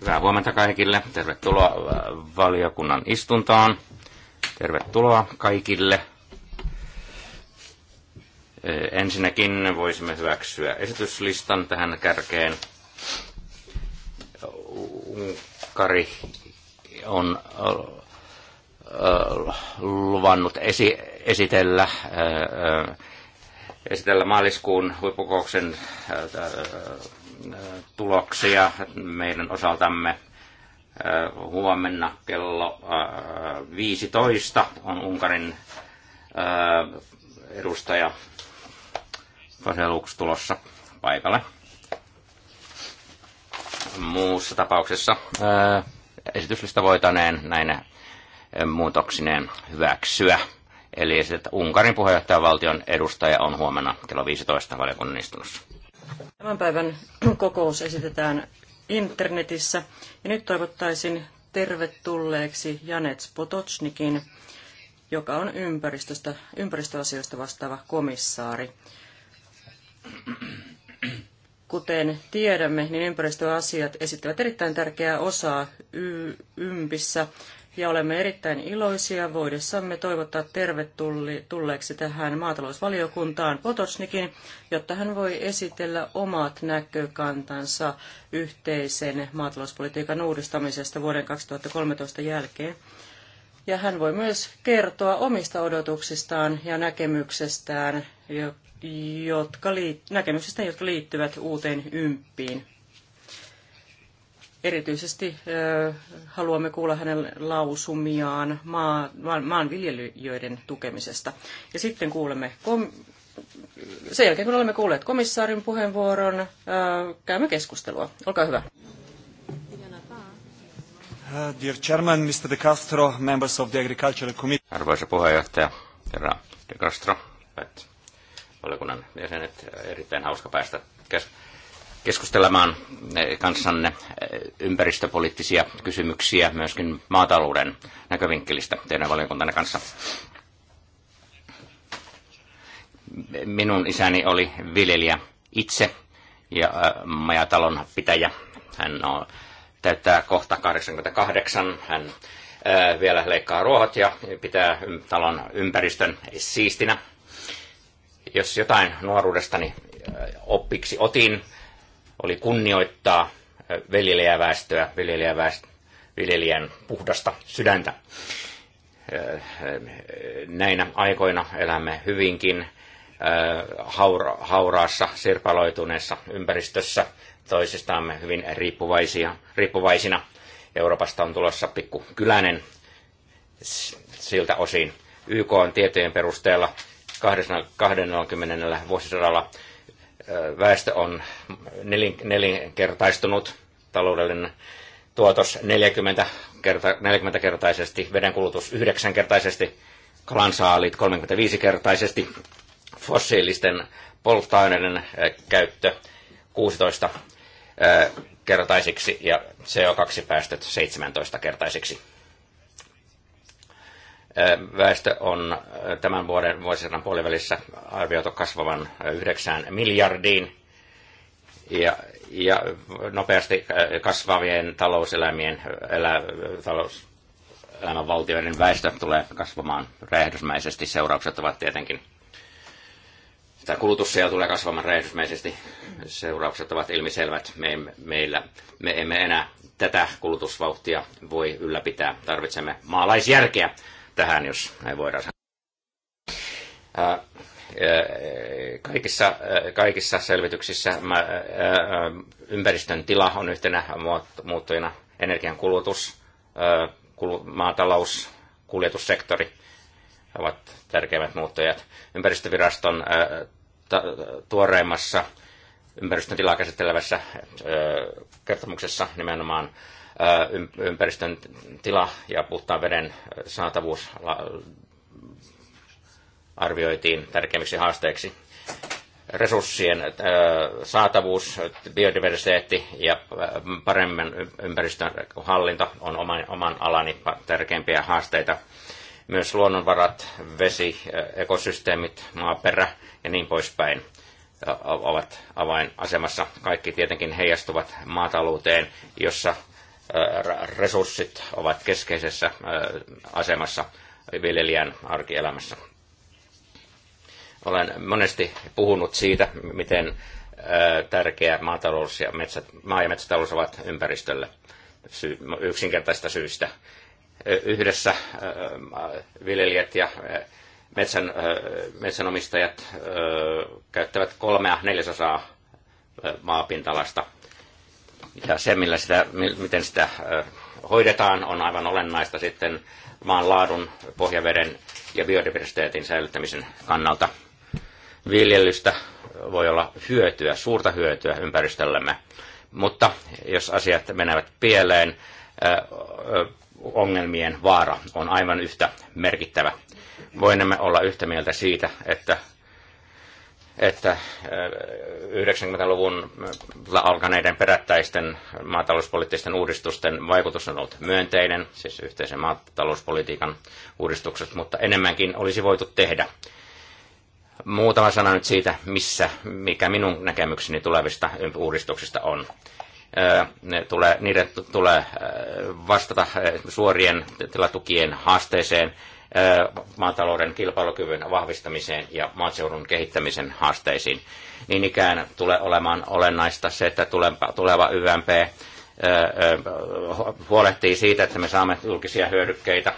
Hyvää huomenta kaikille. Tervetuloa äh, valiokunnan istuntaan. Tervetuloa kaikille. Äh, ensinnäkin voisimme hyväksyä esityslistan tähän kärkeen. Unkari on äh, luvannut esi- esitellä esitellä maaliskuun huippukouksen tuloksia meidän osaltamme huomenna kello 15 on Unkarin edustaja Faseluks tulossa paikalle. Muussa tapauksessa esityslista voitaneen näinä muutoksineen hyväksyä. Eli että Unkarin puheenjohtajavaltion edustaja on huomenna kello 15 valiokunnan istunnossa. Tämän päivän kokous esitetään internetissä ja nyt toivottaisin tervetulleeksi Janet Potocnikin, joka on ympäristöstä, ympäristöasioista vastaava komissaari. Kuten tiedämme, niin ympäristöasiat esittävät erittäin tärkeää osaa y- ympissä ja olemme erittäin iloisia voidessamme toivottaa tervetulleeksi tähän maatalousvaliokuntaan Potosnikin, jotta hän voi esitellä omat näkökantansa yhteisen maatalouspolitiikan uudistamisesta vuoden 2013 jälkeen. Ja hän voi myös kertoa omista odotuksistaan ja näkemyksestään, jotka liit- jotka liittyvät uuteen ympiin. Erityisesti haluamme kuulla hänen lausumiaan maanviljelijöiden tukemisesta. Ja sitten kuulemme, kom, sen jälkeen kun olemme kuulleet komissaarin puheenvuoron, käymme keskustelua. Olkaa hyvä. Uh, dear Chairman, Mr. De Castro, members of the Agricultural Committee. Arvoisa puheenjohtaja, herra De Castro, valiokunnan jäsenet, erittäin hauska päästä kes- keskustelemaan kanssanne eh, ympäristöpoliittisia kysymyksiä myöskin maatalouden näkövinkkelistä teidän valiokuntanne kanssa. Minun isäni oli viljelijä itse ja eh, majatalon pitäjä. Hän on, täyttää kohta 88. Hän ää, eh, vielä leikkaa ruohot ja pitää talon ympäristön siistinä. Jos jotain nuoruudestani oppiksi otin, oli kunnioittaa viljelijäväestöä, viljelijäväestö, viljelijän puhdasta sydäntä. Näinä aikoina elämme hyvinkin haura, hauraassa, sirpaloituneessa ympäristössä, me hyvin riippuvaisia, riippuvaisina. Euroopasta on tulossa pikku kylänen siltä osin. YK on tietojen perusteella 20, 20 vuosisadalla väestö on nelin, nelinkertaistunut, taloudellinen tuotos 40 kerta, 40-kertaisesti, vedenkulutus 9-kertaisesti, kalansaalit 35-kertaisesti, fossiilisten polttoaineiden käyttö 16 kertaisiksi ja CO2-päästöt 17 kertaisiksi väestö on tämän vuoden vuosisadan puolivälissä arvioitu kasvavan 9 miljardiin. Ja, ja nopeasti kasvavien talouselämien, elä, elämän valtioiden väestö tulee kasvamaan räjähdysmäisesti. Seuraukset ovat tietenkin, tämä kulutus siellä tulee kasvamaan räjähdysmäisesti. Seuraukset ovat ilmiselvät. Me, meillä, me emme enää tätä kulutusvauhtia voi ylläpitää. Tarvitsemme maalaisjärkeä tähän, jos näin voidaan sanoa. Kaikissa, kaikissa selvityksissä ympäristön tila on yhtenä muuttujana energian kulutus, maatalous, kuljetussektori ovat tärkeimmät muuttujat. Ympäristöviraston tuoreimmassa ympäristön tilaa käsittelevässä kertomuksessa nimenomaan ympäristön tila ja puhtaan veden saatavuus arvioitiin tärkeimmiksi haasteiksi. Resurssien saatavuus, biodiversiteetti ja paremmin ympäristön hallinta on oman alani tärkeimpiä haasteita. Myös luonnonvarat, vesi, ekosysteemit, maaperä ja niin poispäin ovat avainasemassa. Kaikki tietenkin heijastuvat maatalouteen, jossa resurssit ovat keskeisessä asemassa viljelijän arkielämässä. Olen monesti puhunut siitä, miten tärkeä maatalous ja metsät, maa- ja metsätalous ovat ympäristölle yksinkertaista syystä. Yhdessä viljelijät ja metsän, metsänomistajat käyttävät kolmea neljäsosaa maapintalasta ja se, millä sitä, miten sitä hoidetaan, on aivan olennaista sitten maan laadun, pohjaveden ja biodiversiteetin säilyttämisen kannalta. Viljelystä voi olla hyötyä, suurta hyötyä ympäristöllemme, mutta jos asiat menevät pieleen, ongelmien vaara on aivan yhtä merkittävä. Voimme olla yhtä mieltä siitä, että että 90-luvun äh, äh, alkaneiden perättäisten maatalouspoliittisten uudistusten vaikutus on ollut myönteinen, siis yhteisen maatalouspolitiikan uudistukset, mutta enemmänkin olisi voitu tehdä. Muutama sana nyt siitä, missä, mikä minun näkemykseni tulevista uudistuksista on. Äh, ne tulee, niiden tulee vastata suorien tilatukien haasteeseen, maatalouden kilpailukyvyn vahvistamiseen ja maaseudun kehittämisen haasteisiin. Niin ikään tulee olemaan olennaista se, että tuleva YMP huolehtii siitä, että me saamme julkisia hyödykkeitä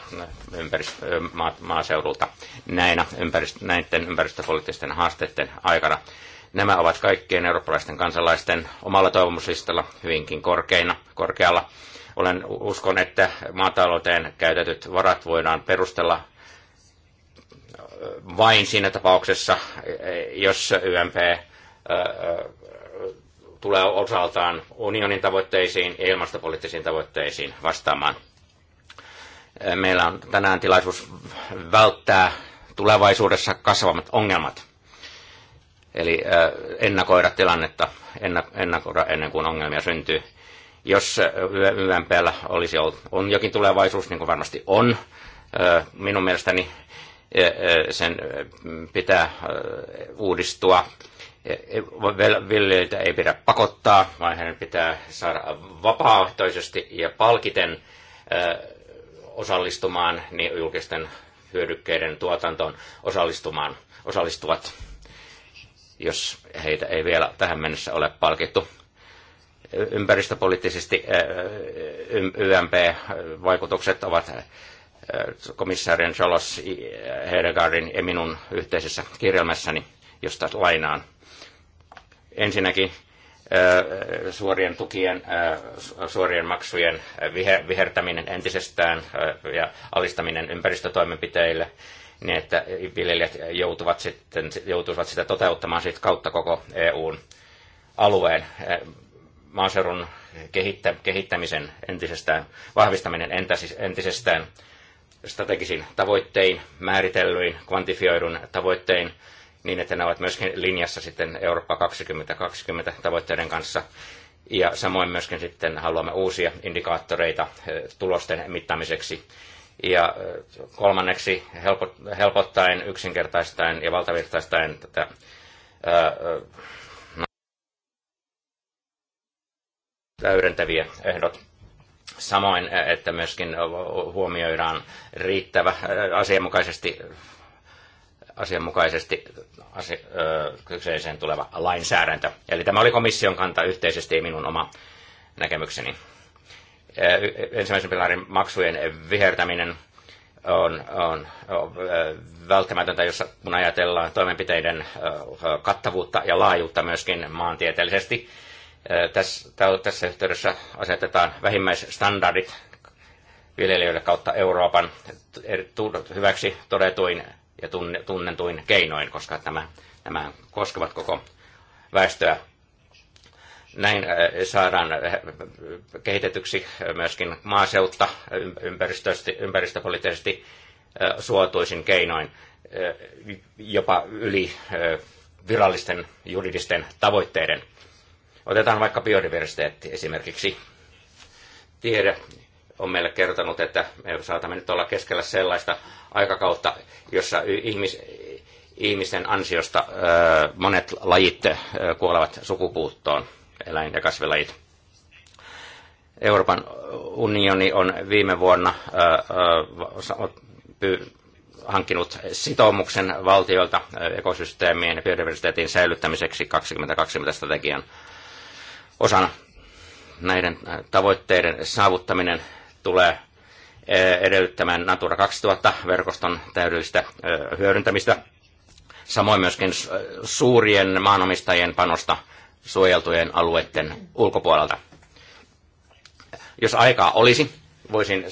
ympäristö- maaseudulta näinä ympäristö- näiden ympäristöpoliittisten haasteiden aikana. Nämä ovat kaikkien eurooppalaisten kansalaisten omalla toivomuslistalla hyvinkin korkeina, korkealla olen uskon, että maatalouteen käytetyt varat voidaan perustella äh, vain siinä tapauksessa, äh, jos YMP äh, tulee osaltaan unionin tavoitteisiin ja ilmastopoliittisiin tavoitteisiin vastaamaan. Meillä on tänään tilaisuus välttää tulevaisuudessa kasvavat ongelmat. Eli ennakoida tilannetta, ennakoida ennen kuin ongelmia syntyy. Jos YMPllä olisi ollut, on jokin tulevaisuus, niin kuin varmasti on, minun mielestäni sen pitää uudistua. E, e, viljelijöitä ei pidä pakottaa, vaan hänen pitää saada vapaaehtoisesti ja palkiten osallistumaan niin julkisten hyödykkeiden tuotantoon osallistumaan, osallistuvat, jos heitä ei vielä tähän mennessä ole palkittu. Ympäristöpoliittisesti YMP-vaikutukset ovat komissaarien Solos Hedegaardin ja minun yhteisessä kirjelmässäni, josta lainaan. Ensinnäkin suorien tukien, suorien maksujen vihertäminen entisestään ja alistaminen ympäristötoimenpiteille, niin että viljelijät joutuvat sitten, joutuisivat sitä toteuttamaan sit kautta koko EUn alueen maaseudun kehittä, kehittämisen entisestään, vahvistaminen entisestään strategisiin tavoittein, määritellyin, kvantifioidun tavoittein, niin että ne ovat myöskin linjassa sitten Eurooppa 2020 tavoitteiden kanssa. Ja samoin myöskin sitten haluamme uusia indikaattoreita eh, tulosten mittaamiseksi. Ja eh, kolmanneksi helpottaen, yksinkertaistaen ja valtavirtaistaen tätä eh, täydentäviä ehdot. Samoin, että myöskin huomioidaan riittävä asianmukaisesti asianmukaisesti asia, kyseiseen tuleva lainsäädäntö. Eli tämä oli komission kanta yhteisesti, ei minun oma näkemykseni. Ensimmäisen pilarin maksujen vihertäminen on, on, on välttämätöntä, jos kun ajatellaan toimenpiteiden kattavuutta ja laajuutta myöskin maantieteellisesti. Tässä yhteydessä asetetaan vähimmäisstandardit viljelijöille kautta Euroopan hyväksi todetuin ja tunnetuin keinoin, koska nämä, nämä koskevat koko väestöä. Näin saadaan kehitetyksi myöskin maaseutta ympäristöpoliittisesti suotuisin keinoin jopa yli virallisten juridisten tavoitteiden Otetaan vaikka biodiversiteetti esimerkiksi. Tiede on meille kertonut, että me saatamme nyt olla keskellä sellaista aikakautta, jossa ihmis, ihmisten ansiosta monet lajit kuolevat sukupuuttoon, eläin- ja kasvilajit. Euroopan unioni on viime vuonna hankkinut sitoumuksen valtioilta ekosysteemien ja biodiversiteetin säilyttämiseksi 2020 strategian osana näiden äh, tavoitteiden saavuttaminen tulee äh, edellyttämään Natura 2000-verkoston täydellistä äh, hyödyntämistä, samoin myöskin suurien maanomistajien panosta suojeltujen alueiden ulkopuolelta. Jos aikaa olisi, voisin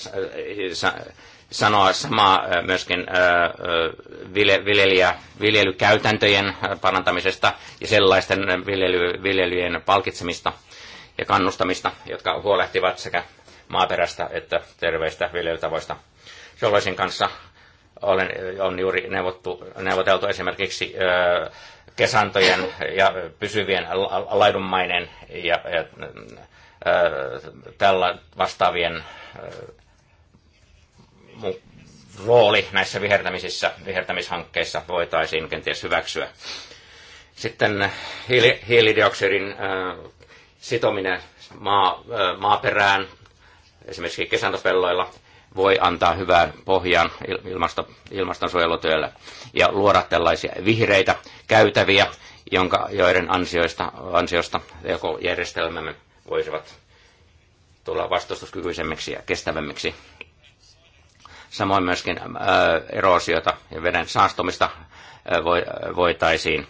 sanoa samaa äh, myöskin äh, äh, viljelijä, viljelykäytäntöjen parantamisesta ja sellaisten viljely, viljelyjen palkitsemista ja kannustamista, jotka huolehtivat sekä maaperästä että terveistä viljelytavoista. Jollaisen kanssa olen, on juuri neuvottu, neuvoteltu esimerkiksi kesantojen ja pysyvien laidunmainen ja, ja tällä vastaavien rooli näissä vihertämisissä, vihertämishankkeissa voitaisiin kenties hyväksyä. Sitten hiili, hiilidioksidin äh, sitominen maa, äh, maaperään, esimerkiksi kesantopelloilla, voi antaa hyvän pohjan ilmasto, ilmastonsuojelutyölle ja luoda tällaisia vihreitä käytäviä, jonka, joiden ansioista, ansiosta järjestelmämme voisivat tulla vastustuskykyisemmiksi ja kestävämmiksi Samoin myöskin äh, eroosiota ja veden saastumista äh, voitaisiin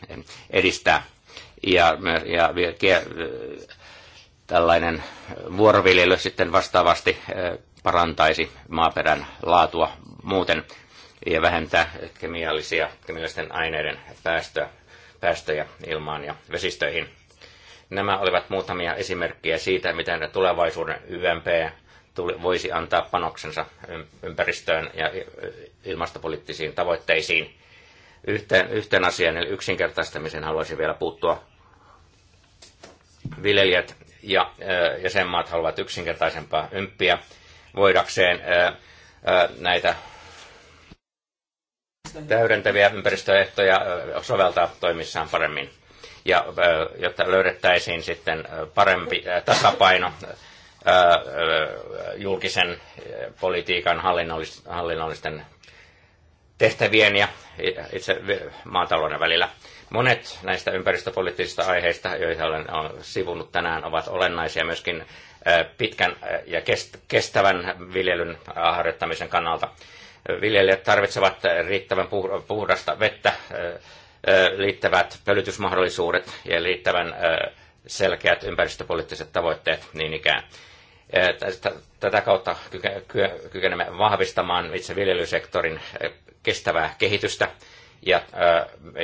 edistää. Ja, ja äh, tällainen vuoroviljely sitten vastaavasti parantaisi maaperän laatua muuten ja vähentää kemiallisia, kemiallisten aineiden päästöä, päästöjä ilmaan ja vesistöihin. Nämä olivat muutamia esimerkkejä siitä, miten tulevaisuuden YMP tuli, voisi antaa panoksensa ympäristöön ja ilmastopoliittisiin tavoitteisiin. Yhteen, yhteen asiaan, eli yksinkertaistamiseen haluaisin vielä puuttua. Viljelijät ja jäsenmaat haluavat yksinkertaisempaa ymppiä voidakseen näitä täydentäviä ympäristöehtoja soveltaa toimissaan paremmin. Ja jotta löydettäisiin sitten parempi tasapaino julkisen politiikan hallinnollisten tehtävien ja itse maatalouden välillä. Monet näistä ympäristöpoliittisista aiheista, joita olen sivunut tänään, ovat olennaisia myöskin pitkän ja kestävän viljelyn harjoittamisen kannalta. Viljelijät tarvitsevat riittävän puhdasta vettä, liittävät pölytysmahdollisuudet ja liittävän selkeät ympäristöpoliittiset tavoitteet niin ikään. Tätä kautta kykenemme vahvistamaan itse viljelysektorin eh, kestävää kehitystä eh,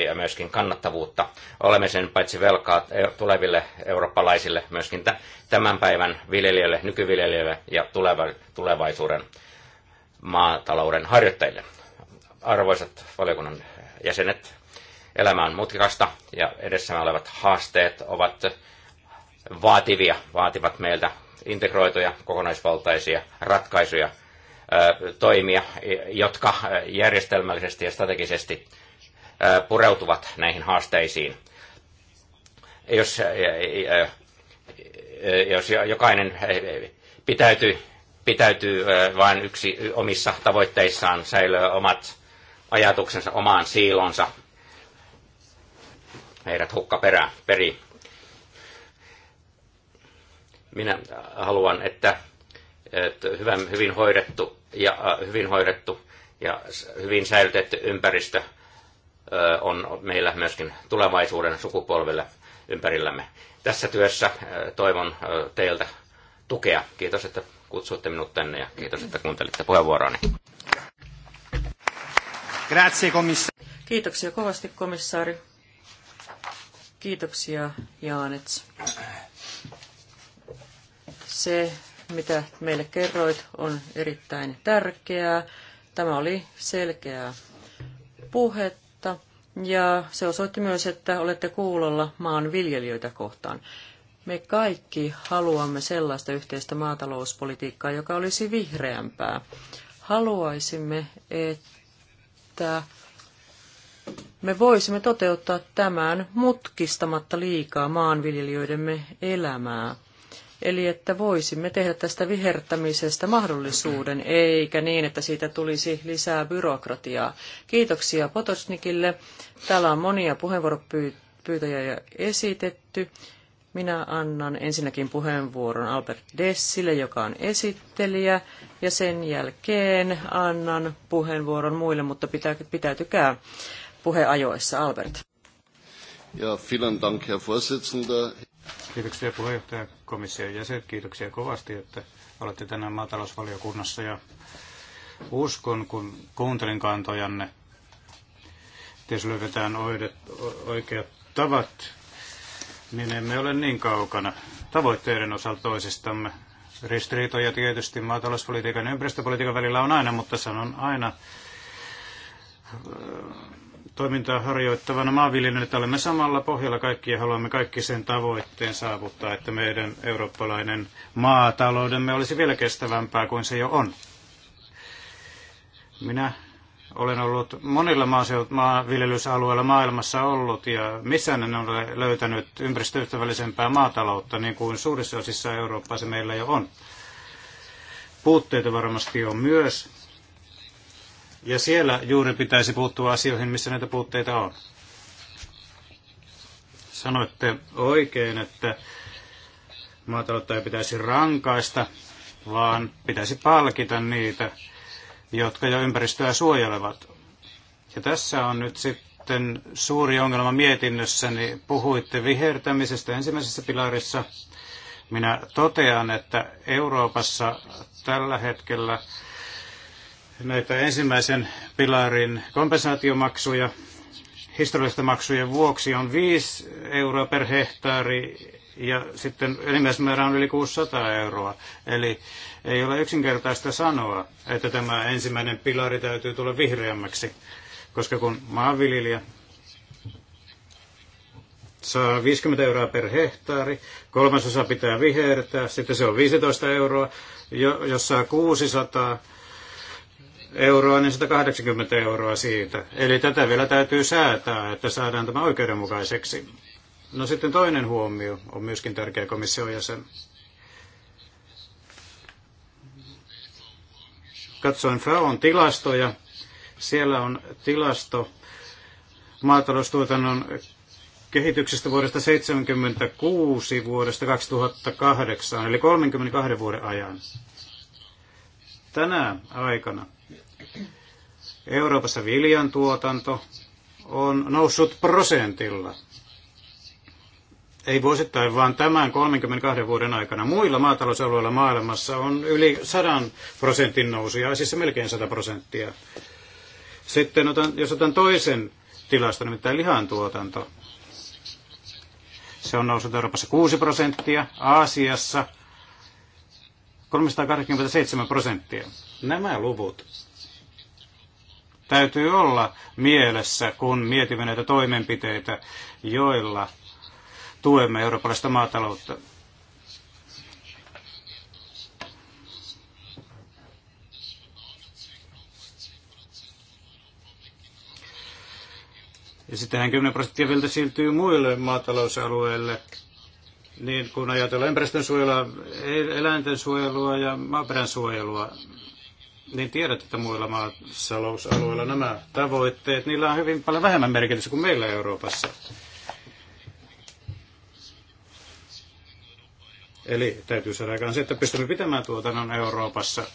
ja, myöskin kannattavuutta. Olemme sen paitsi velkaa eh, tuleville eurooppalaisille, myöskin tämän päivän viljelijöille, nykyviljelijöille ja tulevaisuuden maatalouden harjoittajille. Arvoisat valiokunnan jäsenet, elämä on mutkikasta ja edessämme olevat haasteet ovat vaativia, vaativat meiltä integroituja kokonaisvaltaisia ratkaisuja, toimia, jotka järjestelmällisesti ja strategisesti pureutuvat näihin haasteisiin. Jos, jos jokainen pitäytyy, pitäytyy vain yksi omissa tavoitteissaan, säilyy omat ajatuksensa omaan siilonsa, heidät hukka perään perii minä äh, haluan, että, että hyvän, hyvin hoidettu ja äh, hyvin hoidettu ja hyvin säilytetty ympäristö äh, on meillä myöskin tulevaisuuden sukupolville ympärillämme. Tässä työssä toivon teiltä tukea. Kiitos, että kutsuitte minut tänne ja kiitos, että kuuntelitte puheenvuoroani. Grazie, komissaari. Kiitoksia kovasti, komissaari. Kiitoksia, Jaanets. Se, mitä meille kerroit, on erittäin tärkeää. Tämä oli selkeää puhetta ja se osoitti myös, että olette kuulolla maan viljelijöitä kohtaan. Me kaikki haluamme sellaista yhteistä maatalouspolitiikkaa, joka olisi vihreämpää. Haluaisimme, että me voisimme toteuttaa tämän mutkistamatta liikaa maanviljelijöidemme elämää. Eli että voisimme tehdä tästä vihertämisestä mahdollisuuden, eikä niin, että siitä tulisi lisää byrokratiaa. Kiitoksia Potosnikille. Täällä on monia puheenvuoropyytäjiä esitetty. Minä annan ensinnäkin puheenvuoron Albert Dessille, joka on esittelijä, ja sen jälkeen annan puheenvuoron muille, mutta pitä, pitäytykää puheajoissa. Albert. Ja, vielen Dank, Herr Vorsitzender. Kiitoksia puheenjohtaja komission jäsen. Kiitoksia kovasti, että olette tänään maatalousvaliokunnassa ja uskon, kun kuuntelin kantojanne, että jos löydetään oikeat tavat, niin emme ole niin kaukana tavoitteiden osalta toisistamme. Ristiriitoja tietysti maatalouspolitiikan ja ympäristöpolitiikan välillä on aina, mutta sanon aina toimintaa harjoittavana maanviljelijänä, että olemme samalla pohjalla kaikki ja haluamme kaikki sen tavoitteen saavuttaa, että meidän eurooppalainen maataloudemme olisi vielä kestävämpää kuin se jo on. Minä olen ollut monilla maanviljelysalueilla maailmassa ollut ja missään en ole löytänyt ympäristöystävällisempää maataloutta niin kuin suurissa osissa Eurooppaa se meillä jo on. Puutteita varmasti on myös, ja siellä juuri pitäisi puuttua asioihin, missä näitä puutteita on. Sanoitte oikein, että maataloutta ei pitäisi rankaista, vaan pitäisi palkita niitä, jotka jo ympäristöä suojelevat. Ja tässä on nyt sitten suuri ongelma mietinnössäni. Niin puhuitte vihertämisestä ensimmäisessä pilarissa. Minä totean, että Euroopassa tällä hetkellä näitä ensimmäisen pilarin kompensaatiomaksuja historiallisten maksujen vuoksi on 5 euroa per hehtaari ja sitten enimmäismäärä on yli 600 euroa. Eli ei ole yksinkertaista sanoa, että tämä ensimmäinen pilari täytyy tulla vihreämmäksi, koska kun maanviljelijä saa 50 euroa per hehtaari, kolmasosa pitää vihertää, sitten se on 15 euroa, jos saa 600 euroa, niin 180 euroa siitä. Eli tätä vielä täytyy säätää, että saadaan tämä oikeudenmukaiseksi. No sitten toinen huomio on myöskin tärkeä komission jäsen. Katsoin FAOn tilastoja. Siellä on tilasto maataloustuotannon kehityksestä vuodesta 1976 vuodesta 2008, eli 32 vuoden ajan. Tänä aikana Euroopassa viljantuotanto on noussut prosentilla. Ei vuosittain, vaan tämän 32 vuoden aikana. Muilla maatalousalueilla maailmassa on yli 100 prosentin ja siis melkein 100 prosenttia. Sitten otan, jos otan toisen tilasta, nimittäin lihantuotanto. Se on noussut Euroopassa 6 prosenttia, Aasiassa 387 prosenttia. Nämä luvut täytyy olla mielessä, kun mietimme näitä toimenpiteitä, joilla tuemme eurooppalaista maataloutta. Ja sittenhän 10 prosenttia vielä siirtyy muille maatalousalueille, niin kun ajatellaan ympäristönsuojelua, eläinten suojelua ja maaperän suojelua, niin tiedät, että muilla maatalousalueilla nämä tavoitteet, niillä on hyvin paljon vähemmän merkitystä kuin meillä Euroopassa. Eli täytyy saada aikaan se, että pystymme pitämään tuotannon Euroopassa,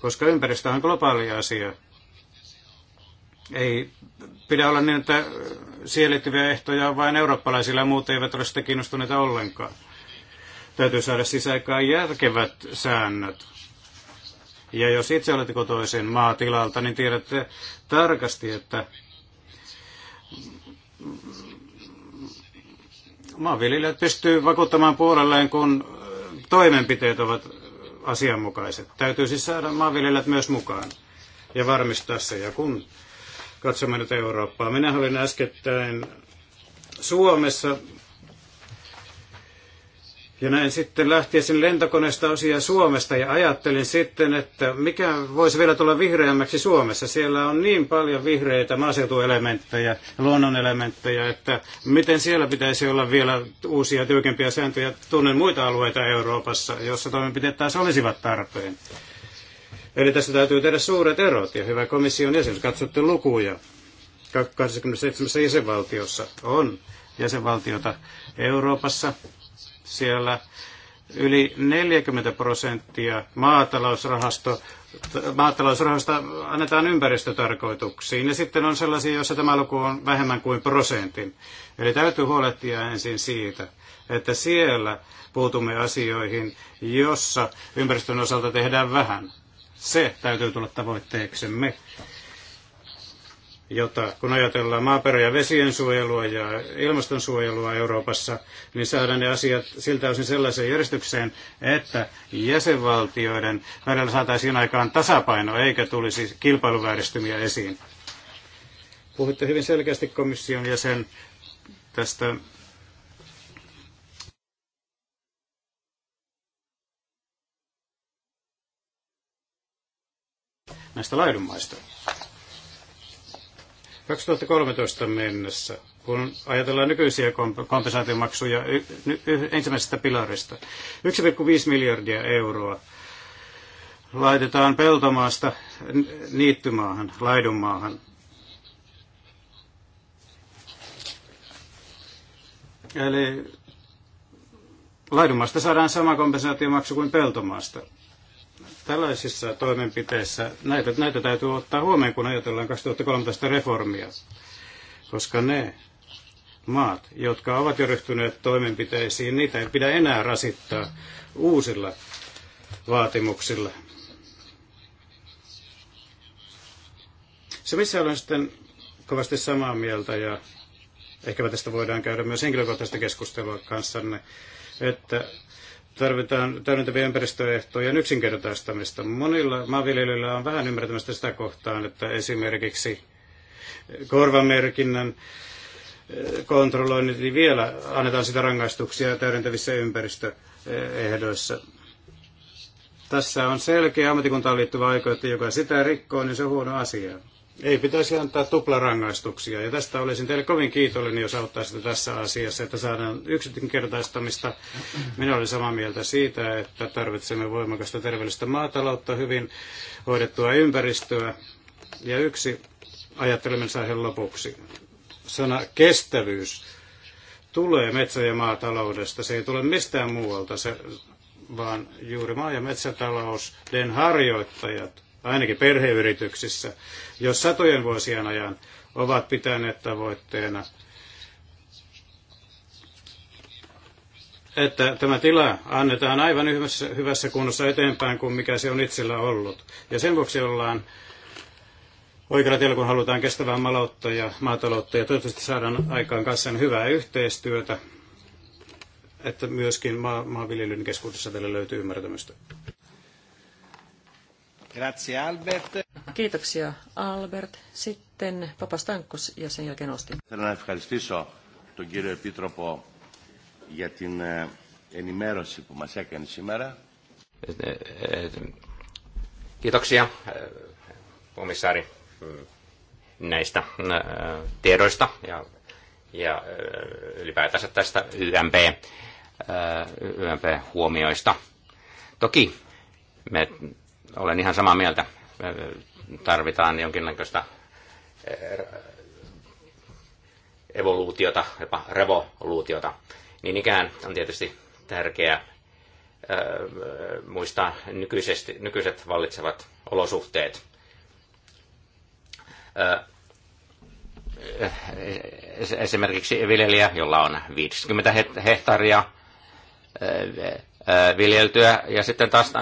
koska ympäristö on globaali asia. Ei pidä olla niin, että siihen liittyviä ehtoja on vain eurooppalaisilla ja muut eivät ole sitä kiinnostuneita ollenkaan. Täytyy saada sisäikään järkevät säännöt ja jos itse olette kotoisin maatilalta, niin tiedätte tarkasti, että maanviljelijät pystyy vakuuttamaan puolelleen, kun toimenpiteet ovat asianmukaiset. Täytyy siis saada maanviljelijät myös mukaan ja varmistaa se. Ja kun katsomme nyt Eurooppaa, minä olin äskettäin Suomessa ja näin sitten lähtiessin lentokoneesta osia Suomesta ja ajattelin sitten, että mikä voisi vielä tulla vihreämmäksi Suomessa. Siellä on niin paljon vihreitä maaseutuelementtejä, luonnonelementtejä, että miten siellä pitäisi olla vielä uusia tiukempia sääntöjä. Tunnen muita alueita Euroopassa, joissa toimenpiteet taas olisivat tarpeen. Eli tässä täytyy tehdä suuret erot. Ja hyvä komission jäsen, katsotte lukuja. 27 jäsenvaltiossa on jäsenvaltiota Euroopassa, siellä yli 40 prosenttia maatalousrahasto, maatalousrahoista annetaan ympäristötarkoituksiin, ja sitten on sellaisia, joissa tämä luku on vähemmän kuin prosentin. Eli täytyy huolehtia ensin siitä, että siellä puutumme asioihin, jossa ympäristön osalta tehdään vähän. Se täytyy tulla tavoitteeksemme jota kun ajatellaan maaperä- ja vesien suojelua ja ilmastonsuojelua Euroopassa, niin saadaan ne asiat siltä osin sellaiseen järjestykseen, että jäsenvaltioiden välillä saataisiin aikaan tasapaino, eikä tulisi kilpailuvääristymiä esiin. Puhutte hyvin selkeästi komission jäsen tästä näistä laidunmaista. 2013 mennessä, kun ajatellaan nykyisiä kompensaatiomaksuja ensimmäisestä pilarista, 1,5 miljardia euroa laitetaan peltomaasta niittymaahan, laidunmaahan. Eli laidunmaasta saadaan sama kompensaatiomaksu kuin peltomaasta. Tällaisissa toimenpiteissä näitä, näitä täytyy ottaa huomioon, kun ajatellaan 2013 reformia, koska ne maat, jotka ovat jo ryhtyneet toimenpiteisiin, niitä ei pidä enää rasittaa uusilla vaatimuksilla. Se, missä olen sitten kovasti samaa mieltä, ja ehkä tästä voidaan käydä myös henkilökohtaista keskustelua kanssanne, että Tarvitaan täydentäviä ja yksinkertaistamista. Monilla maanviljelijöillä on vähän ymmärtämistä sitä kohtaan, että esimerkiksi korvamerkinnän eh, kontrolloinnit, niin vielä annetaan sitä rangaistuksia täydentävissä ympäristöehdoissa. Tässä on selkeä ammattikuntaan liittyvä aiko, että joka sitä rikkoo, niin se on huono asia. Ei pitäisi antaa tuplarangaistuksia. Ja tästä olisin teille kovin kiitollinen, jos auttaisitte tässä asiassa, että saadaan yksinkertaistamista. Minä olen samaa mieltä siitä, että tarvitsemme voimakasta terveellistä maataloutta, hyvin hoidettua ympäristöä. Ja yksi ajattelemisaiheen lopuksi. Sana kestävyys tulee metsä- ja maataloudesta. Se ei tule mistään muualta, se, vaan juuri maa- ja metsätalouden harjoittajat ainakin perheyrityksissä, jos satojen vuosien ajan ovat pitäneet tavoitteena, että tämä tila annetaan aivan hyvässä kunnossa eteenpäin kuin mikä se on itsellä ollut. Ja sen vuoksi ollaan oikealla tiellä, kun halutaan kestävää maloutta ja maataloutta, ja toivottavasti saadaan aikaan kanssa hyvää yhteistyötä, että myöskin ma- maanviljelyn keskuudessa vielä löytyy ymmärtämystä. Grazie Albert. Kiitoksia Albert. Sitten Papastankos ja sen jälkeen Osti. Θέλω να ευχαριστήσω τον κύριο Επίτροπο για την ενημέρωση που μας έκανε σήμερα. Kiitoksia komissaari näistä tiedoista ja, ja ylipäätänsä tästä YMP, YMP-huomioista. Toki me olen ihan samaa mieltä. Tarvitaan jonkinlaista eh, evoluutiota, jopa revoluutiota. Niin ikään on tietysti tärkeää eh, muistaa nykyisesti, nykyiset vallitsevat olosuhteet. Eh, esimerkiksi viljelijä, jolla on 50 hehtaaria viljeltyä. Ja sitten taas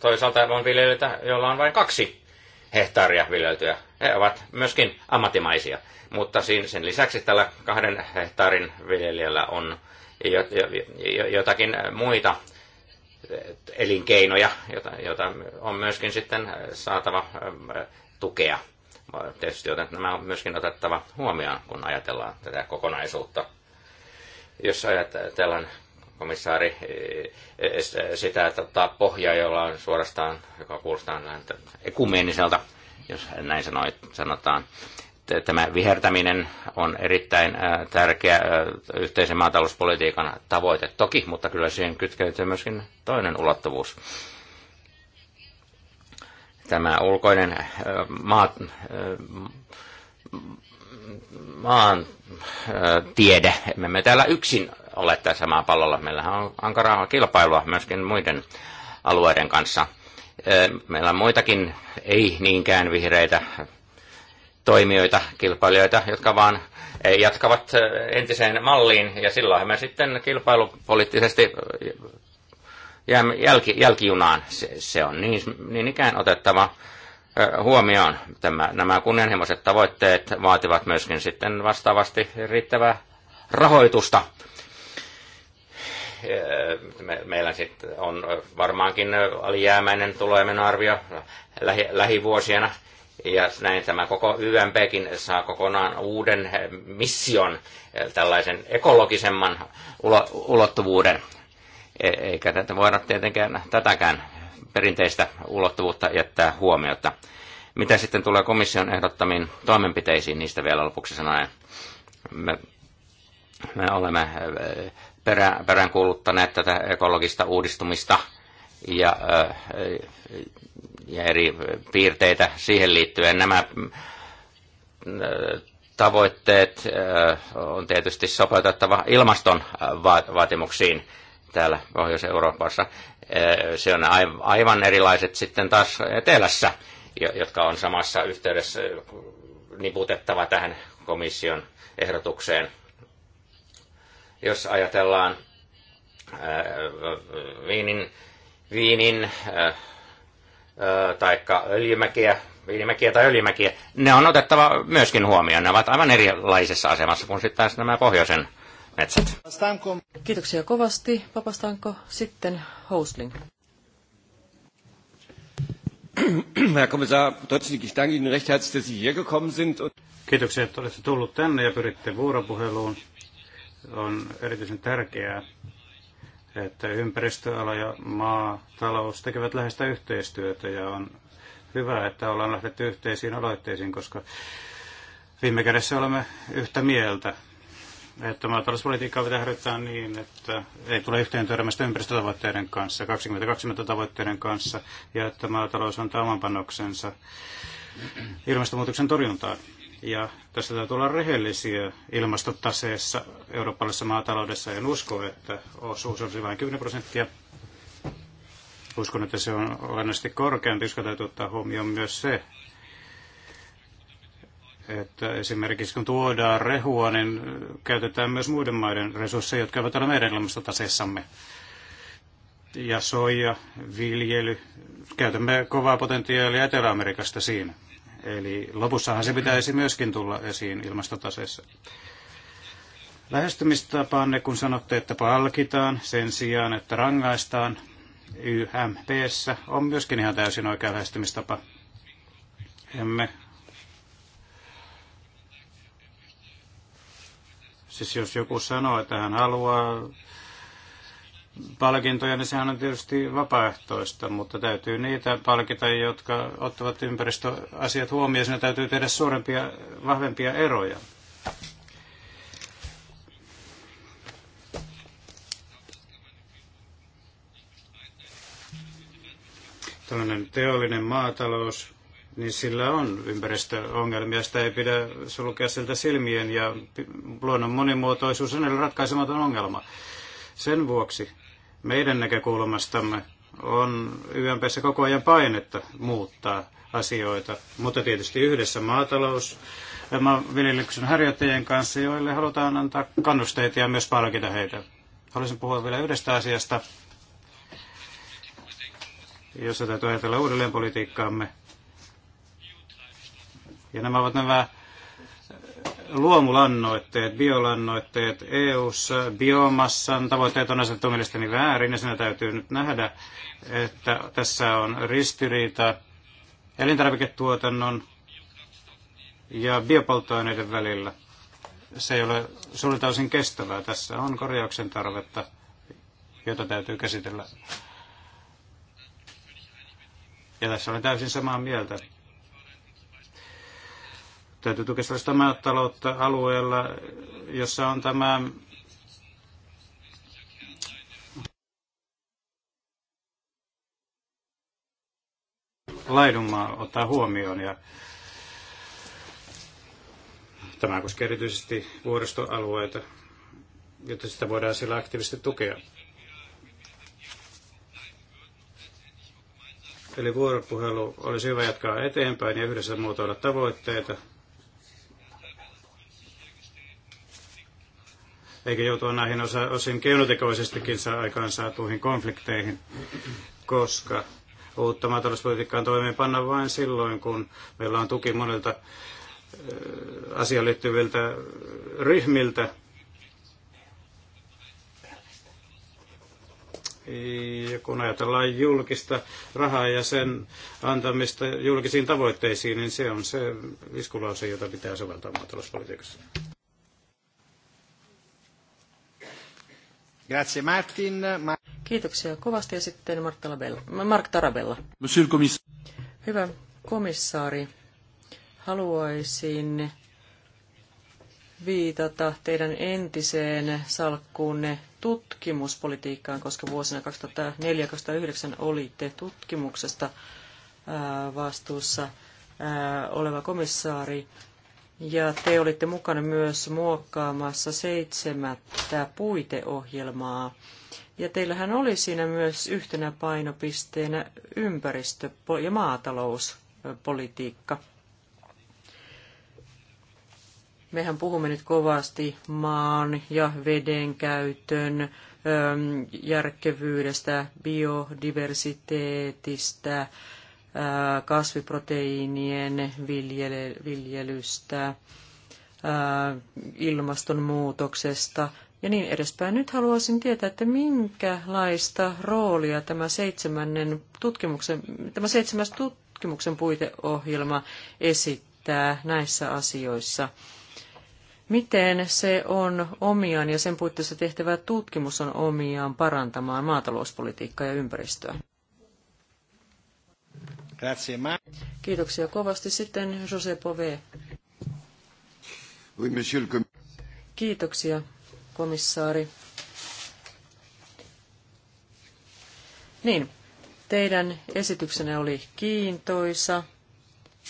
toisaalta on viljelytä, joilla on vain kaksi hehtaaria viljeltyä. He ovat myöskin ammatimaisia. Mutta sen lisäksi tällä kahden hehtaarin viljelijällä on jotakin muita elinkeinoja, joita on myöskin sitten saatava tukea. Tietysti joten nämä on myöskin otettava huomioon, kun ajatellaan tätä kokonaisuutta. Jos ajatellaan komissaari e, e, e, sitä että pohjaa, jolla on suorastaan, joka kuulostaa näin jos näin sanoi, sanotaan. Tämä vihertäminen on erittäin tärkeä yhteisen maatalouspolitiikan tavoite toki, mutta kyllä siihen kytkeytyy myöskin toinen ulottuvuus. Tämä ulkoinen maa, maan tiede. me täällä yksin ole tässä samaa pallolla. Meillähän on ankaraa kilpailua myöskin muiden alueiden kanssa. Meillä on muitakin ei niinkään vihreitä toimijoita, kilpailijoita, jotka vaan e, jatkavat entiseen malliin, ja silloin me sitten kilpailupoliittisesti jäämme jälki, jälkijunaan. Se, se on niin, niin ikään otettava huomioon. Tämä, nämä kunnianhimoiset tavoitteet vaativat myöskin sitten vastaavasti riittävää rahoitusta meillä sitten on varmaankin alijäämäinen tulojen arvio lähi, Ja näin tämä koko YMPkin saa kokonaan uuden mission, tällaisen ekologisemman ulottuvuuden. E-, eikä tätä voida tietenkään tätäkään perinteistä ulottuvuutta jättää huomiota. Mitä sitten tulee komission ehdottamiin toimenpiteisiin, niistä vielä lopuksi sanoen. Me, me olemme perään, peräänkuuluttaneet tätä ekologista uudistumista ja, äh, ja eri piirteitä siihen liittyen. Nämä äh, tavoitteet äh, on tietysti sopeutettava ilmaston vaatimuksiin täällä Pohjois-Euroopassa. Se on aivan erilaiset sitten taas etelässä, jotka on samassa yhteydessä niputettava tähän komission ehdotukseen – jos ajatellaan äh, viinin, viinin äh, äh, tai öljymäkiä, viinimäkiä tai öljymäkiä, ne on otettava myöskin huomioon. Ne ovat aivan erilaisessa asemassa kuin sitten taas nämä pohjoisen metsät. Kiitoksia kovasti. Papastanko sitten Housling? Herr Kommissar Potocnik, ich danke Ihnen recht herzlich, dass Sie hier gekommen sind. Kiitoksia, että olette tullut tänne ja pyritte vuoropuheluun on erityisen tärkeää, että ympäristöala ja maatalous tekevät läheistä yhteistyötä ja on hyvä, että ollaan lähdetty yhteisiin aloitteisiin, koska viime kädessä olemme yhtä mieltä. Että maatalouspolitiikkaa pitää harjoittaa niin, että ei tule yhteen törmästä ympäristötavoitteiden kanssa, 2020 tavoitteiden kanssa, ja että maatalous antaa oman panoksensa ilmastonmuutoksen torjuntaan. Ja tässä täytyy olla rehellisiä ilmastotaseessa eurooppalaisessa maataloudessa. En usko, että osuus olisi vain 10 prosenttia. Uskon, että se on olennaisesti korkeampi, koska täytyy ottaa huomioon myös se, että esimerkiksi kun tuodaan rehua, niin käytetään myös muiden maiden resursseja, jotka ovat täällä meidän ilmastotaseessamme. Ja soija, viljely, käytämme kovaa potentiaalia Etelä-Amerikasta siinä. Eli lopussahan se pitäisi myöskin tulla esiin ilmastotaseessa. Lähestymistapaanne, kun sanotte, että palkitaan sen sijaan, että rangaistaan YMPssä, on myöskin ihan täysin oikea lähestymistapa. Emme Siis jos joku sanoo, että hän haluaa palkintoja, niin sehän on tietysti vapaaehtoista, mutta täytyy niitä palkita, jotka ottavat ympäristöasiat huomioon. Siinä täytyy tehdä suurempia, vahvempia eroja. Tällainen teollinen maatalous, niin sillä on ympäristöongelmia. Sitä ei pidä sulkea siltä silmien ja luonnon monimuotoisuus on ratkaisematon ongelma. Sen vuoksi meidän näkökulmastamme on YMPssä koko ajan painetta muuttaa asioita, mutta tietysti yhdessä maatalous maanviljelyksen harjoittajien kanssa, joille halutaan antaa kannusteita ja myös palkita heitä. Haluaisin puhua vielä yhdestä asiasta, jossa täytyy ajatella uudelleen politiikkaamme. Ja nämä ovat nämä luomulannoitteet, biolannoitteet EU-ssa, biomassan tavoitteet on asetettu mielestäni väärin ja siinä täytyy nyt nähdä, että tässä on ristiriita elintarviketuotannon ja biopolttoaineiden välillä. Se ei ole suurilta osin kestävää. Tässä on korjauksen tarvetta, jota täytyy käsitellä. Ja tässä olen täysin samaa mieltä Täytyy tukea sellaista maataloutta alueella, jossa on tämä laidunmaa ottaa huomioon. Ja tämä koskee erityisesti vuoristoalueita, jotta sitä voidaan sillä aktiivisesti tukea. Eli vuoropuhelu olisi hyvä jatkaa eteenpäin ja yhdessä muotoilla tavoitteita, eikä joutua näihin osa, osin keinotekoisestikin aikaan saatuihin konflikteihin, koska uutta maatalouspolitiikkaa toimeenpanna vain silloin, kun meillä on tuki monilta asiaan liittyviltä ryhmiltä. Ja kun ajatellaan julkista rahaa ja sen antamista julkisiin tavoitteisiin, niin se on se iskulause, jota pitää soveltaa maatalouspolitiikassa. Grazie Martin. Ma- Kiitoksia kovasti ja sitten Mark Tarabella. Monsieur Hyvä komissaari, haluaisin viitata teidän entiseen salkkuunne tutkimuspolitiikkaan, koska vuosina 2004-2009 olitte tutkimuksesta vastuussa oleva komissaari ja te olitte mukana myös muokkaamassa seitsemättä puiteohjelmaa. Ja teillähän oli siinä myös yhtenä painopisteenä ympäristö- ja maatalouspolitiikka. Mehän puhumme nyt kovasti maan ja veden käytön järkevyydestä, biodiversiteetistä, kasviproteiinien viljelystä, ilmastonmuutoksesta ja niin edespäin. Nyt haluaisin tietää, että minkälaista roolia tämä, seitsemännen tutkimuksen, tämä seitsemäs tutkimuksen puiteohjelma esittää näissä asioissa. Miten se on omiaan ja sen puitteissa tehtävä tutkimus on omiaan parantamaan maatalouspolitiikkaa ja ympäristöä? Grazie, ma... Kiitoksia kovasti. Sitten Jose Pove. Oui, monsieur le... Kiitoksia, komissaari. Niin, teidän esityksenne oli kiintoisa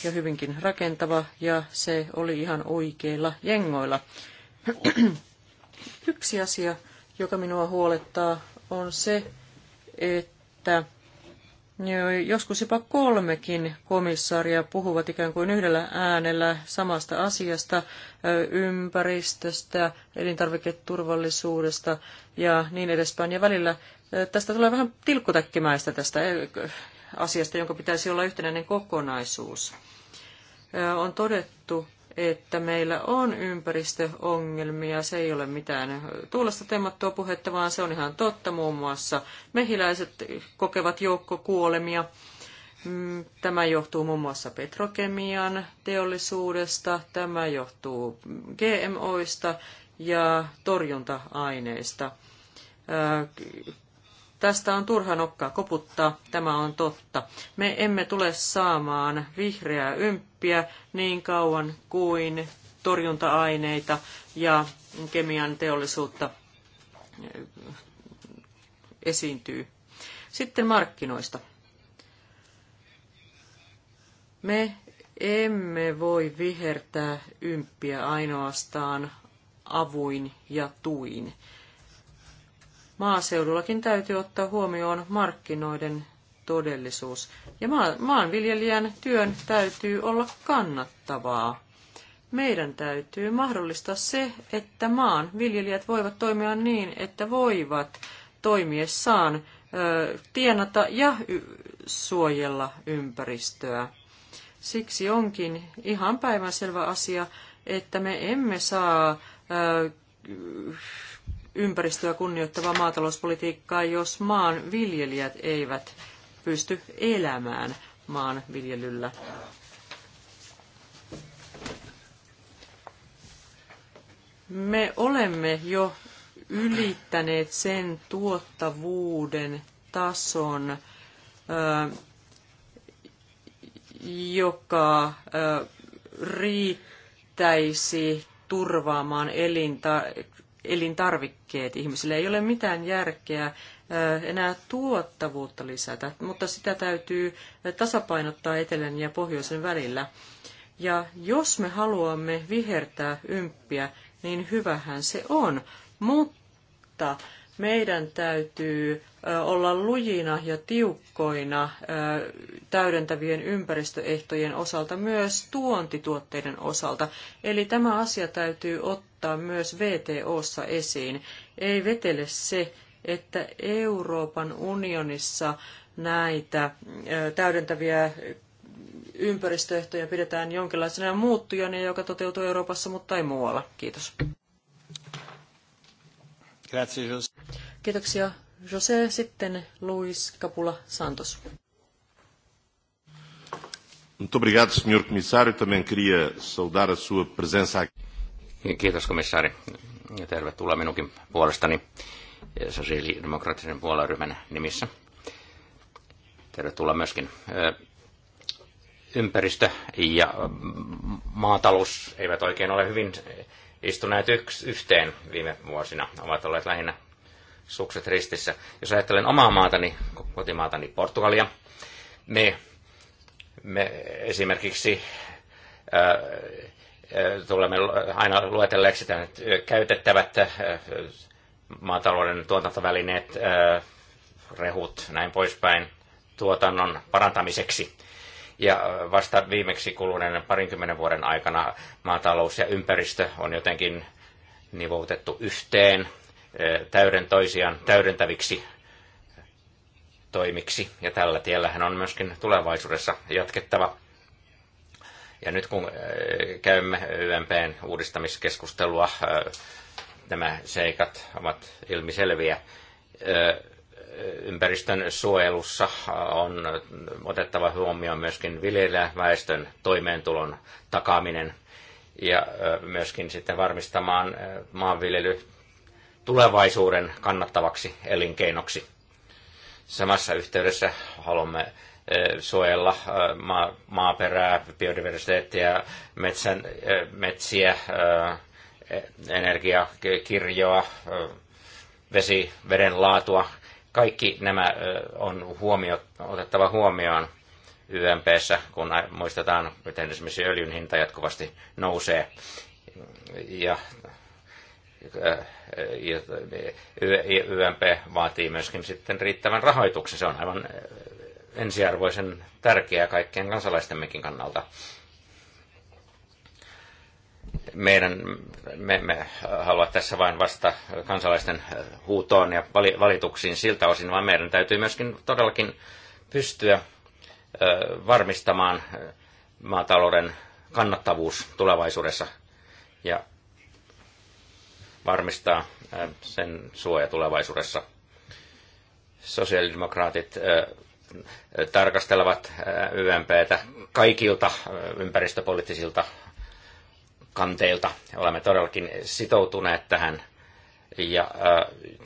ja hyvinkin rakentava, ja se oli ihan oikeilla jengoilla. Yksi asia, joka minua huolettaa, on se, että Joskus jopa kolmekin komissaaria puhuvat ikään kuin yhdellä äänellä samasta asiasta, ympäristöstä, elintarviketurvallisuudesta ja niin edespäin. Ja välillä tästä tulee vähän tilkkutäkkimäistä tästä asiasta, jonka pitäisi olla yhtenäinen kokonaisuus. On todettu, että meillä on ympäristöongelmia. Se ei ole mitään tuulesta temmattua puhetta, vaan se on ihan totta. Muun muassa mehiläiset kokevat joukkokuolemia. Mm, tämä johtuu muun muassa petrokemian teollisuudesta, tämä johtuu GMOista ja torjunta-aineista. Tästä on turha nokkaa koputtaa, tämä on totta. Me emme tule saamaan vihreää ymppiä niin kauan kuin torjunta-aineita ja kemian teollisuutta eh, esiintyy. Sitten markkinoista. Me emme voi vihertää ymppiä ainoastaan avuin ja tuin. Maaseudullakin täytyy ottaa huomioon markkinoiden todellisuus. Ja maanviljelijän työn täytyy olla kannattavaa. Meidän täytyy mahdollistaa se, että maan viljelijät voivat toimia niin, että voivat toimiessaan ö, tienata ja suojella ympäristöä. Siksi onkin ihan päivänselvä asia, että me emme saa ö, ympäristöä kunnioittavaa maatalouspolitiikkaa, jos maanviljelijät eivät pysty elämään viljelyllä. Me olemme jo ylittäneet sen tuottavuuden tason, joka riittäisi turvaamaan elinta- elintarvikkeet ihmisille. Ei ole mitään järkeä enää tuottavuutta lisätä, mutta sitä täytyy tasapainottaa etelän ja pohjoisen välillä. Ja jos me haluamme vihertää ymppiä, niin hyvähän se on, mutta meidän täytyy olla lujina ja tiukkoina täydentävien ympäristöehtojen osalta, myös tuontituotteiden osalta. Eli tämä asia täytyy ottaa ottaa myös VTOssa esiin. Ei vetele se, että Euroopan unionissa näitä täydentäviä ympäristöehtoja pidetään jonkinlaisena muuttujana, joka toteutuu Euroopassa, mutta ei muualla. Kiitos. Grazie, Jose. Kiitoksia, Jose. Sitten Luis Capula Santos. Muito obrigado, Senhor Comissário. Também queria saudar a sua presença aqui. Kiitos komissaari ja tervetuloa minunkin puolestani sosiaalidemokraattisen puolueryhmän nimissä. Tervetuloa myöskin. Ympäristö ja maatalous eivät oikein ole hyvin istuneet yks, yhteen viime vuosina. Ovat olleet lähinnä sukset ristissä. Jos ajattelen omaa maatani, kotimaatani Portugalia, me, me esimerkiksi ää, tulemme aina luetelleeksi tämän käytettävät maatalouden tuotantovälineet, rehut, näin poispäin, tuotannon parantamiseksi. Ja vasta viimeksi kuluneen parinkymmenen vuoden aikana maatalous ja ympäristö on jotenkin nivoutettu yhteen täyden toisiaan täydentäviksi toimiksi. Ja tällä tiellähän on myöskin tulevaisuudessa jatkettava ja nyt kun äh, käymme YMPn uudistamiskeskustelua, äh, nämä seikat ovat ilmiselviä. Äh, ympäristön suojelussa on otettava huomioon myöskin viljelijäväestön toimeentulon takaaminen ja myöskin sitten varmistamaan maanviljely tulevaisuuden kannattavaksi elinkeinoksi. Samassa yhteydessä haluamme suojella maaperää, biodiversiteettiä, metsän, metsiä, e, energiakirjoa, vesi, veden laatua. Kaikki nämä on huomio, otettava huomioon YMPssä, kun muistetaan, miten esimerkiksi öljyn hinta jatkuvasti nousee. Ja YMP vaatii myöskin sitten riittävän rahoituksen. Se on aivan ensiarvoisen tärkeää kaikkien kansalaistemmekin kannalta. Meidän, me, me halua tässä vain vasta kansalaisten huutoon ja valituksiin siltä osin, vaan meidän täytyy myöskin todellakin pystyä varmistamaan maatalouden kannattavuus tulevaisuudessa ja varmistaa sen suoja tulevaisuudessa. Sosiaalidemokraatit tarkastelevat YMPtä kaikilta ympäristöpoliittisilta kanteilta. Olemme todellakin sitoutuneet tähän ja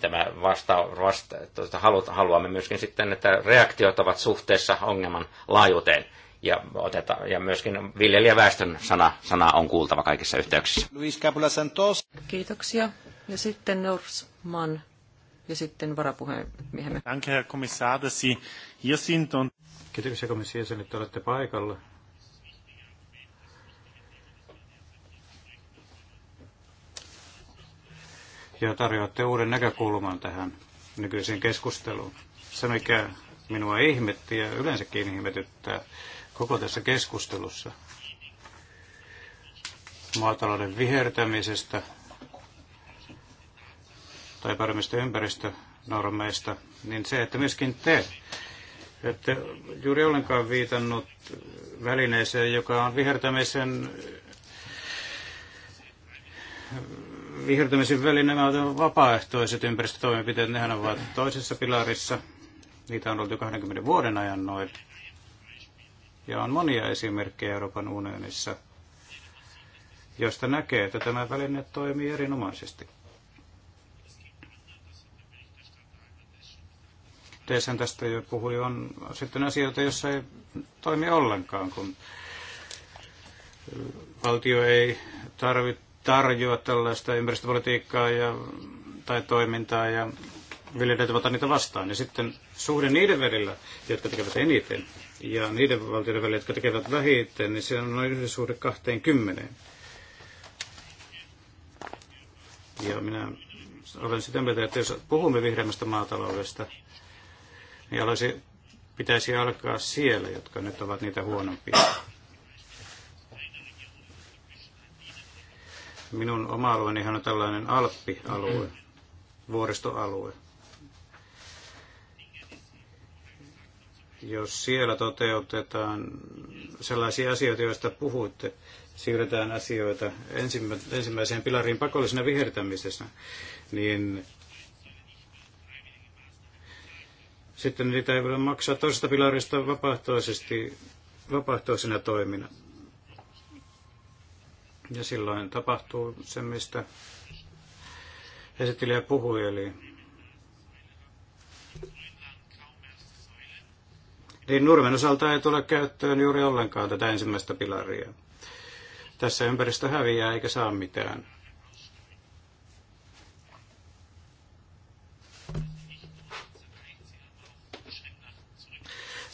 tämä vasta, vasta tuota, haluamme myöskin sitten, että reaktiot ovat suhteessa ongelman laajuuteen. Ja, oteta, ja myöskin viljelijäväestön sana, sana on kuultava kaikissa yhteyksissä. Luis Capula Santos. Kiitoksia. Ja sitten Norsman ja sitten varapuhemiehemme. Danke, Herr Kommissar, dass Sie hier sind. Und... Kiitoksia komission jäsen, että olette paikalla. Ja tarjoatte uuden näkökulman tähän nykyiseen keskusteluun. Se, mikä minua ihmetti ja yleensäkin ihmetyttää koko tässä keskustelussa maatalouden vihertämisestä tai paremmista ympäristönormeista, niin se, että myöskin te ette juuri ollenkaan viitannut välineeseen, joka on vihertämisen vihertämisen väline on vapaaehtoiset ympäristötoimenpiteet, nehän ovat toisessa pilarissa. Niitä on ollut jo 20 vuoden ajan noin. Ja on monia esimerkkejä Euroopan unionissa, joista näkee, että tämä väline toimii erinomaisesti. otteeseen tästä jo puhui, on sitten asioita, joissa ei toimi ollenkaan, kun valtio ei tarvitse tarjoa tällaista ympäristöpolitiikkaa ja, tai toimintaa ja viljelijät ovat niitä vastaan. Ja sitten suhde niiden välillä, jotka tekevät eniten, ja niiden valtioiden välillä, jotka tekevät vähiten, niin se on noin yhden suhde kymmeneen. Ja minä olen sitä mieltä, että jos puhumme vihreämmästä maataloudesta, niin olisi, pitäisi alkaa siellä, jotka nyt ovat niitä huonompia. Minun oma alueenihan on tällainen alppialue, vuoristoalue. Jos siellä toteutetaan sellaisia asioita, joista puhuitte, siirretään asioita ensimmäiseen pilariin pakollisena vihertämisessä, niin Sitten niitä ei voida maksaa toisesta pilarista vapaaehtoisesti, vapaaehtoisena toimina. Ja silloin tapahtuu se, mistä esittelijä puhui, eli niin Nurmen osalta ei tule käyttöön juuri ollenkaan tätä ensimmäistä pilaria. Tässä ympäristö häviää eikä saa mitään.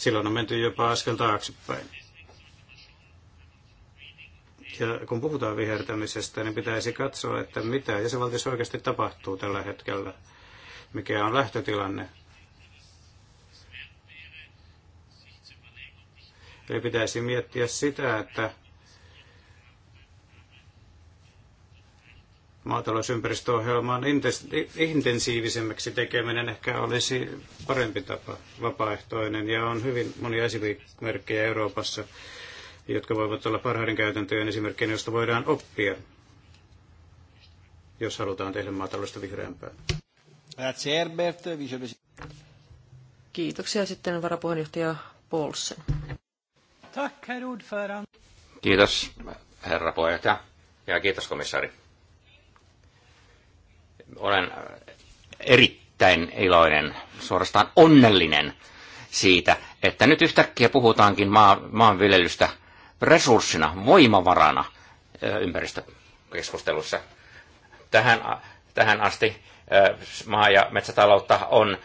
Silloin on menty jopa askel taaksepäin. Ja kun puhutaan vihertämisestä, niin pitäisi katsoa, että mitä jäsenvaltiossa oikeasti tapahtuu tällä hetkellä, mikä on lähtötilanne. Eli pitäisi miettiä sitä, että maatalousympäristöohjelman intensiivisemmäksi tekeminen ehkä olisi parempi tapa, vapaaehtoinen, ja on hyvin monia esimerkkejä Euroopassa, jotka voivat olla parhaiden käytäntöjen esimerkkejä, joista voidaan oppia, jos halutaan tehdä maataloudesta vihreämpää. Kiitoksia sitten varapuheenjohtaja Paulsen. Kiitos, herra puheenjohtaja, ja kiitos komissaari olen erittäin iloinen, suorastaan onnellinen siitä, että nyt yhtäkkiä puhutaankin maa, maanviljelystä resurssina, voimavarana ympäristökeskustelussa. Tähän, tähän asti maa- ja metsätaloutta on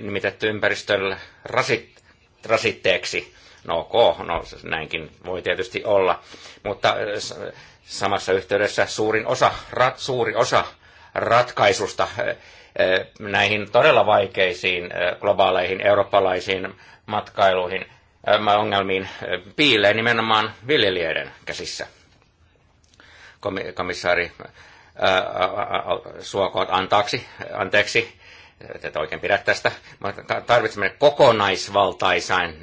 nimitetty ympäristölle rasit, rasitteeksi. No ok, no näinkin voi tietysti olla, mutta samassa yhteydessä suurin osa, suuri osa ratkaisusta eh, eh, näihin todella vaikeisiin eh, globaaleihin eurooppalaisiin matkailuihin ongelmiin piilee nimenomaan viljelijöiden käsissä. Komissaari suokoot antaaksi, anteeksi tätä oikein pidä tästä. Tarvitsemme kokonaisvaltaisen,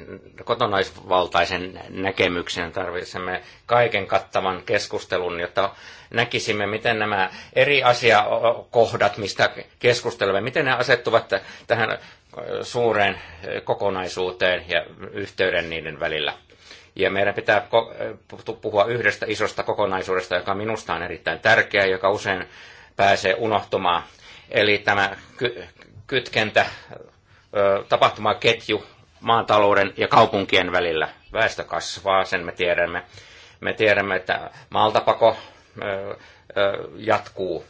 kokonaisvaltaisen näkemyksen, tarvitsemme kaiken kattavan keskustelun, jotta näkisimme, miten nämä eri asiakohdat, mistä keskustelemme, miten ne asettuvat tähän suureen kokonaisuuteen ja yhteyden niiden välillä. Ja meidän pitää puhua yhdestä isosta kokonaisuudesta, joka minusta on erittäin tärkeä, joka usein pääsee unohtumaan. Eli tämä kytkentä, tapahtumaketju maatalouden ja kaupunkien välillä. Väestö kasvaa, sen me tiedämme. Me tiedämme, että maaltapako jatkuu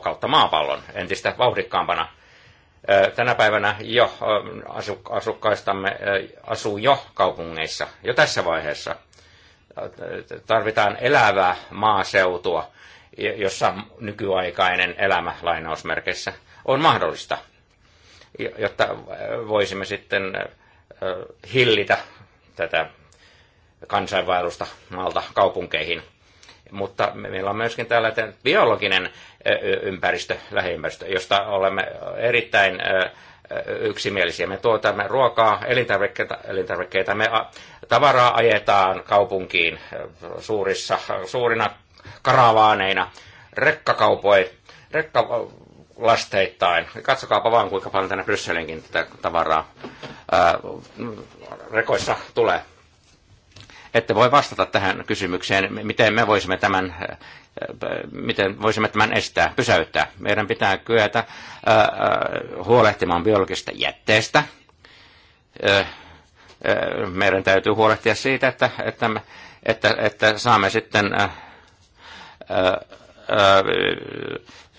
kautta maapallon entistä vauhdikkaampana. Tänä päivänä jo asukkaistamme asuu jo kaupungeissa, jo tässä vaiheessa. Tarvitaan elävää maaseutua, jossa nykyaikainen elämä lainausmerkeissä on mahdollista, jotta voisimme sitten hillitä tätä kansainvaellusta maalta kaupunkeihin. Mutta meillä on myöskin tällainen biologinen ympäristö, lähiympäristö, josta olemme erittäin yksimielisiä. Me tuotamme ruokaa, elintarvikkeita, elintarvikkeita. me tavaraa ajetaan kaupunkiin suurissa, suurina karavaaneina, rekkakaupoin, rekka, lasteittain. Katsokaapa vaan, kuinka paljon tänne Brysselinkin tätä tavaraa ää, rekoissa tulee. Ette voi vastata tähän kysymykseen, miten me voisimme tämän, ää, miten voisimme tämän estää, pysäyttää. Meidän pitää kyetä ää, huolehtimaan biologisesta jätteestä. Ää, ää, meidän täytyy huolehtia siitä, että, että, me, että, että saamme sitten ää, ää,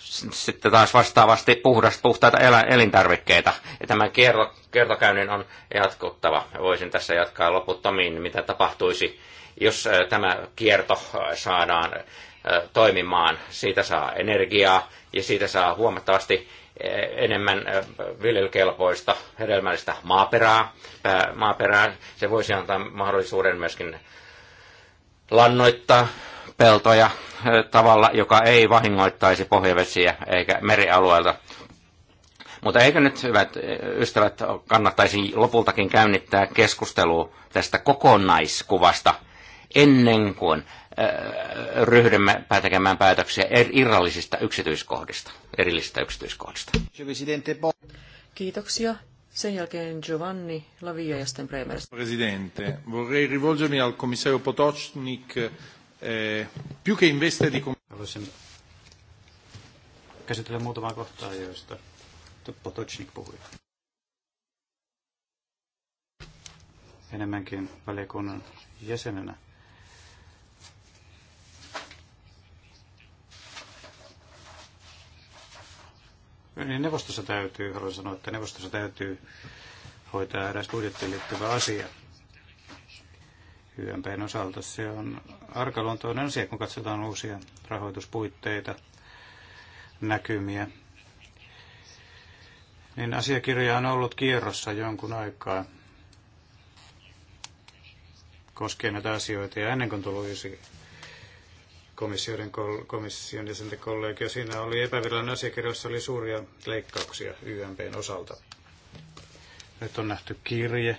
sitten taas vastaavasti puhdasta, puhtaita elintarvikkeita. Ja tämän kierro, kiertokäynnin on jatkuttava. Voisin tässä jatkaa loputtomiin, mitä tapahtuisi, jos äh, tämä kierto äh, saadaan äh, toimimaan. Siitä saa energiaa ja siitä saa huomattavasti enemmän viljelykelpoista hedelmällistä maaperää. maaperää. Se voisi antaa mahdollisuuden myöskin lannoittaa peltoja tavalla, joka ei vahingoittaisi pohjavesiä eikä merialueelta. Mutta eikö nyt, hyvät ystävät, kannattaisi lopultakin käynnittää keskustelua tästä kokonaiskuvasta ennen kuin ryhdymme tekemään päätöksiä er-, irrallisista yksityiskohdista, erillisistä yksityiskohdista. Kiitoksia. Sen jälkeen Giovanni Lavia ja sitten Bremer. Presidente, vorrei rivolgermi al commissario Potocnik Eh, più che investe di... Haluaisin käsitellä muutamaa kohtaa, joista Potocnik puhui. Enemmänkin valiokunnan jäsenenä. Niin neuvostossa täytyy, haluan sanoa, että neuvostossa täytyy hoitaa eräs budjettiin liittyvä asia – YMPn osalta. Se on arkaluontoinen asia, kun katsotaan uusia rahoituspuitteita, näkymiä. Niin asiakirja on ollut kierrossa jonkun aikaa koskien näitä asioita. Ja ennen kuin tuli uusi komissioiden, komission jäsenten kollegio, siinä oli epävirallinen asiakirja, jossa oli suuria leikkauksia YMPn osalta. Nyt on nähty kirje,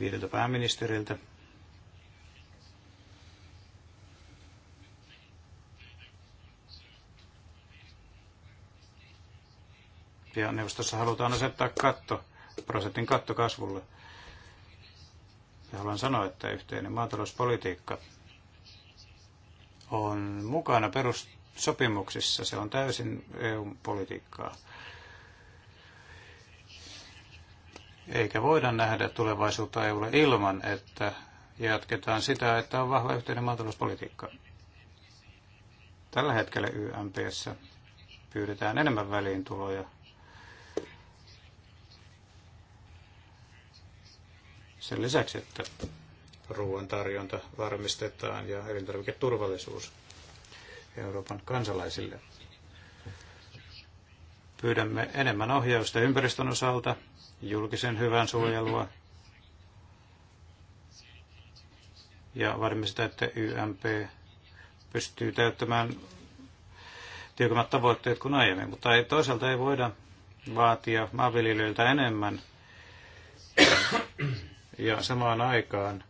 viideltä pääministeriltä. Ja neuvostossa halutaan asettaa katto, prosentin katto kasvulle. Ja haluan sanoa, että yhteinen maatalouspolitiikka on mukana perussopimuksissa. Se on täysin EU-politiikkaa. Eikä voida nähdä tulevaisuutta EUlle ilman, että jatketaan sitä, että on vahva yhteinen maatalouspolitiikka. Tällä hetkellä YMPssä pyydetään enemmän väliintuloja. Sen lisäksi, että ruoan tarjonta varmistetaan ja elintarviketurvallisuus Euroopan kansalaisille. Pyydämme enemmän ohjausta ympäristön osalta, julkisen hyvän suojelua ja varmistaa, että YMP pystyy täyttämään tiukemmat tavoitteet kuin aiemmin. Mutta ei, toisaalta ei voida vaatia maanviljelijöiltä enemmän ja samaan aikaan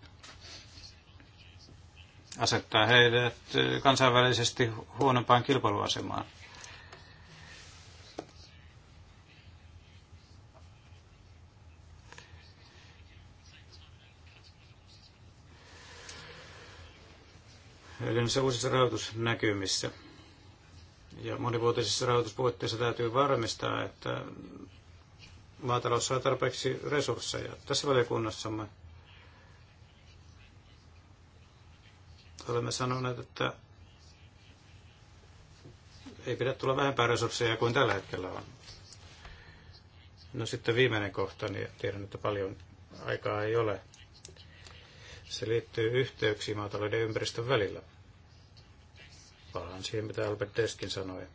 asettaa heidät kansainvälisesti huonompaan kilpailuasemaan. Eli niissä uusissa rahoitusnäkymissä ja monivuotisissa rahoituspuitteissa täytyy varmistaa, että maatalous saa tarpeeksi resursseja. Tässä me olemme sanoneet, että ei pidä tulla vähempää resursseja kuin tällä hetkellä on. No sitten viimeinen kohta, niin tiedän, että paljon aikaa ei ole. Se liittyy yhteyksiin maatalouden ympäristön välillä. Palaan siihen, mitä Albert Deskin sanoi.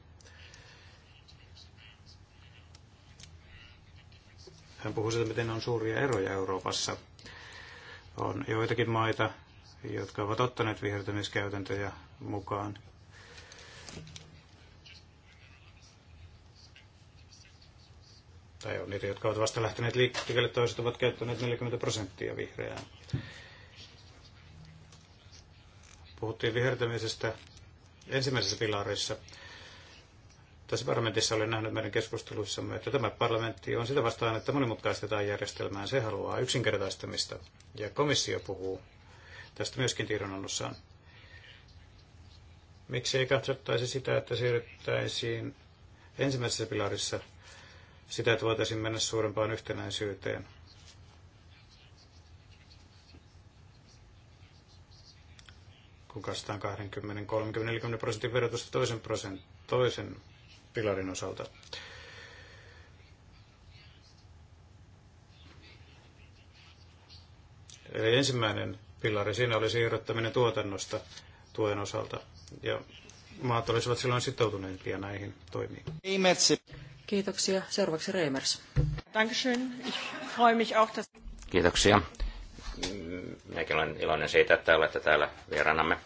Hän puhui siitä, miten on suuria eroja Euroopassa. On joitakin maita, jotka ovat ottaneet vihertämiskäytäntöjä mukaan. Tai on niitä, jotka ovat vasta lähteneet liikkeelle, toiset ovat käyttäneet 40 prosenttia vihreää. Puhuttiin vihertämisestä ensimmäisessä pilarissa. Tässä parlamentissa olen nähnyt meidän keskusteluissamme, että tämä parlamentti on sitä vastaan, että monimutkaistetaan järjestelmään. Se haluaa yksinkertaistamista. Ja komissio puhuu tästä myöskin tiedonannossaan. Miksi ei katsottaisi sitä, että siirryttäisiin ensimmäisessä pilarissa sitä, että voitaisiin mennä suurempaan yhtenäisyyteen kun kastaan 20, 30, 40 prosentin verotusta toisen, prosent, toisen pilarin osalta. Eli ensimmäinen pilari siinä oli siirrottaminen tuotannosta tuen osalta. Ja maat olisivat silloin sitoutuneempia näihin toimiin. Kiitoksia. Seuraavaksi Reimers. Kiitoksia. Minäkin olen iloinen siitä, että olette täällä vieraanamme.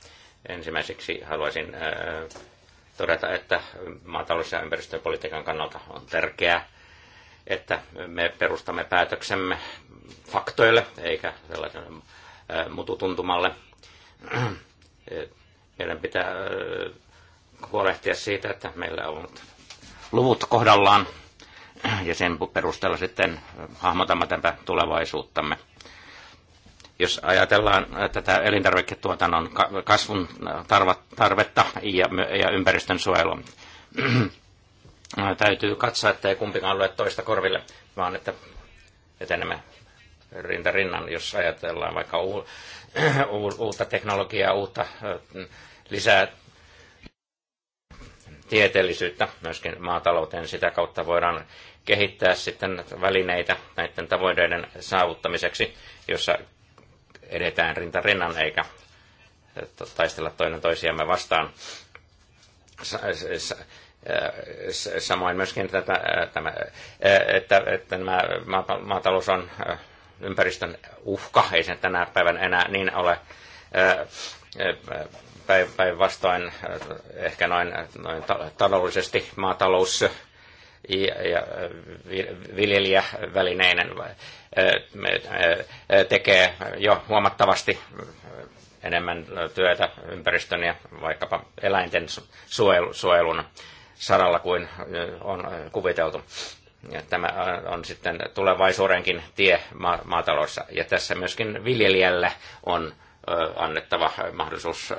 Ensimmäiseksi haluaisin äh, todeta, että maatalous- ja ympäristöpolitiikan kannalta on tärkeää, että me perustamme päätöksemme faktoille eikä sellaiselle äh, mututuntumalle. Meidän pitää äh, huolehtia siitä, että meillä on luvut kohdallaan ja sen perusteella sitten hahmotamme tämän tulevaisuuttamme. Jos ajatellaan äh, tätä elintarviketuotannon kasvun äh, tarvetta ja ympäristön suojelua, äh, täytyy katsoa, ettei kumpikaan lue toista korville, vaan että etenemme rinta rinnan, jos ajatellaan vaikka u- u- uutta teknologiaa, uutta lisää tieteellisyyttä myöskin maatalouteen. Sitä kautta voidaan kehittää sitten välineitä näiden tavoitteiden saavuttamiseksi, jossa edetään rinta rinnan eikä taistella toinen toisiamme vastaan. Samoin myöskin tätä, tämä, että, että nämä maatalous on ympäristön uhka, ei sen tänä päivänä enää niin ole. Päinvastoin ehkä noin, noin taloudellisesti maatalous ja viljelijävälineinen tekee jo huomattavasti enemmän työtä ympäristön ja vaikkapa eläinten suojelun saralla kuin on kuviteltu. Ja tämä on sitten tulevaisuudenkin tie maataloissa. Ja tässä myöskin viljelijälle on annettava mahdollisuus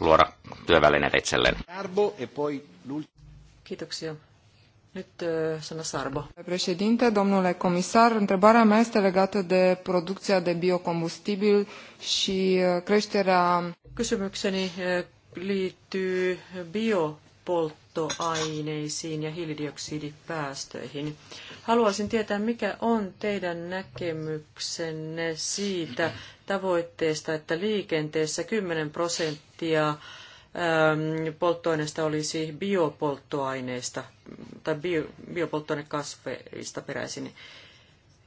luoda työvälineet itselleen. E Kiitoksia. Președinte, domnule comisar, întrebarea mea este legată de producția de biocombustibil și creșterea... Kysymykseni liittyy biopolttoaineisiin ja hiilidioksidipäästöihin. Haluaisin tietää, mikä on teidän näkemyksenne siitä tavoitteesta, että liikenteessä 10 prosenttia Ähm, polttoaineesta olisi biopolttoaineista tai bio, biopolttoainekasveista peräisin.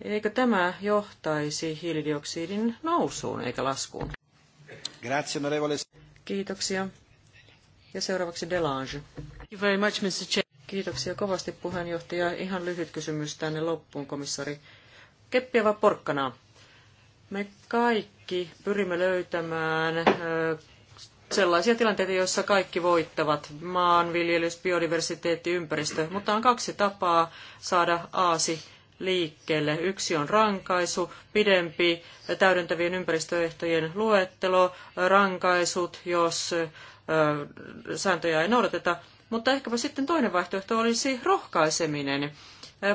Eikö tämä johtaisi hiilidioksidin nousuun eikä laskuun? Grazie, onorevole. Kiitoksia. Ja seuraavaksi Delange. very much, Mr. Kiitoksia kovasti puheenjohtaja. Ihan lyhyt kysymys tänne loppuun, komissari. Keppiä vai porkkanaa? Me kaikki pyrimme löytämään sellaisia tilanteita, joissa kaikki voittavat, maanviljelys, biodiversiteetti, ympäristö, mutta on kaksi tapaa saada aasi liikkeelle. Yksi on rankaisu, pidempi täydentävien ympäristöehtojen luettelo, rankaisut, jos sääntöjä ei noudateta, mutta ehkäpä sitten toinen vaihtoehto olisi rohkaiseminen,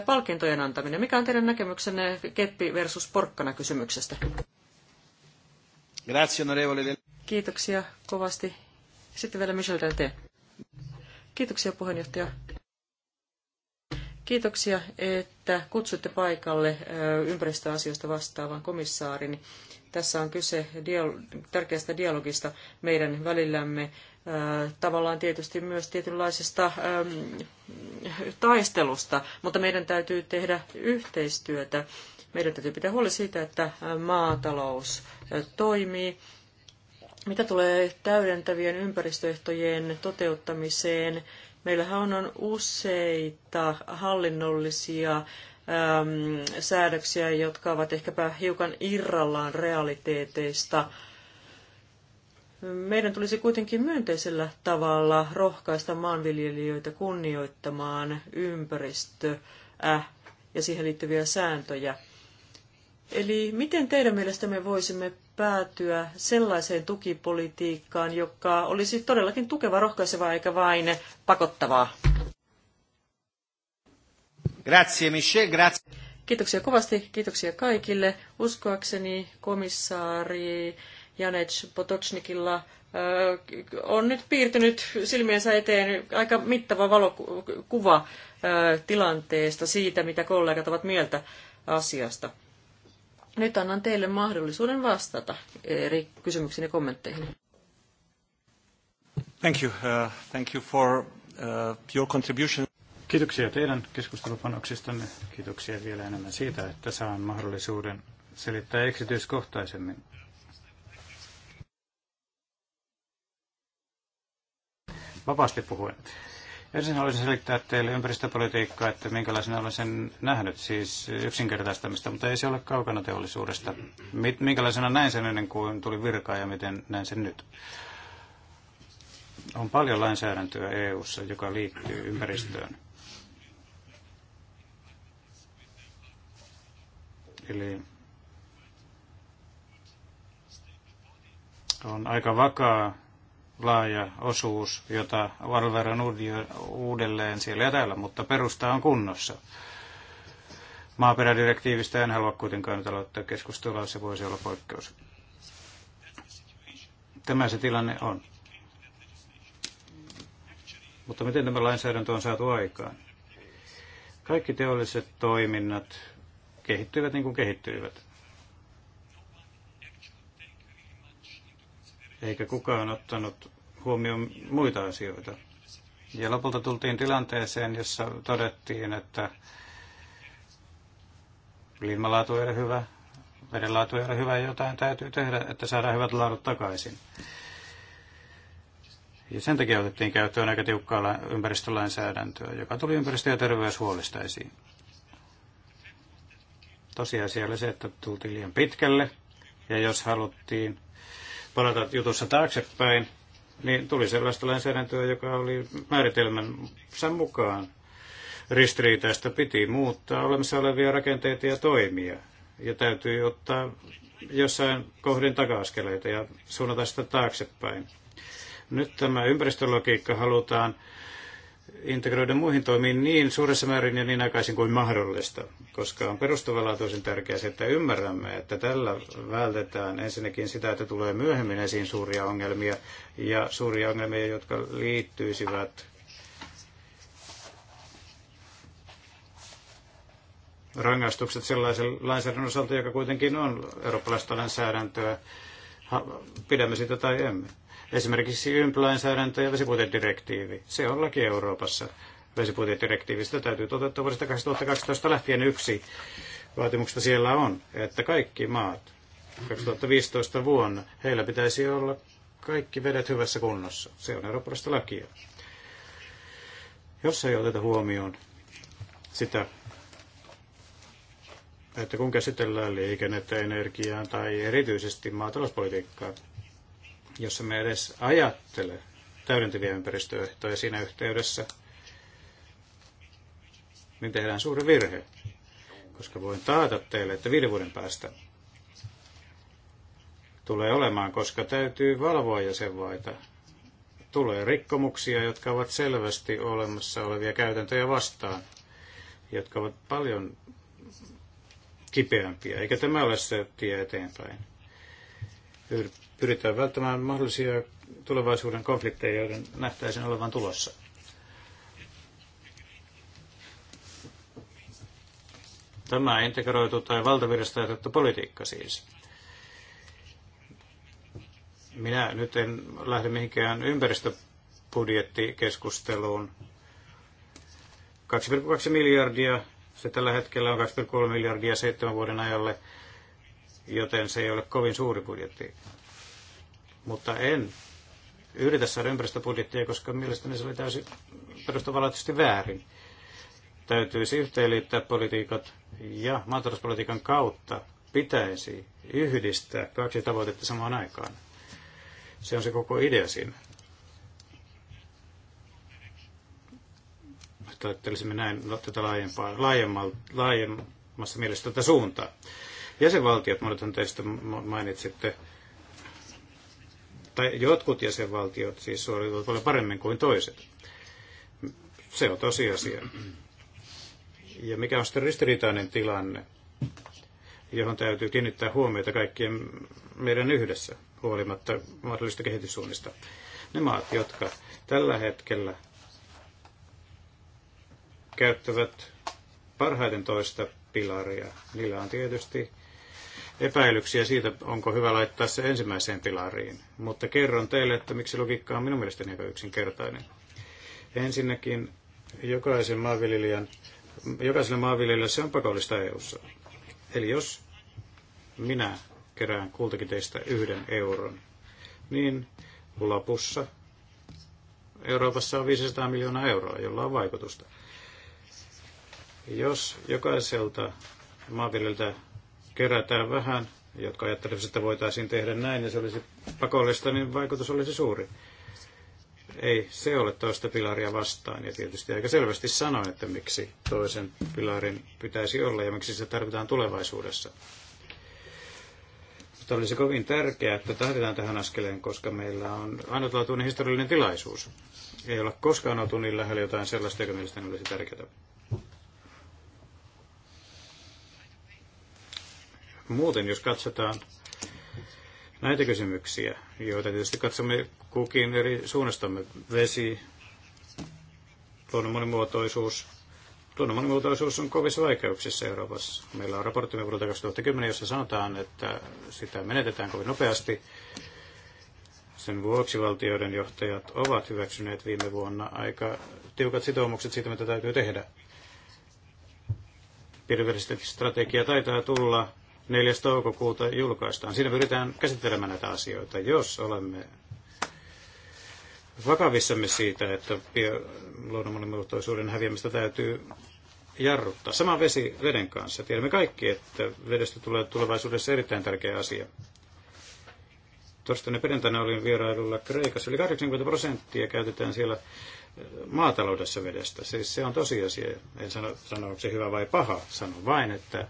palkintojen antaminen. Mikä on teidän näkemyksenne keppi versus porkkana kysymyksestä? Grazie, onorevole. Kiitoksia kovasti. Sitten vielä Michel Dante. Kiitoksia puheenjohtaja. Kiitoksia, että kutsutte paikalle ympäristöasioista vastaavan komissaarin. Tässä on kyse tärkeästä dialogista meidän välillämme, tavallaan tietysti myös tietynlaisesta taistelusta, mutta meidän täytyy tehdä yhteistyötä. Meidän täytyy pitää huoli siitä, että maatalous toimii mitä tulee täydentävien ympäristöehtojen toteuttamiseen, meillähän on useita hallinnollisia äm, säädöksiä, jotka ovat ehkäpä hiukan irrallaan realiteeteista. Meidän tulisi kuitenkin myönteisellä tavalla rohkaista maanviljelijöitä kunnioittamaan ympäristöä ja siihen liittyviä sääntöjä. Eli miten teidän mielestä me voisimme päätyä sellaiseen tukipolitiikkaan, joka olisi todellakin tukeva, rohkaiseva eikä vain pakottavaa. Grazie, Michel, grazie. Kiitoksia kovasti, kiitoksia kaikille. Uskoakseni komissaari Janec Potocnikilla on nyt piirtynyt silmiensä eteen aika mittava valokuva tilanteesta siitä, mitä kollegat ovat mieltä asiasta. Nyt annan teille mahdollisuuden vastata eri kysymyksiin ja kommentteihin. Thank you. Uh, thank you for uh, your contribution. Kiitoksia teidän keskustelupanoksistanne. Kiitoksia vielä enemmän siitä, että saan mahdollisuuden selittää yksityiskohtaisemmin. Vapaasti puhuen. Ensin haluaisin selittää teille ympäristöpolitiikkaa, että minkälaisena olen sen nähnyt, siis yksinkertaistamista, mutta ei se ole kaukana teollisuudesta. Minkälaisena näin sen ennen kuin tuli virkaa ja miten näin sen nyt? On paljon lainsäädäntöä EU:ssa, joka liittyy ympäristöön. Eli on aika vakaa laaja osuus, jota valveran uudelleen siellä ja täällä, mutta perusta on kunnossa. Maaperädirektiivistä en halua kuitenkaan nyt aloittaa keskustelua, se voisi olla poikkeus. Tämä se tilanne on. Mutta miten tämä lainsäädäntö on saatu aikaan? Kaikki teolliset toiminnat kehittyivät niin kuin kehittyivät. eikä kukaan ottanut huomioon muita asioita. Ja lopulta tultiin tilanteeseen, jossa todettiin, että ilmalaatu ei ole hyvä, vedenlaatu ei ole hyvä, jotain täytyy tehdä, että saadaan hyvät laadut takaisin. Ja sen takia otettiin käyttöön aika tiukkaa ympäristölainsäädäntöä, joka tuli ympäristö- ja terveyshuolista esiin. Tosiasia oli se, että tultiin liian pitkälle, ja jos haluttiin palata jutussa taaksepäin, niin tuli sellaista lainsäädäntöä, joka oli sen mukaan ristiriitaista. Piti muuttaa olemassa olevia rakenteita ja toimia. Ja täytyy ottaa jossain kohdin taka-askeleita ja suunnata sitä taaksepäin. Nyt tämä ympäristölogiikka halutaan integroida muihin toimiin niin suuressa määrin ja niin aikaisin kuin mahdollista, koska on perustavanlaatuisen tärkeää se, että ymmärrämme, että tällä vältetään ensinnäkin sitä, että tulee myöhemmin esiin suuria ongelmia ja suuria ongelmia, jotka liittyisivät rangaistukset sellaisen lainsäädännön osalta, joka kuitenkin on eurooppalaista lainsäädäntöä, pidämme sitä tai emme. Esimerkiksi ympylainsäädäntö ja vesipuitedirektiivi. Se on laki Euroopassa. Vesipuitedirektiivistä täytyy toteuttaa vuodesta 2012 lähtien yksi vaatimuksesta siellä on, että kaikki maat 2015 vuonna, heillä pitäisi olla kaikki vedet hyvässä kunnossa. Se on eurooppalaista lakia. Jos ei oteta huomioon sitä, että kun käsitellään liikennettä, energiaa tai erityisesti maatalouspolitiikkaa, jos me edes ajattele täydentäviä ympäristöehtoja siinä yhteydessä, niin tehdään suuri virhe, koska voin taata teille, että viiden vuoden päästä tulee olemaan, koska täytyy valvoa jäsenvaita. Tulee rikkomuksia, jotka ovat selvästi olemassa olevia käytäntöjä vastaan, jotka ovat paljon kipeämpiä, eikä tämä ole se tie eteenpäin pyritään välttämään mahdollisia tulevaisuuden konflikteja, joiden nähtäisiin olevan tulossa. Tämä integroitu tai ajatettu politiikka siis. Minä nyt en lähde mihinkään ympäristöbudjettikeskusteluun. 2,2 miljardia, se tällä hetkellä on 2,3 miljardia seitsemän vuoden ajalle, joten se ei ole kovin suuri budjetti mutta en yritä saada ympäristöbudjettia, koska mielestäni se oli täysin perustavallisesti väärin. Täytyisi yhteenliittää politiikat ja maatalouspolitiikan kautta pitäisi yhdistää kaksi tavoitetta samaan aikaan. Se on se koko idea siinä. Että ajattelisimme näin no, tätä laajempaa, laajemmassa mielessä tätä suuntaa. Jäsenvaltiot, monet teistä mainitsitte, tai jotkut jäsenvaltiot siis suoriutuvat paljon paremmin kuin toiset. Se on tosiasia. Ja mikä on sitten ristiriitainen tilanne, johon täytyy kiinnittää huomiota kaikkien meidän yhdessä, huolimatta mahdollisista kehityssuunnista. Ne maat, jotka tällä hetkellä käyttävät parhaiten toista pilaria, niillä on tietysti epäilyksiä siitä, onko hyvä laittaa se ensimmäiseen pilariin. Mutta kerron teille, että miksi logiikka on minun mielestäni aika yksinkertainen. Ensinnäkin jokaisen maanviljelijän, jokaiselle maanviljelijälle se on pakollista EU:ssa. Eli jos minä kerään kultakin teistä yhden euron, niin lopussa Euroopassa on 500 miljoonaa euroa, jolla on vaikutusta. Jos jokaiselta maanviljelijältä kerätään vähän, jotka ajattelevat, että voitaisiin tehdä näin ja se olisi pakollista, niin vaikutus olisi suuri. Ei se ole toista pilaria vastaan ja tietysti aika selvästi sanoa, että miksi toisen pilarin pitäisi olla ja miksi se tarvitaan tulevaisuudessa. Mutta olisi kovin tärkeää, että tarvitaan tähän askeleen, koska meillä on ainutlaatuinen historiallinen tilaisuus. Ei olla koskaan oltu niin lähellä jotain sellaista, joka mielestäni olisi tärkeää. Muuten, jos katsotaan näitä kysymyksiä, joita tietysti katsomme kukin eri suunnastamme, vesi, luonnon monimuotoisuus, Luonnon monimuotoisuus on kovissa vaikeuksissa Euroopassa. Meillä on raporttimme vuodelta 2010, jossa sanotaan, että sitä menetetään kovin nopeasti. Sen vuoksi valtioiden johtajat ovat hyväksyneet viime vuonna aika tiukat sitoumukset siitä, mitä täytyy tehdä. Biodiversiteettistrategia taitaa tulla 4. toukokuuta julkaistaan. Siinä pyritään käsittelemään näitä asioita, jos olemme vakavissamme siitä, että luonnon monimuotoisuuden häviämistä täytyy jarruttaa. Sama vesi veden kanssa. Tiedämme kaikki, että vedestä tulee tulevaisuudessa erittäin tärkeä asia. Torstaina perjantaina olin vierailulla Kreikassa. Yli 80 prosenttia käytetään siellä eh, maataloudessa vedestä. Siis se on tosiasia. En sano, sano onko se hyvä vai paha. Sano vain, että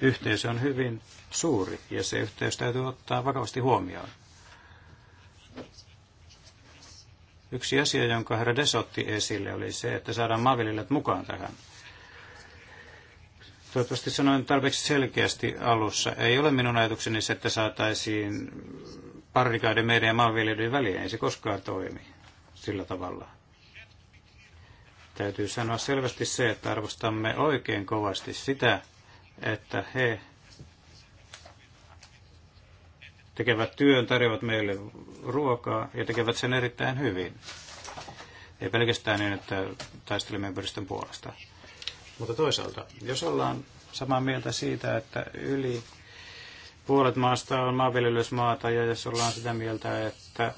Yhteys on hyvin suuri ja se yhteys täytyy ottaa vakavasti huomioon. Yksi asia, jonka herra Desotti esille, oli se, että saadaan maanviljelijät mukaan tähän. Toivottavasti sanoin tarpeeksi selkeästi alussa. Ei ole minun ajatukseni se, että saataisiin parikaiden meidän ja maanviljelijöiden väliin. Ei se koskaan toimi sillä tavalla. Täytyy sanoa selvästi se, että arvostamme oikein kovasti sitä, että he tekevät työn, tarjoavat meille ruokaa ja tekevät sen erittäin hyvin. Ei pelkästään niin, että taistelemme ympäristön puolesta. Mutta toisaalta, jos ollaan samaa mieltä siitä, että yli puolet maasta on maanviljelysmaata ja jos ollaan sitä mieltä, että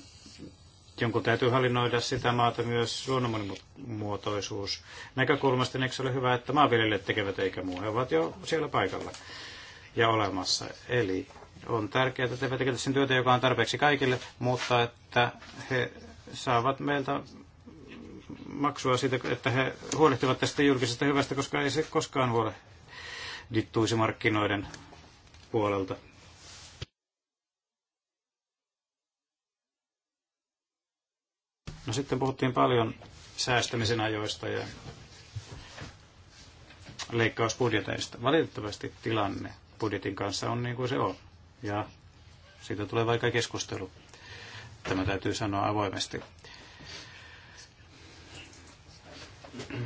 jonkun täytyy hallinnoida sitä maata myös luonnonmuotoisuus. näkökulmasta, niin eikö se ole hyvä, että maanviljelijät tekevät eikä muu. He ovat jo siellä paikalla ja olemassa. Eli on tärkeää, että he tekevät sen työtä, joka on tarpeeksi kaikille, mutta että he saavat meiltä maksua siitä, että he huolehtivat tästä julkisesta hyvästä, koska ei se koskaan huolehdittuisi markkinoiden puolelta. No sitten puhuttiin paljon säästämisen ajoista ja leikkausbudjeteista. Valitettavasti tilanne budjetin kanssa on niin kuin se on. Ja siitä tulee vaikka keskustelu. Tämä täytyy sanoa avoimesti.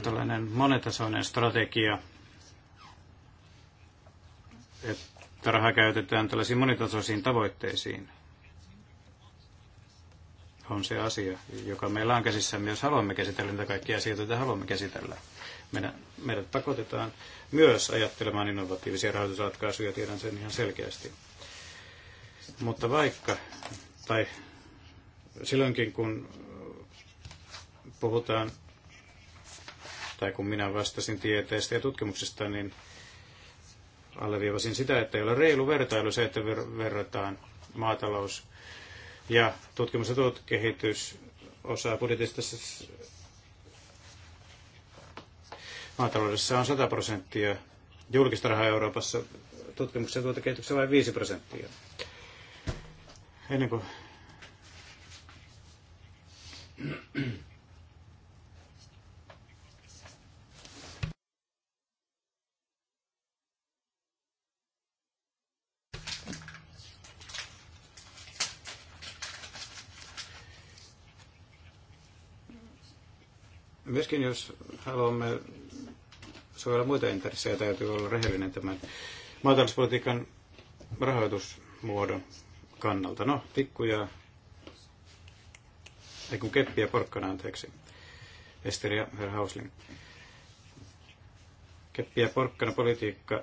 Tällainen monetasoinen strategia, että raha käytetään tällaisiin monitasoisiin tavoitteisiin, on se asia, joka meillä on käsissämme, jos haluamme käsitellä niitä kaikkia asioita, joita haluamme käsitellä. Meidän, meidät pakotetaan myös ajattelemaan innovatiivisia rahoitusratkaisuja, tiedän sen ihan selkeästi. Mutta vaikka, tai silloinkin kun puhutaan, tai kun minä vastasin tieteestä ja tutkimuksesta, niin alleviivasin sitä, että ei ole reilu vertailu se, että ver- verrataan maatalous ja tutkimus- ja tuotekehitys osa budjetista maataloudessa on 100 prosenttia, julkista rahaa Euroopassa tutkimuksen ja tuotekehityksessä vain 5 prosenttia. Ennen kuin Myöskin jos haluamme suojella muita intressejä, täytyy olla rehellinen tämän maatalouspolitiikan rahoitusmuodon kannalta. No, tikkuja ei kun keppiä porkkana, anteeksi, Esteri ja Herra Hausling. Keppiä porkkana politiikka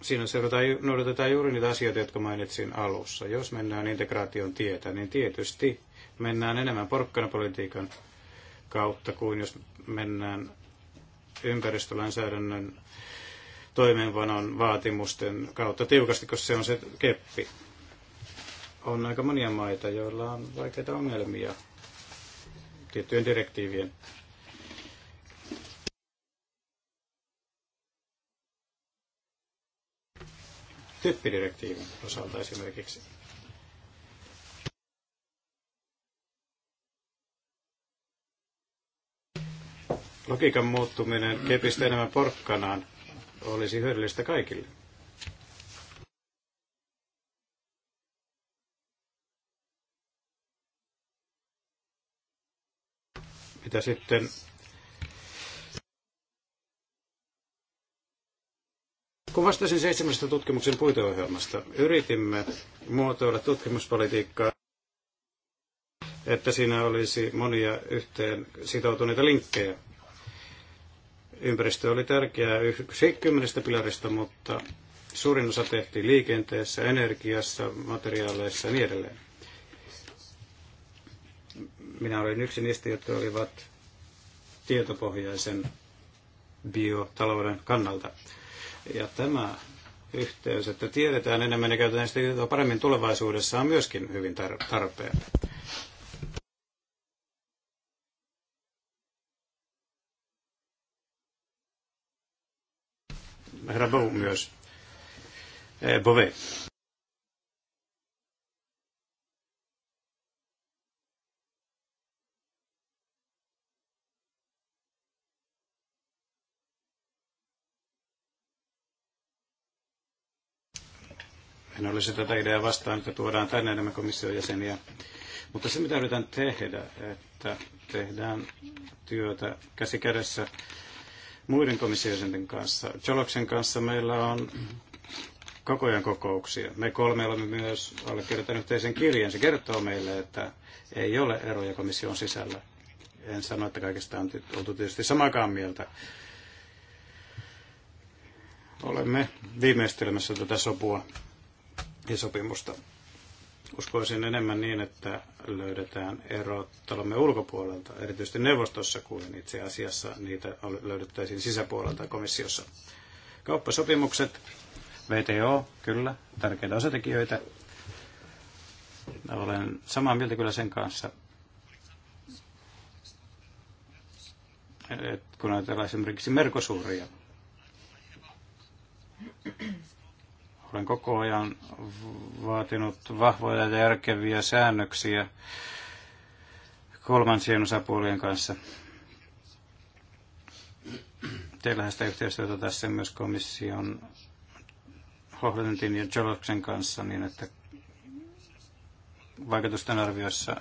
siinä seurataan, noudatetaan juuri niitä asioita, jotka mainitsin alussa. Jos mennään integraation tietä, niin tietysti mennään enemmän porkkanapolitiikan kautta kuin jos mennään ympäristölainsäädännön toimeenpanon vaatimusten kautta tiukasti, koska se on se keppi. On aika monia maita, joilla on vaikeita ongelmia tiettyjen direktiivien typpidirektiivin osalta esimerkiksi. logiikan muuttuminen kepistä enemmän porkkanaan olisi hyödyllistä kaikille. Mitä sitten Kun vastasin seitsemästä tutkimuksen puiteohjelmasta, yritimme muotoilla tutkimuspolitiikkaa, että siinä olisi monia yhteen sitoutuneita linkkejä Ympäristö oli tärkeä yksi kymmenestä pilarista, mutta suurin osa tehtiin liikenteessä, energiassa, materiaaleissa ja niin edelleen. Minä olin yksi niistä, jotka olivat tietopohjaisen biotalouden kannalta. Ja tämä yhteys, että tiedetään enemmän ja käytetään sitä paremmin tulevaisuudessa on myöskin hyvin tarpeen. herra Bow myös. Eh, Bove. En olisi tätä ideaa vastaan, että tuodaan tänne enemmän komission jäseniä. Mutta se, mitä yritän tehdä, että tehdään työtä käsi kädessä muiden komissiojäsenten kanssa. Choloksen kanssa meillä on koko ajan kokouksia. Me kolme olemme myös allekirjoittaneet yhteisen kirjeen. Se kertoo meille, että ei ole eroja komission sisällä. En sano, että kaikesta on oltu tietysti samakaan mieltä. Olemme viimeistelemässä tätä sopua ja sopimusta. Uskoisin enemmän niin, että löydetään erot talomme ulkopuolelta, erityisesti neuvostossa, kuin itse asiassa niitä löydettäisiin sisäpuolelta komissiossa. Kauppasopimukset, VTO, kyllä, tärkeitä osatekijöitä. Olen samaa mieltä kyllä sen kanssa, kun ajatellaan esimerkiksi Merkosuuria. Olen koko ajan vaatinut vahvoja ja järkeviä säännöksiä kolmansien osapuolien kanssa. Teillähän sitä yhteistyötä tässä myös komission Hohlentin ja Joloksen kanssa niin, että vaikutusten arvioissa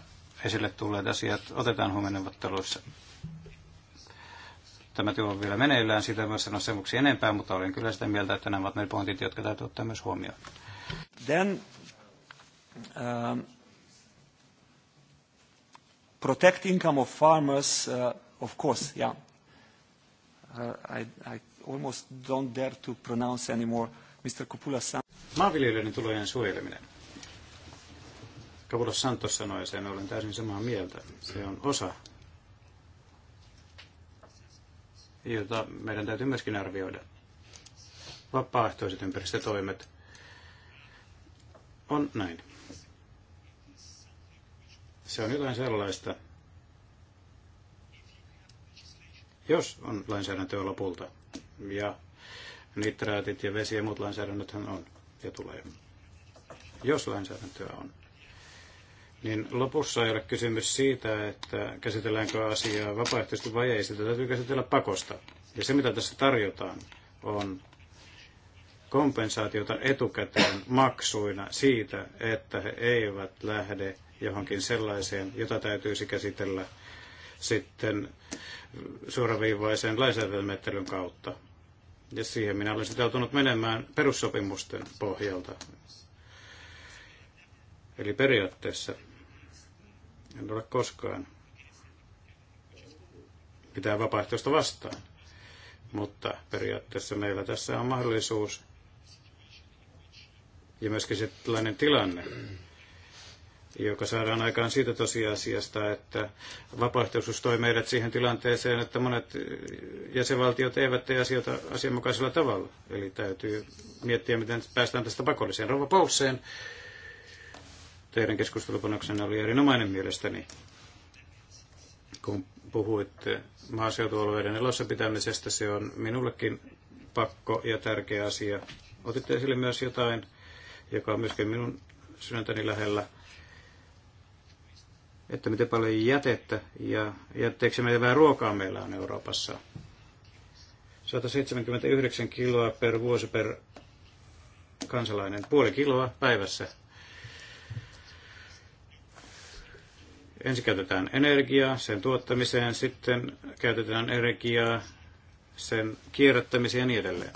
esille tulleet asiat otetaan huomenneuvotteluissa. neuvotteluissa. Tämä työ on vielä meneillään, siitä en voi sanoa sen vuoksi enempää, mutta olen kyllä sitä mieltä, että nämä ovat ne pointit, jotka täytyy ottaa myös huomioon. Then, um, protect income of farmers, uh, of course, yeah. Uh, I, I almost don't dare to pronounce anymore. Mr. Kupula Maanviljelijöiden tulojen suojeleminen. Kapulos Santos sanoi sen, olen täysin samaa mieltä. Se on osa jota meidän täytyy myöskin arvioida. Vapaaehtoiset ympäristötoimet on näin. Se on jotain sellaista, jos on lainsäädäntöä lopulta, ja nitraatit ja vesi ja muut lainsäädännöthän on ja tulee, jos lainsäädäntöä on niin lopussa ei ole kysymys siitä, että käsitelläänkö asiaa vapaaehtoisesti vai ei. Sitä täytyy käsitellä pakosta. Ja se, mitä tässä tarjotaan, on kompensaatiota etukäteen maksuina siitä, että he eivät lähde johonkin sellaiseen, jota täytyisi käsitellä sitten suoraviivaisen lainsäädäntömettelyn kautta. Ja siihen minä olen sitoutunut menemään perussopimusten pohjalta. Eli periaatteessa en ole koskaan Pitää vapaaehtoista vastaan. Mutta periaatteessa meillä tässä on mahdollisuus ja myöskin se tällainen tilanne, joka saadaan aikaan siitä tosiasiasta, että vapaaehtoisuus toi meidät siihen tilanteeseen, että monet jäsenvaltiot eivät tee asioita asianmukaisella tavalla. Eli täytyy miettiä, miten päästään tästä pakolliseen. Rova Pousseen Teidän keskustelupanoksenne oli erinomainen mielestäni, kun puhuitte maaseutualueiden elossa pitämisestä. Se on minullekin pakko ja tärkeä asia. Otitte esille myös jotain, joka on myöskin minun sydäntäni lähellä, että miten paljon jätettä ja jätteeksi vähän ruokaa meillä on Euroopassa. 179 kiloa per vuosi per kansalainen, puoli kiloa päivässä. ensin käytetään energiaa sen tuottamiseen, sitten käytetään energiaa sen kierrättämiseen ja niin edelleen.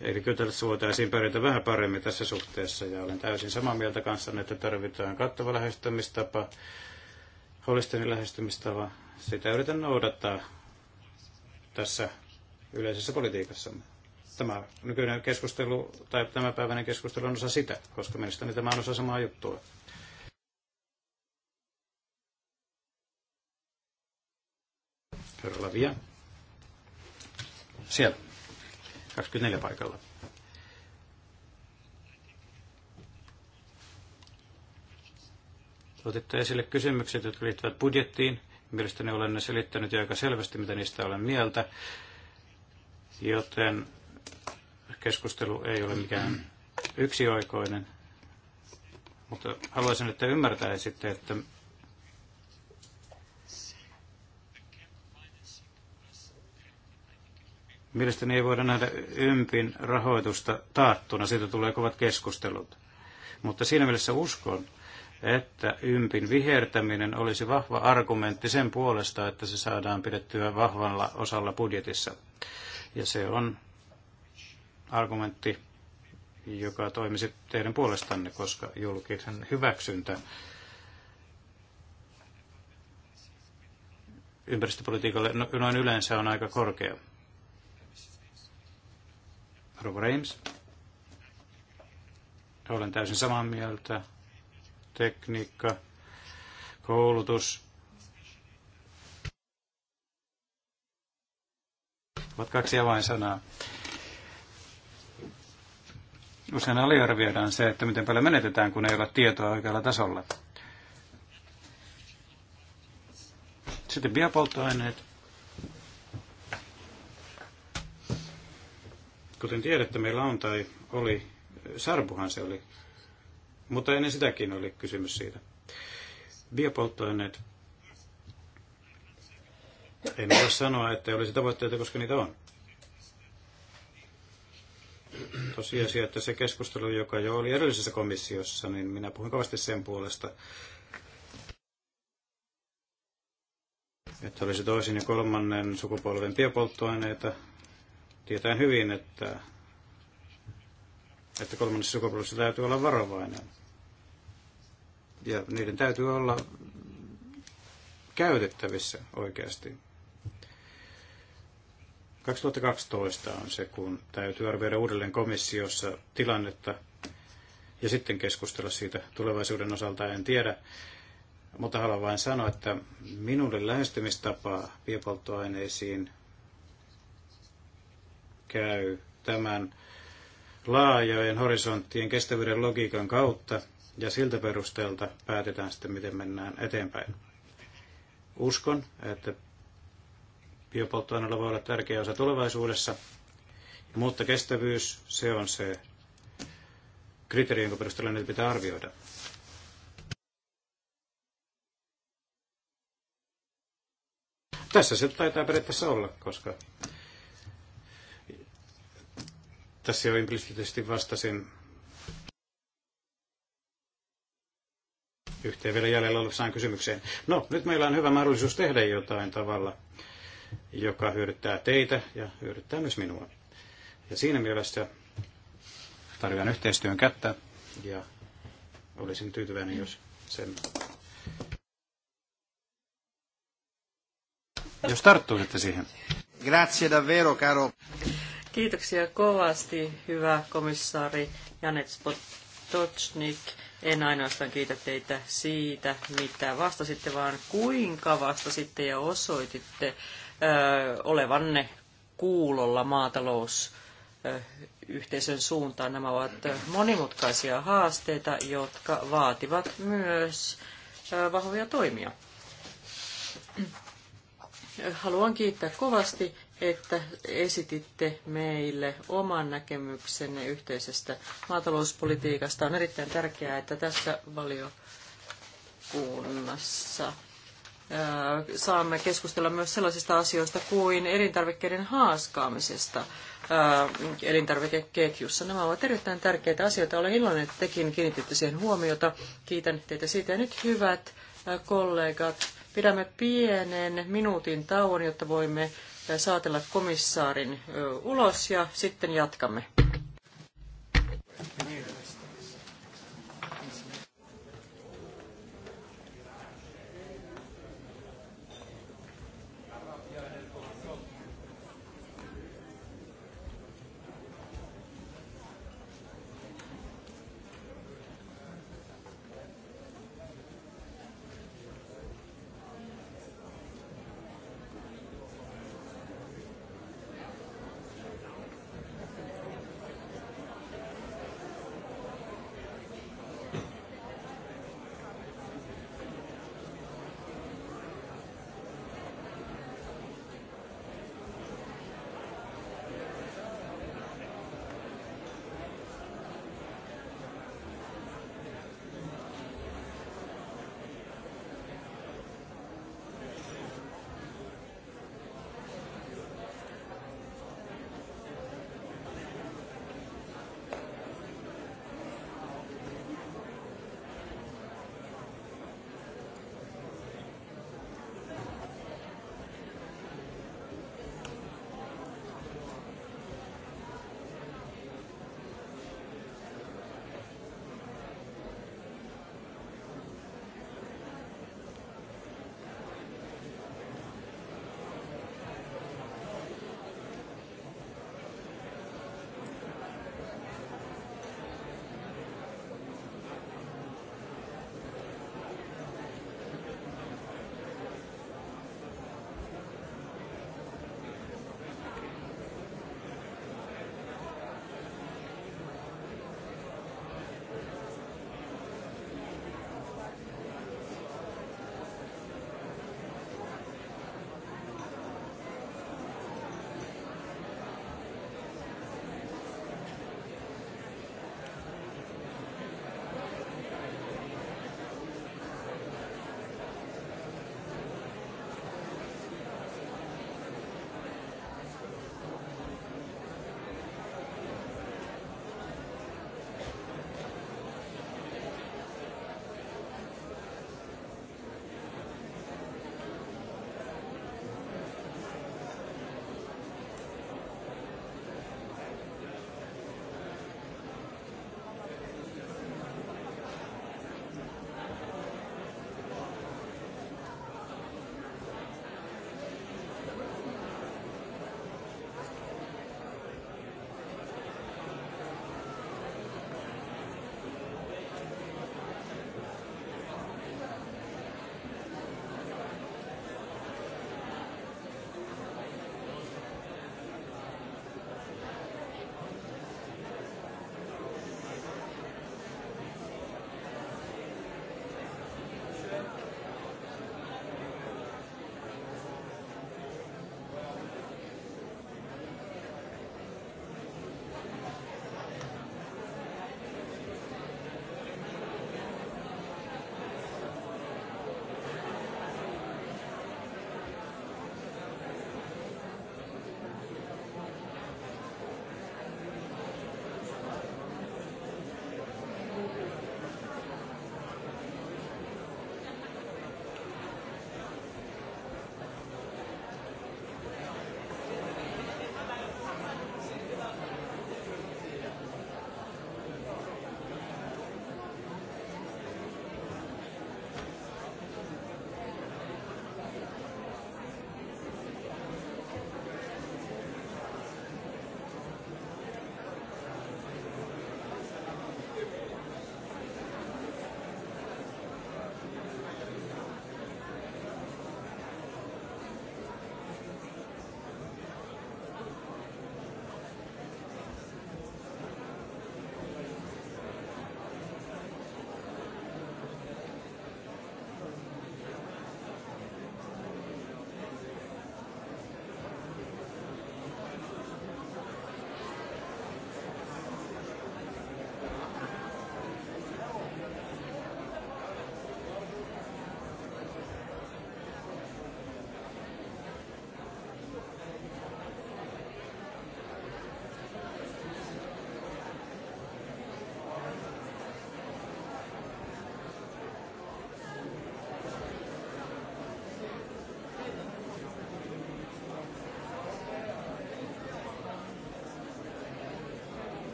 Eli kyllä tässä voitaisiin pärjätä vähän paremmin tässä suhteessa ja olen täysin samaa mieltä kanssanne, että tarvitaan kattava lähestymistapa, holistinen lähestymistapa. Sitä yritän noudattaa tässä yleisessä politiikassamme. Tämä nykyinen keskustelu tai tämä päiväinen keskustelu on osa sitä, koska mielestäni tämä on osa samaa juttua. Seuraava Lavia. Siellä. 24 paikalla. Otitte esille kysymykset, jotka liittyvät budjettiin. Mielestäni olen ne selittänyt jo aika selvästi, mitä niistä olen mieltä. Joten keskustelu ei ole mikään yksioikoinen. Mutta haluaisin, että ymmärtäisitte, että Mielestäni ei voida nähdä ympin rahoitusta taattuna, siitä tulee kovat keskustelut. Mutta siinä mielessä uskon, että ympin vihertäminen olisi vahva argumentti sen puolesta, että se saadaan pidettyä vahvalla osalla budjetissa. Ja se on argumentti, joka toimisi teidän puolestanne, koska julkisen hyväksyntä ympäristöpolitiikalle no- noin yleensä on aika korkea. Rob Reims. Olen täysin samaa mieltä. Tekniikka, koulutus ovat kaksi avainsanaa. Usein aliarvioidaan se, että miten paljon menetetään, kun ei ole tietoa oikealla tasolla. Sitten biopolttoaineet. Kuten tiedätte, meillä on tai oli, sarpuhan se oli, mutta ennen sitäkin oli kysymys siitä. Biopolttoaineet. En voi sanoa, että olisi tavoitteita, koska niitä on. Tosiasia, että se keskustelu, joka jo oli edellisessä komissiossa, niin minä puhun kovasti sen puolesta, että olisi toisin ja kolmannen sukupolven biopolttoaineita, Tietää hyvin, että, että kolmannessa sukupolvessa täytyy olla varovainen. Ja niiden täytyy olla käytettävissä oikeasti. 2012 on se, kun täytyy arvioida uudelleen komissiossa tilannetta ja sitten keskustella siitä tulevaisuuden osalta, en tiedä. Mutta haluan vain sanoa, että minulle lähestymistapa biopolttoaineisiin käy tämän laajojen horisonttien kestävyyden logiikan kautta ja siltä perusteelta päätetään sitten, miten mennään eteenpäin. Uskon, että biopolttoaineella voi olla tärkeä osa tulevaisuudessa, mutta kestävyys, se on se kriteeri, jonka perusteella niitä pitää arvioida. Tässä se taitaa periaatteessa olla, koska tässä jo implisitisesti vastasin yhteen vielä jäljellä olevaan kysymykseen. No, nyt meillä on hyvä mahdollisuus tehdä jotain tavalla, joka hyödyttää teitä ja hyödyttää myös minua. Ja siinä mielessä tarjoan yhteistyön kättä ja olisin tyytyväinen, jos sen... Jos tarttuisitte siihen. Grazie davvero, caro. Kiitoksia kovasti, hyvä komissaari Janet Spotocnik. En ainoastaan kiitä teitä siitä, mitä vastasitte, vaan kuinka vastasitte ja osoititte ö, olevanne kuulolla maatalousyhteisön suuntaan. Nämä ovat monimutkaisia haasteita, jotka vaativat myös vahvoja toimia. Haluan kiittää kovasti että esititte meille oman näkemyksenne yhteisestä maatalouspolitiikasta. On erittäin tärkeää, että tässä valiokunnassa saamme keskustella myös sellaisista asioista kuin elintarvikkeiden haaskaamisesta elintarvikeketjussa. Nämä ovat erittäin tärkeitä asioita. Olen iloinen, että tekin kiinnititte siihen huomiota. Kiitän teitä siitä. Ja nyt hyvät kollegat, pidämme pienen minuutin tauon, jotta voimme saatella komissaarin ulos ja sitten jatkamme.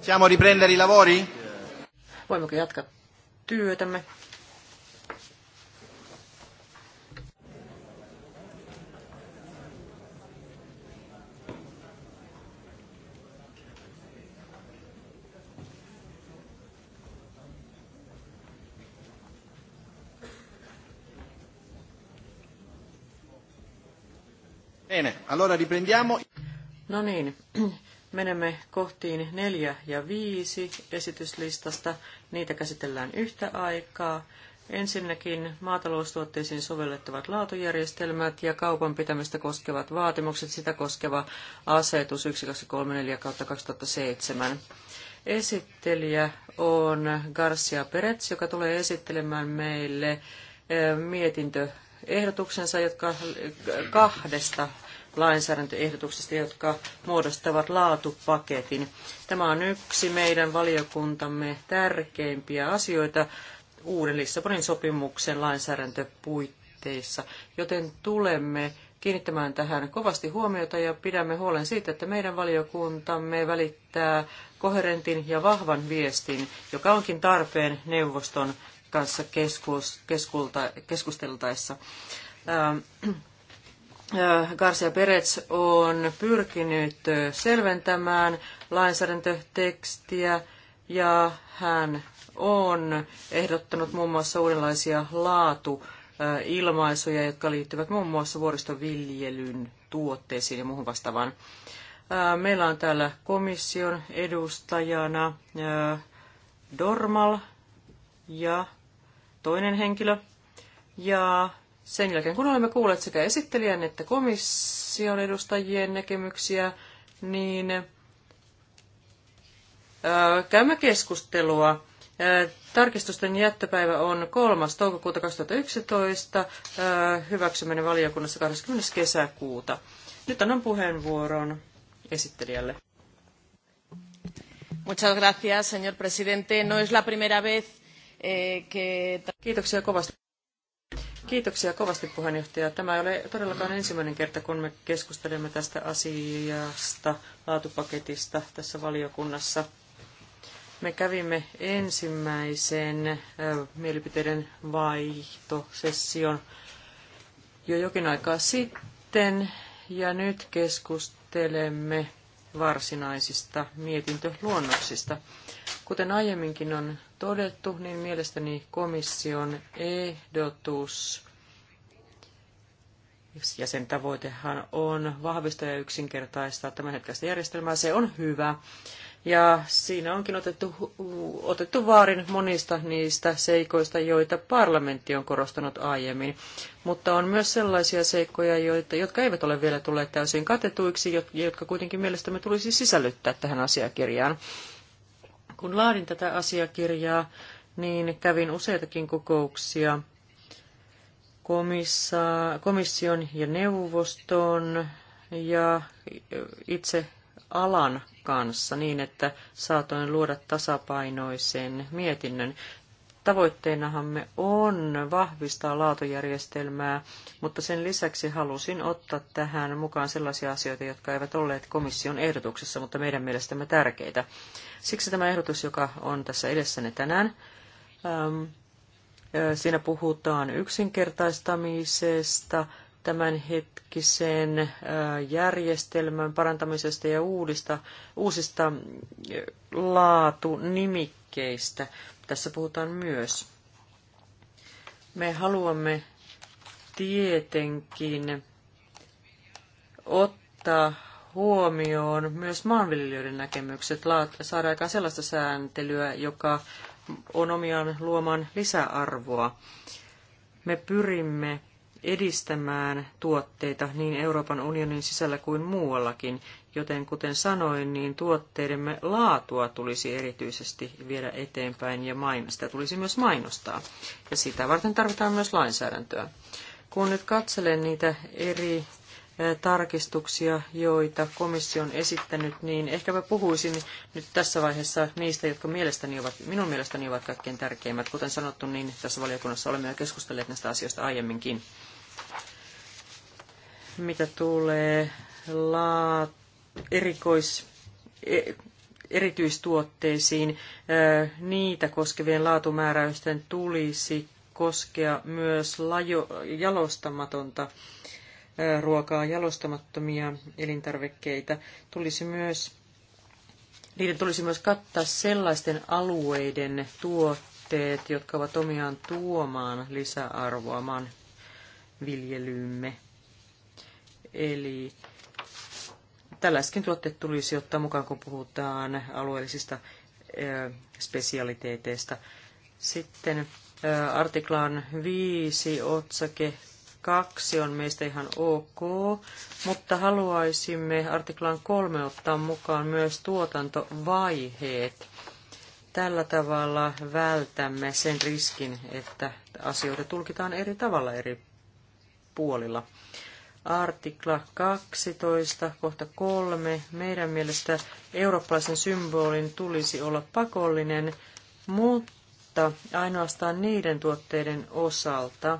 Siamo riprendere i lavori? che jatka työtämme? Bene, allora riprendiamo. No niin, Menemme kohtiin neljä ja viisi esityslistasta. Niitä käsitellään yhtä aikaa. Ensinnäkin maataloustuotteisiin sovellettavat laatujärjestelmät ja kaupan pitämistä koskevat vaatimukset, sitä koskeva asetus 1234 2007. Esittelijä on Garcia Perez, joka tulee esittelemään meille eh, mietintö jotka eh, kahdesta lainsäädäntöehdotuksista, jotka muodostavat laatupaketin. Tämä on yksi meidän valiokuntamme tärkeimpiä asioita uuden Lissabonin sopimuksen lainsäädäntöpuitteissa, joten tulemme kiinnittämään tähän kovasti huomiota ja pidämme huolen siitä, että meidän valiokuntamme välittää koherentin ja vahvan viestin, joka onkin tarpeen neuvoston kanssa keskus, keskulta, keskusteltaessa. Ähm Garcia Perez on pyrkinyt selventämään lainsäädäntötekstiä ja hän on ehdottanut muun muassa uudenlaisia laatuilmaisuja, jotka liittyvät muun muassa vuoristoviljelyn tuotteisiin ja muuhun vastaavaan. Meillä on täällä komission edustajana Dormal ja toinen henkilö. Ja sen jälkeen, kun olemme kuulleet sekä esittelijän että komission edustajien näkemyksiä, niin käymme keskustelua. Tarkistusten jättöpäivä on 3. toukokuuta 2011, hyväksyminen valiokunnassa 20. kesäkuuta. Nyt annan puheenvuoron esittelijälle. Muchas gracias, señor presidente. No es la primera vez eh, que... Kiitoksia kovasti. Kiitoksia kovasti puheenjohtaja. Tämä ei ole todellakaan ensimmäinen kerta, kun me keskustelemme tästä asiasta, laatupaketista tässä valiokunnassa. Me kävimme ensimmäisen mielipiteiden vaihtosession jo jokin aikaa sitten ja nyt keskustelemme varsinaisista mietintöluonnoksista. Kuten aiemminkin on todettu, niin mielestäni komission ehdotus ja sen tavoitehan on vahvistaa ja yksinkertaistaa tämänhetkistä järjestelmää. Se on hyvä. Ja siinä onkin otettu, otettu vaarin monista niistä seikoista, joita parlamentti on korostanut aiemmin. Mutta on myös sellaisia seikkoja, joita, jotka eivät ole vielä tulleet täysin katetuiksi, jotka kuitenkin mielestämme tulisi sisällyttää tähän asiakirjaan. Kun laadin tätä asiakirjaa, niin kävin useitakin kokouksia komissa- komission ja neuvoston ja itse alan kanssa niin, että saatoin luoda tasapainoisen mietinnön me on vahvistaa laatujärjestelmää, mutta sen lisäksi halusin ottaa tähän mukaan sellaisia asioita, jotka eivät olleet komission ehdotuksessa, mutta meidän mielestämme tärkeitä. Siksi tämä ehdotus, joka on tässä edessäni tänään, ähm, äh, siinä puhutaan yksinkertaistamisesta, tämänhetkisen äh, järjestelmän parantamisesta ja uudista, uusista äh, laatunimikkeistä liikkeistä. Tässä puhutaan myös. Me haluamme tietenkin ottaa huomioon myös maanviljelijöiden näkemykset, saada aikaan sellaista sääntelyä, joka on omiaan luomaan lisäarvoa. Me pyrimme edistämään tuotteita niin Euroopan unionin sisällä kuin muuallakin, joten kuten sanoin, niin tuotteidemme laatua tulisi erityisesti viedä eteenpäin ja mainosta tulisi myös mainostaa. Ja sitä varten tarvitaan myös lainsäädäntöä. Kun nyt katselen niitä eri tarkistuksia, joita komissio on esittänyt, niin ehkäpä puhuisin nyt tässä vaiheessa niistä, jotka mielestäni ovat, minun mielestäni ovat kaikkein tärkeimmät. Kuten sanottu, niin tässä valiokunnassa olemme jo keskustelleet näistä asioista aiemminkin. Mitä tulee laatu erikois, e, erityistuotteisiin, niitä koskevien laatumääräysten tulisi koskea myös lajo, jalostamatonta ruokaa, jalostamattomia elintarvikkeita. Tulisi myös, niiden tulisi myös kattaa sellaisten alueiden tuotteet, jotka ovat omiaan tuomaan lisäarvoa maan viljelyymme. Eli Tällaisetkin tuotteet tulisi ottaa mukaan, kun puhutaan alueellisista spesialiteeteista. Sitten artiklaan 5 otsake 2 on meistä ihan ok, mutta haluaisimme artiklaan 3 ottaa mukaan myös tuotantovaiheet. Tällä tavalla vältämme sen riskin, että asioita tulkitaan eri tavalla eri puolilla. Artikla 12, kohta 3. Meidän mielestä eurooppalaisen symbolin tulisi olla pakollinen, mutta ainoastaan niiden tuotteiden osalta,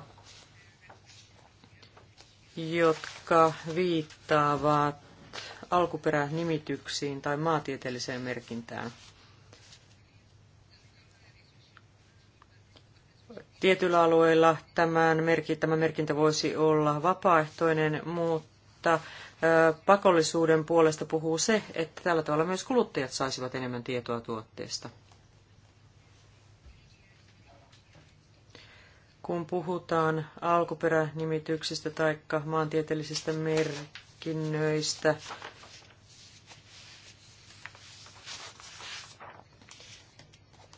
jotka viittaavat alkuperänimityksiin tai maatieteelliseen merkintään. Tietyillä alueilla tämän merki, tämä merkintä voisi olla vapaaehtoinen, mutta pakollisuuden puolesta puhuu se, että tällä tavalla myös kuluttajat saisivat enemmän tietoa tuotteesta. Kun puhutaan alkuperänimityksistä tai maantieteellisistä merkinnöistä,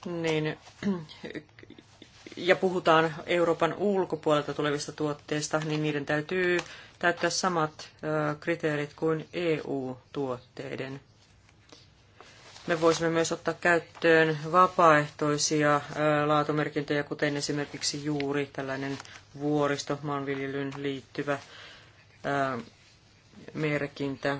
niin ja puhutaan Euroopan ulkopuolelta tulevista tuotteista, niin niiden täytyy täyttää samat kriteerit kuin EU-tuotteiden. Me voisimme myös ottaa käyttöön vapaaehtoisia laatumerkintöjä, kuten esimerkiksi juuri tällainen vuoristo maanviljelyyn liittyvä merkintä.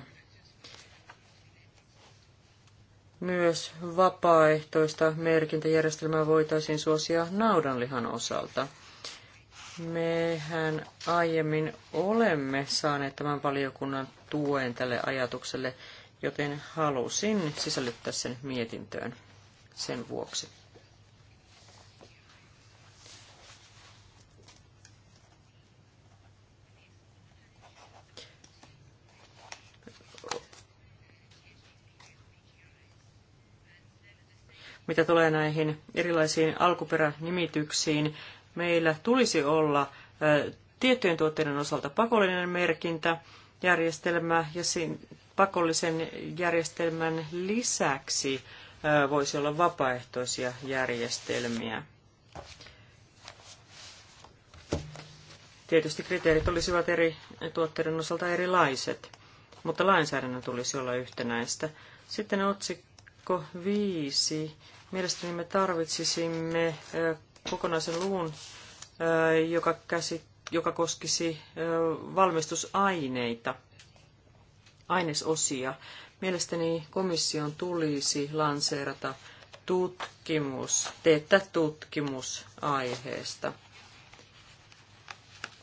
Myös vapaaehtoista merkintäjärjestelmää voitaisiin suosia naudanlihan osalta. Mehän aiemmin olemme saaneet tämän valiokunnan tuen tälle ajatukselle, joten halusin sisällyttää sen mietintöön sen vuoksi. mitä tulee näihin erilaisiin alkuperänimityksiin, meillä tulisi olla tiettyjen tuotteiden osalta pakollinen merkintäjärjestelmä ja pakollisen järjestelmän lisäksi voisi olla vapaaehtoisia järjestelmiä. Tietysti kriteerit olisivat eri tuotteiden osalta erilaiset, mutta lainsäädännön tulisi olla yhtenäistä. Sitten otsikko Otsikko viisi Mielestäni me tarvitsisimme kokonaisen luvun, joka, käsi, joka koskisi valmistusaineita, ainesosia. Mielestäni komission tulisi lanseerata tutkimus, teettää tutkimus aiheesta.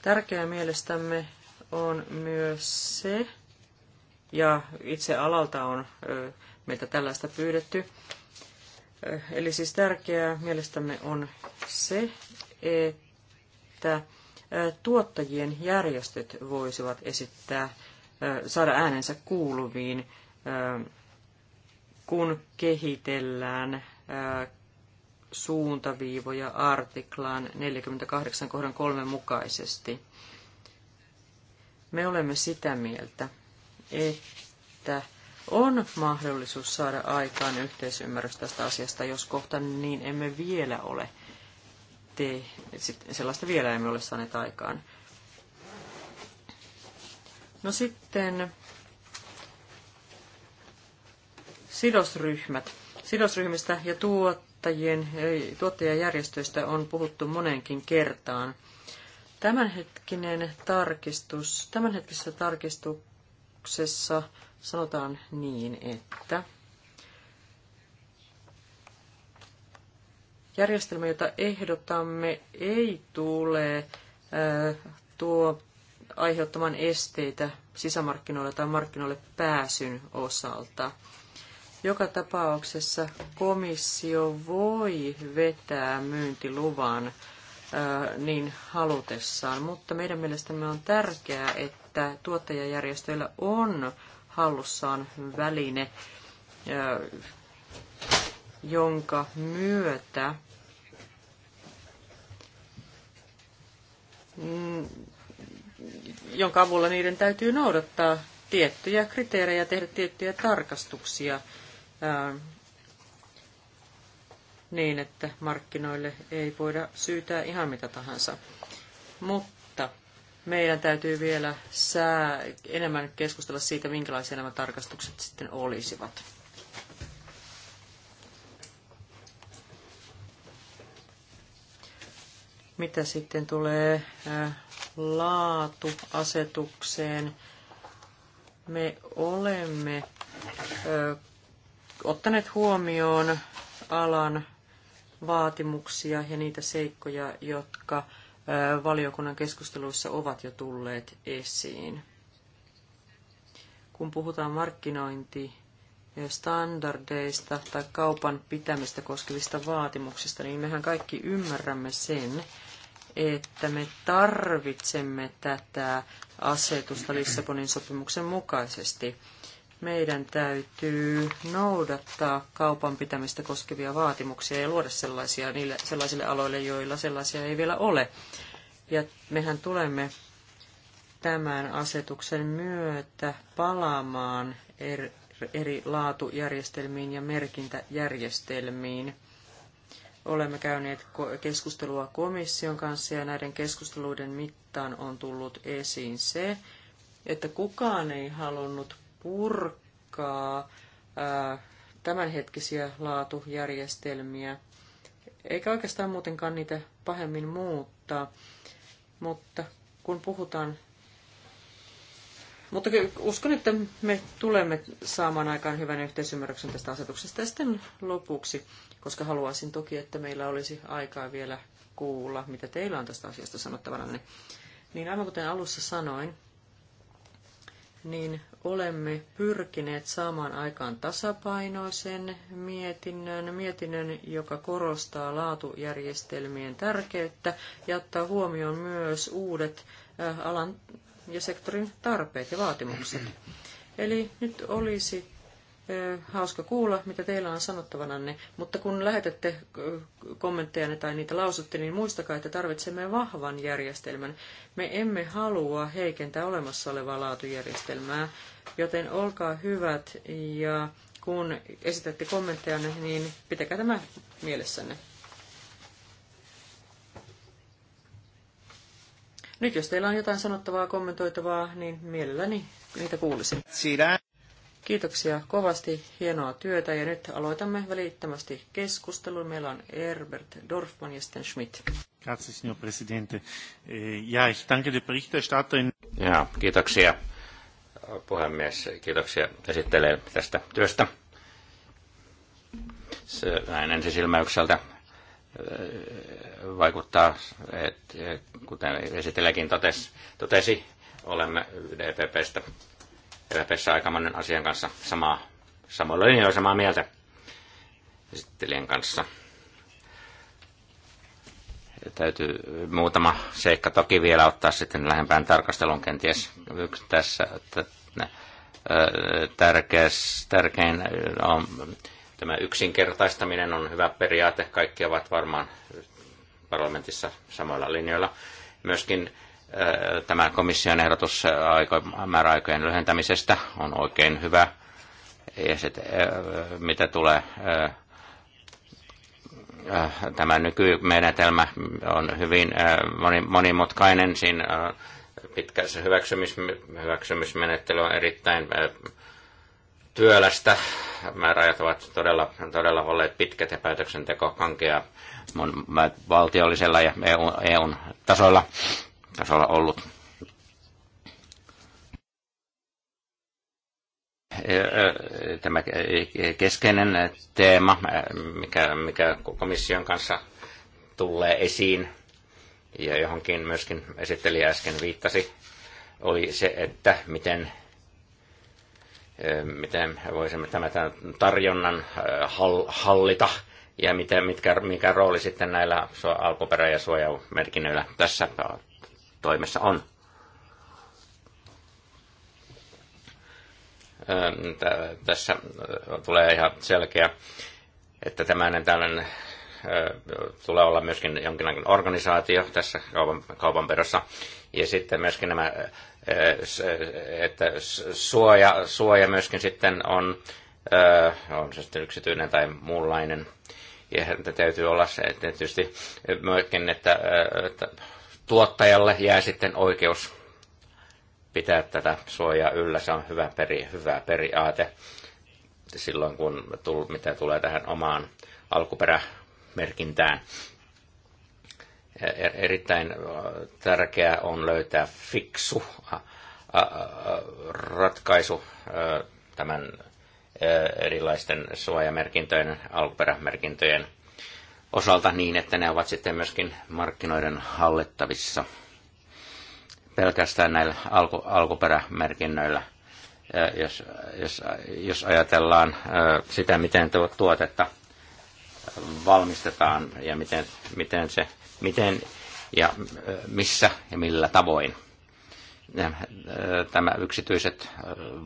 Tärkeää mielestämme on myös se, ja itse alalta on meiltä tällaista pyydetty. Eli siis tärkeää mielestämme on se, että tuottajien järjestöt voisivat esittää, saada äänensä kuuluviin, kun kehitellään suuntaviivoja artiklaan 48 kohdan 3 mukaisesti. Me olemme sitä mieltä, että on mahdollisuus saada aikaan yhteisymmärrys tästä asiasta, jos kohta niin emme vielä ole te, sellaista vielä emme ole saaneet aikaan. No sitten sidosryhmät. Sidosryhmistä ja tuottajien, tuottajajärjestöistä on puhuttu monenkin kertaan. Tämänhetkinen tarkistus, tämänhetkisessä tarkistuksessa sanotaan niin, että järjestelmä, jota ehdotamme, ei tule tuo aiheuttamaan esteitä sisämarkkinoille tai markkinoille pääsyn osalta. Joka tapauksessa komissio voi vetää myyntiluvan niin halutessaan, mutta meidän mielestämme on tärkeää, että tuottajajärjestöillä on hallussaan väline, jonka myötä mm, jonka avulla niiden täytyy noudattaa tiettyjä kriteerejä, tehdä tiettyjä tarkastuksia niin, että markkinoille ei voida syytää ihan mitä tahansa. Mutta meidän täytyy vielä sää, enemmän keskustella siitä, minkälaisia nämä tarkastukset sitten olisivat. Mitä sitten tulee äh, laatuasetukseen? Me olemme äh, ottaneet huomioon alan vaatimuksia ja niitä seikkoja, jotka valiokunnan keskusteluissa ovat jo tulleet esiin. Kun puhutaan markkinointi standardeista tai kaupan pitämistä koskevista vaatimuksista, niin mehän kaikki ymmärrämme sen, että me tarvitsemme tätä asetusta Lissabonin sopimuksen mukaisesti – meidän täytyy noudattaa kaupan pitämistä koskevia vaatimuksia ja luoda sellaisia niille, sellaisille aloille, joilla sellaisia ei vielä ole. Ja mehän tulemme tämän asetuksen myötä palaamaan eri, eri laatujärjestelmiin ja merkintäjärjestelmiin. Olemme käyneet keskustelua komission kanssa ja näiden keskusteluiden mittaan on tullut esiin se, että kukaan ei halunnut purkaa tämänhetkisiä laatujärjestelmiä, eikä oikeastaan muutenkaan niitä pahemmin muuttaa, mutta kun puhutaan mutta uskon, että me tulemme saamaan aikaan hyvän yhteisymmärryksen tästä asetuksesta. Ja sitten lopuksi, koska haluaisin toki, että meillä olisi aikaa vielä kuulla, mitä teillä on tästä asiasta sanottavana, niin, niin aivan kuten alussa sanoin, niin olemme pyrkineet saamaan aikaan tasapainoisen mietinnön, mietinnön, joka korostaa laatujärjestelmien tärkeyttä ja ottaa huomioon myös uudet äh, alan ja sektorin tarpeet ja vaatimukset. Eli nyt olisi hauska kuulla, mitä teillä on sanottavananne, mutta kun lähetätte kommentteja tai niitä lausutte, niin muistakaa, että tarvitsemme vahvan järjestelmän. Me emme halua heikentää olemassa olevaa laatujärjestelmää, joten olkaa hyvät ja kun esitätte kommenttejanne, niin pitäkää tämä mielessänne. Nyt jos teillä on jotain sanottavaa, kommentoitavaa, niin mielelläni niitä kuulisin. Kiitoksia kovasti, hienoa työtä ja nyt aloitamme välittömästi keskustelun. Meillä on Herbert Dorfman ja Sten Schmidt. Grazie, signor Presidente. Eh, ja, ich danke der Berichterstatterin. Ja, kiitoksia puhemies. Kiitoksia esittelee tästä työstä. Se näin ensisilmäykseltä eh, vaikuttaa, että eh, kuten esittelijäkin totesi, totesi olemme DPPstä Peräpeessä aika monen asian kanssa samaa, samoilla linjoilla samaa mieltä esittelijän kanssa. Ja täytyy muutama seikka toki vielä ottaa sitten lähempään tarkastelun kenties yksi tässä että, tärkeäs, tärkein on tämä yksinkertaistaminen on hyvä periaate. Kaikki ovat varmaan parlamentissa samoilla linjoilla. Myöskin tämä komission ehdotus määräaikojen lyhentämisestä on oikein hyvä. Ja sit, mitä tulee tämä nykymenetelmä on hyvin monimutkainen. Siinä pitkä se hyväksymis, hyväksymismenettely on erittäin työlästä. Määräajat ovat todella, todella olleet pitkät ja päätöksenteko kankea valtiollisella ja EU, EUn tasolla tasolla ollut. Tämä keskeinen teema, mikä, mikä komission kanssa tulee esiin, ja johonkin myöskin esittelijä äsken viittasi, oli se, että miten, miten voisimme tämän tarjonnan hallita ja miten, mitkä, mikä rooli sitten näillä alkuperä- ja suojamerkinnöillä tässä toimessa on. Ähm, tässä äh, tulee ihan selkeä, että tämmöinen tällainen äh, tulee olla myöskin jonkinlainen organisaatio tässä kaupan, kaupan perossa. Ja sitten myöskin nämä, äh, että suoja, suoja myöskin sitten on, on se sitten yksityinen tai muunlainen. Ja täytyy olla se, että tietysti myöskin, että, että tuottajalle jää sitten oikeus pitää tätä suojaa yllä. Se on hyvä, peri, hyvä periaate silloin, kun tull, mitä tulee tähän omaan alkuperämerkintään. Er, erittäin äh, tärkeää on löytää fiksu äh, äh, ratkaisu tämän erilaisten suojamerkintöjen, alkuperämerkintöjen osalta niin, että ne ovat sitten myöskin markkinoiden hallittavissa pelkästään näillä alku, alkuperämerkinnöillä. Eh, jos, jos, jos ajatellaan eh, sitä, miten tuotetta valmistetaan ja miten, miten se, miten ja eh, missä ja millä tavoin tämä yksityiset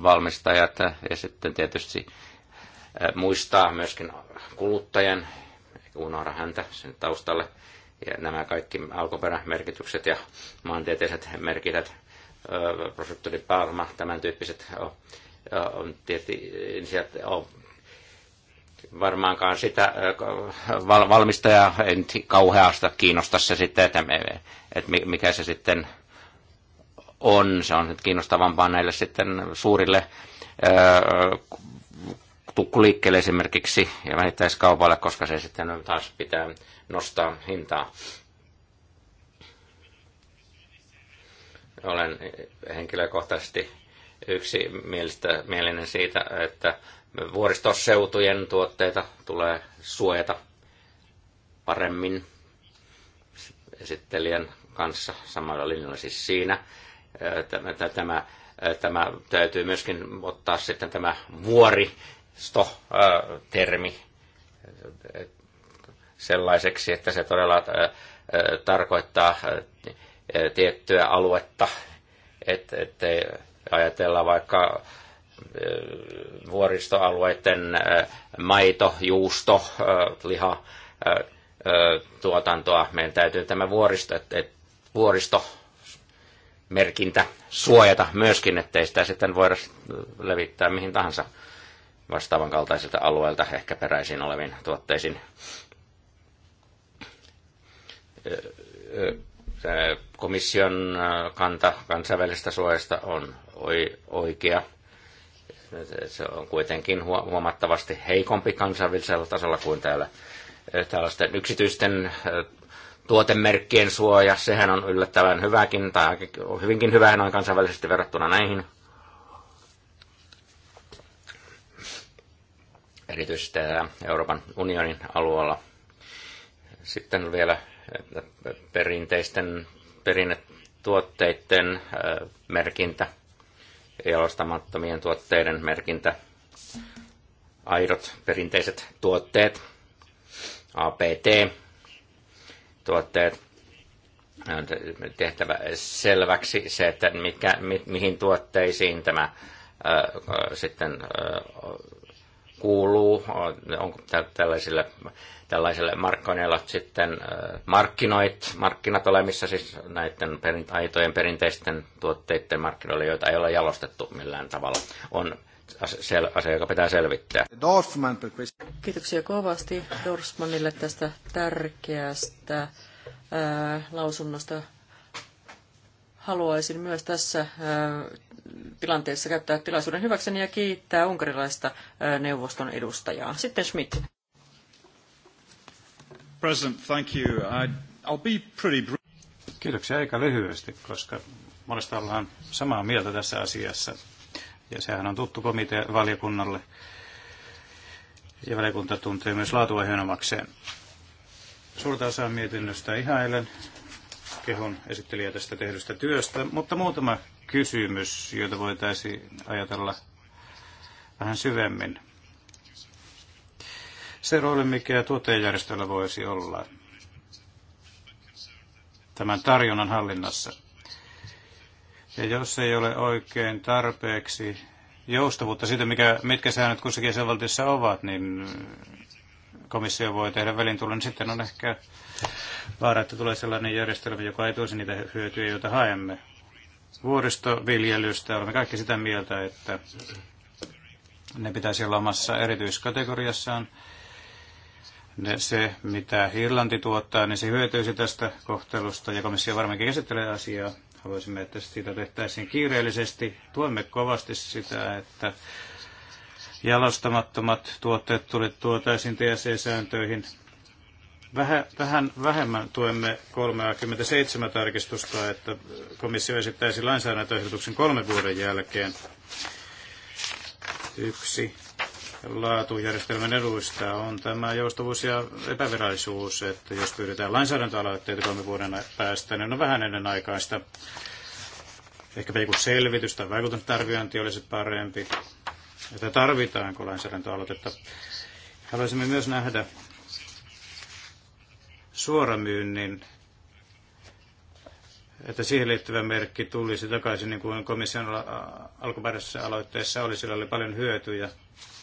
valmistajat ja sitten tietysti muistaa myöskin kuluttajan unohda häntä sen taustalle. Ja nämä kaikki alkuperämerkitykset ja maantieteiset merkität, prosenttori Palma, tämän tyyppiset on tietysti on varmaankaan sitä valmistajaa en kauheasta kiinnosta se sitten, että, e, että mikä se sitten on. Se on nyt kiinnostavampaa näille sitten suurille tukkuliikkeelle esimerkiksi ja vähittäiskaupalle, koska se sitten taas pitää nostaa hintaa. Olen henkilökohtaisesti yksi mielestä, mielinen siitä, että vuoristoseutujen tuotteita tulee suojata paremmin esittelijän kanssa samalla linjalla siis siinä. Tämä, tämä, tämä täytyy myöskin ottaa sitten tämä vuori sto-termi äh, äh, sellaiseksi, että se todella äh, tarkoittaa tiettyä aluetta, että et, ajatella vaikka vuoristoalueiden maito, juusto, liha, tuotantoa. Meidän täytyy tämä vuoristo, et, et, vuoristo merkintä suojata myöskin, ettei sitä sitten voida levittää mihin tahansa vastaavan kaltaisilta alueilta ehkä peräisin oleviin tuotteisiin. Komission kanta kansainvälisestä suojasta on oikea. Se on kuitenkin huomattavasti heikompi kansainvälisellä tasolla kuin täällä tällaisten yksityisten tuotemerkkien suoja. Sehän on yllättävän hyväkin, tai hyvinkin hyvä noin kansainvälisesti verrattuna näihin erityisesti Euroopan unionin alueella. Sitten vielä perinteisten perinnetuotteiden merkintä, jalostamattomien tuotteiden merkintä, aidot perinteiset tuotteet, APT-tuotteet, on tehtävä selväksi se, että mikä, mi, mihin tuotteisiin tämä ää, sitten ää, kuuluu, onko tällaisille, tällaisille markkinoilla sitten äh, markkinoit, markkinat olemissa, siis näiden perin, aitojen perinteisten tuotteiden markkinoille, joita ei ole jalostettu millään tavalla, on sel, asia, joka pitää selvittää. Dorfman. Kiitoksia kovasti Dorsmanille tästä tärkeästä ää, äh, lausunnosta haluaisin myös tässä äh, tilanteessa käyttää tilaisuuden hyväkseni ja kiittää unkarilaista äh, neuvoston edustajaa. Sitten Schmidt. President, thank you. I'll be pretty brief. Kiitoksia aika lyhyesti, koska monesta ollaan samaa mieltä tässä asiassa. Ja sehän on tuttu komitea valiokunnalle. Ja valiokunta tuntee myös laatuaiheenomakseen. Suurta osaa mietinnöstä ihailen kehon esittelijä tästä tehdystä työstä, mutta muutama kysymys, joita voitaisiin ajatella vähän syvemmin. Se rooli, mikä tuottajajärjestöllä voisi olla tämän tarjonnan hallinnassa. Ja jos ei ole oikein tarpeeksi joustavuutta siitä, mikä, mitkä säännöt kussakin jäsenvaltiossa ovat, niin komissio voi tehdä välintulon, niin sitten on ehkä vaara, että tulee sellainen järjestelmä, joka ei toisi niitä hyötyjä, joita haemme. Vuoristoviljelystä olemme kaikki sitä mieltä, että ne pitäisi olla omassa erityiskategoriassaan. Ne, se, mitä Irlanti tuottaa, niin se hyötyisi tästä kohtelusta, ja komissio varmaankin käsittelee asiaa. Haluaisimme, että siitä tehtäisiin kiireellisesti. Tuemme kovasti sitä, että jalostamattomat tuotteet tuotaisiin TSE-sääntöihin Vähän, vähän vähemmän tuemme 37 tarkistusta, että komissio esittäisi lainsäädäntöehdotuksen kolmen vuoden jälkeen. Yksi laatujärjestelmän eduista on tämä joustavuus ja epävirallisuus, että jos pyydetään lainsäädäntöaloitteita kolmen vuoden päästä, niin on vähän ennen aikaista. ehkä joku selvitys tai vaikutusarviointi olisi parempi, että tarvitaanko lainsäädäntöaloitetta. Haluaisimme myös nähdä suoramyynnin, että siihen liittyvä merkki tulisi takaisin, niin kuin komission alkuperäisessä aloitteessa oli, sillä oli paljon hyötyjä.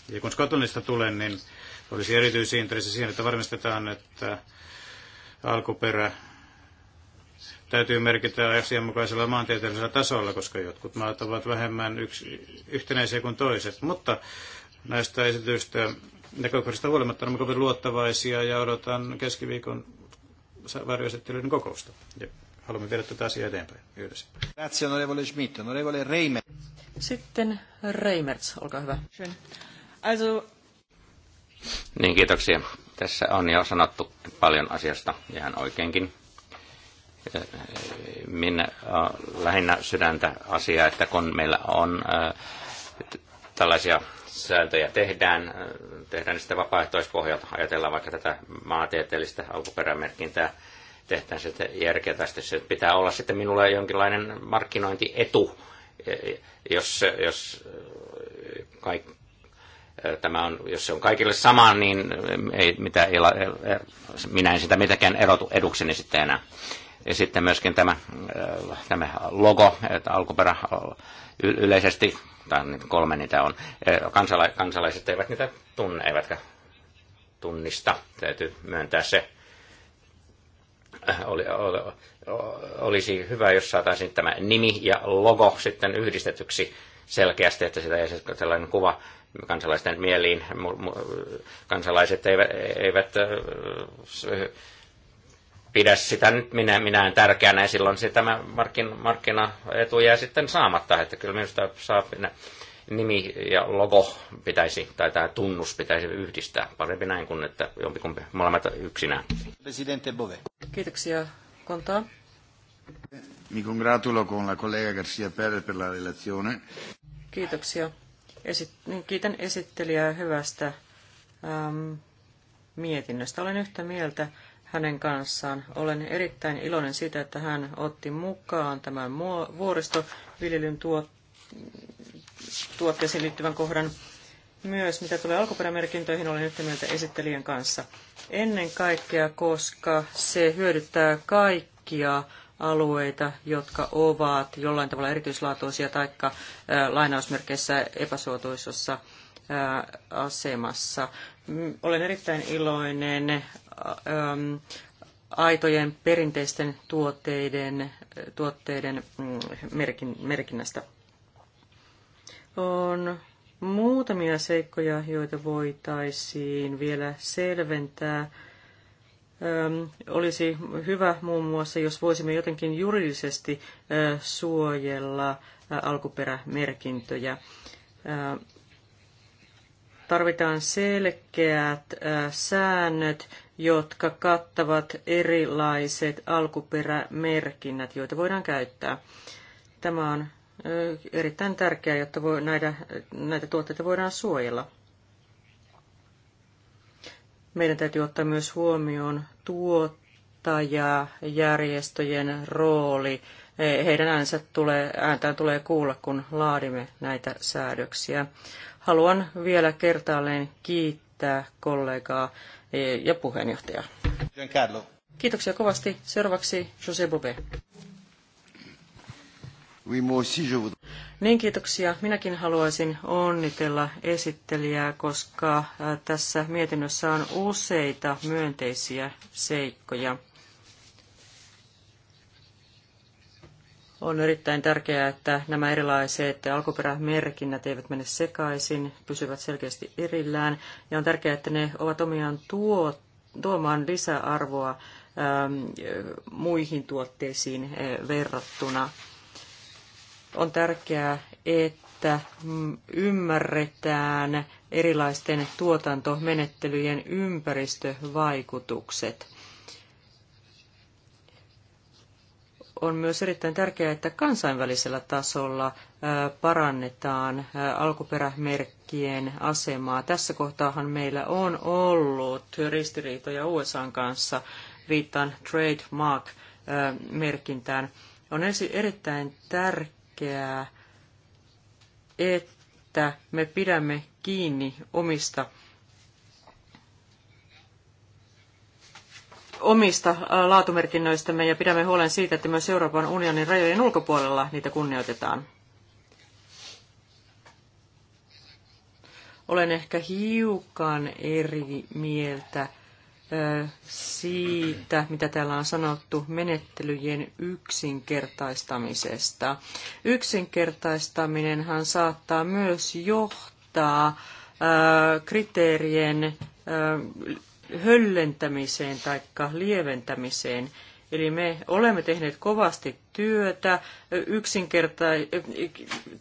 Ja kun Skotlannista tulen, niin olisi erityisintressi siihen, että varmistetaan, että alkuperä täytyy merkitä asianmukaisella maantieteellisellä tasolla, koska jotkut maat ovat vähemmän yks, yhtenäisiä kuin toiset. Mutta näistä esityistä näkökulmasta huolimatta olemme kovin luottavaisia ja odotan keskiviikon varjoesittelyiden kokousta. Ja haluamme viedä tätä asiaa eteenpäin yhdessä. Grazie, onorevole Schmidt. Onorevole Reimer. Sitten Reimerts, olkaa hyvä. Also... Niin, kiitoksia. Tässä on jo sanottu paljon asiasta, ihan oikeinkin. Minä äh, lähinnä sydäntä asiaa, että kun meillä on äh, tällaisia sääntöjä tehdään, tehdään sitä vapaaehtoispohjalta. Ajatellaan vaikka tätä maantieteellistä alkuperämerkintää, tehdään sitten järkevästi. Se pitää olla sitten minulle jonkinlainen markkinointietu, jos, jos kaikki, tämä on, jos se on kaikille sama, niin ei, mitä, minä en sitä mitenkään erotu edukseni sitten enää. Ja sitten myöskin tämä, äh, tämä logo, että alkuperä yleisesti, tai niitä kolme niitä on, äh, kansala- kansalaiset eivät niitä tunne, eivätkä tunnista, täytyy myöntää se. Äh, oli, oli, olisi hyvä, jos saataisiin tämä nimi ja logo sitten yhdistetyksi selkeästi, että sitä ei siis sellainen kuva kansalaisten mieliin. Kansalaiset eivät, eivät pidä sitä nyt minä, minä en tärkeänä, ja silloin se tämä markkin, markkinaetu jää sitten saamatta, että kyllä minusta saa nimi ja logo pitäisi, tai tämä tunnus pitäisi yhdistää. Parempi näin kuin, että jompikumpi molemmat yksinään. Presidente Bove. Kiitoksia, Kontaa. Mi congratulo con la collega Garcia Perez per la relazione. Kiitoksia. Esit- niin kiitän esittelijää hyvästä ähm, mietinnöstä. Olen yhtä mieltä hänen kanssaan. Olen erittäin iloinen siitä, että hän otti mukaan tämän vuoristoviljelyn tuot, tuotteisiin liittyvän kohdan. Myös mitä tulee alkuperämerkintöihin, olen yhtä mieltä esittelijän kanssa. Ennen kaikkea, koska se hyödyttää kaikkia alueita, jotka ovat jollain tavalla erityislaatuisia tai lainausmerkeissä epäsuotuisassa asemassa. Mm, olen erittäin iloinen Ähm, aitojen perinteisten tuotteiden, tuotteiden mm, merkin, merkinnästä. On muutamia seikkoja, joita voitaisiin vielä selventää. Öm, ähm, olisi hyvä muun muassa, jos voisimme jotenkin juridisesti ö, äh, suojella ö, äh, alkuperämerkintöjä. Ö, äh, tarvitaan selkeät ö, säännöt jotka kattavat erilaiset alkuperämerkinnät, joita voidaan käyttää. Tämä on erittäin tärkeää, jotta voi, näitä, näitä tuotteita voidaan suojella. Meidän täytyy ottaa myös huomioon tuottajajärjestöjen rooli. E, heidän äänsä tulee, ääntään tulee kuulla, kun laadimme näitä säädöksiä. Haluan vielä kertaalleen kiittää kollegaa Eh, ja puheenjohtaja. Giancarlo. Kiitoksia kovasti. Seuraavaksi Jose Bobé. Niin kiitoksia. Minäkin haluaisin onnitella esittelijää, koska tässä mietinnössä on useita myönteisiä seikkoja. On erittäin tärkeää, että nämä erilaiset alkuperämerkinnät eivät mene sekaisin, pysyvät selkeästi erillään. Ja on tärkeää, että ne ovat omiaan tuo, tuomaan lisäarvoa ähm, muihin tuotteisiin äh, verrattuna. On tärkeää, että mm, ymmärretään erilaisten tuotantomenettelyjen ympäristövaikutukset – on myös erittäin tärkeää, että kansainvälisellä tasolla parannetaan alkuperämerkkien asemaa. Tässä kohtaahan meillä on ollut ristiriitoja USAn kanssa, viittaan trademark-merkintään. On erittäin tärkeää, että me pidämme kiinni omista omista äh, laatumerkinnöistämme ja pidämme huolen siitä, että myös Euroopan unionin rajojen ulkopuolella niitä kunnioitetaan. Olen ehkä hiukan eri mieltä siitä, mitä täällä on sanottu menettelyjen yksinkertaistamisesta. Yksinkertaistaminenhan saattaa myös johtaa kriteerien höllentämiseen tai lieventämiseen. Eli me olemme tehneet kovasti työtä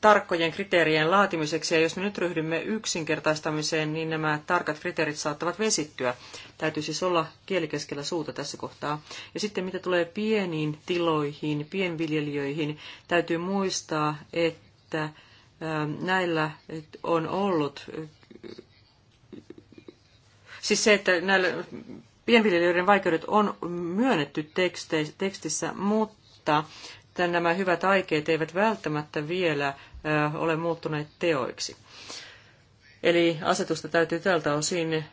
tarkkojen kriteerien laatimiseksi, ja jos me nyt ryhdymme yksinkertaistamiseen, niin nämä tarkat kriteerit saattavat vesittyä. Täytyy siis olla kielikeskellä suuta tässä kohtaa. Ja sitten mitä tulee pieniin tiloihin, pienviljelijöihin, täytyy muistaa, että näillä on ollut Siis se, että näillä pienviljelijöiden vaikeudet on myönnetty tekstissä, mutta nämä hyvät aikeet eivät välttämättä vielä äh, ole muuttuneet teoiksi. Eli asetusta täytyy tältä osin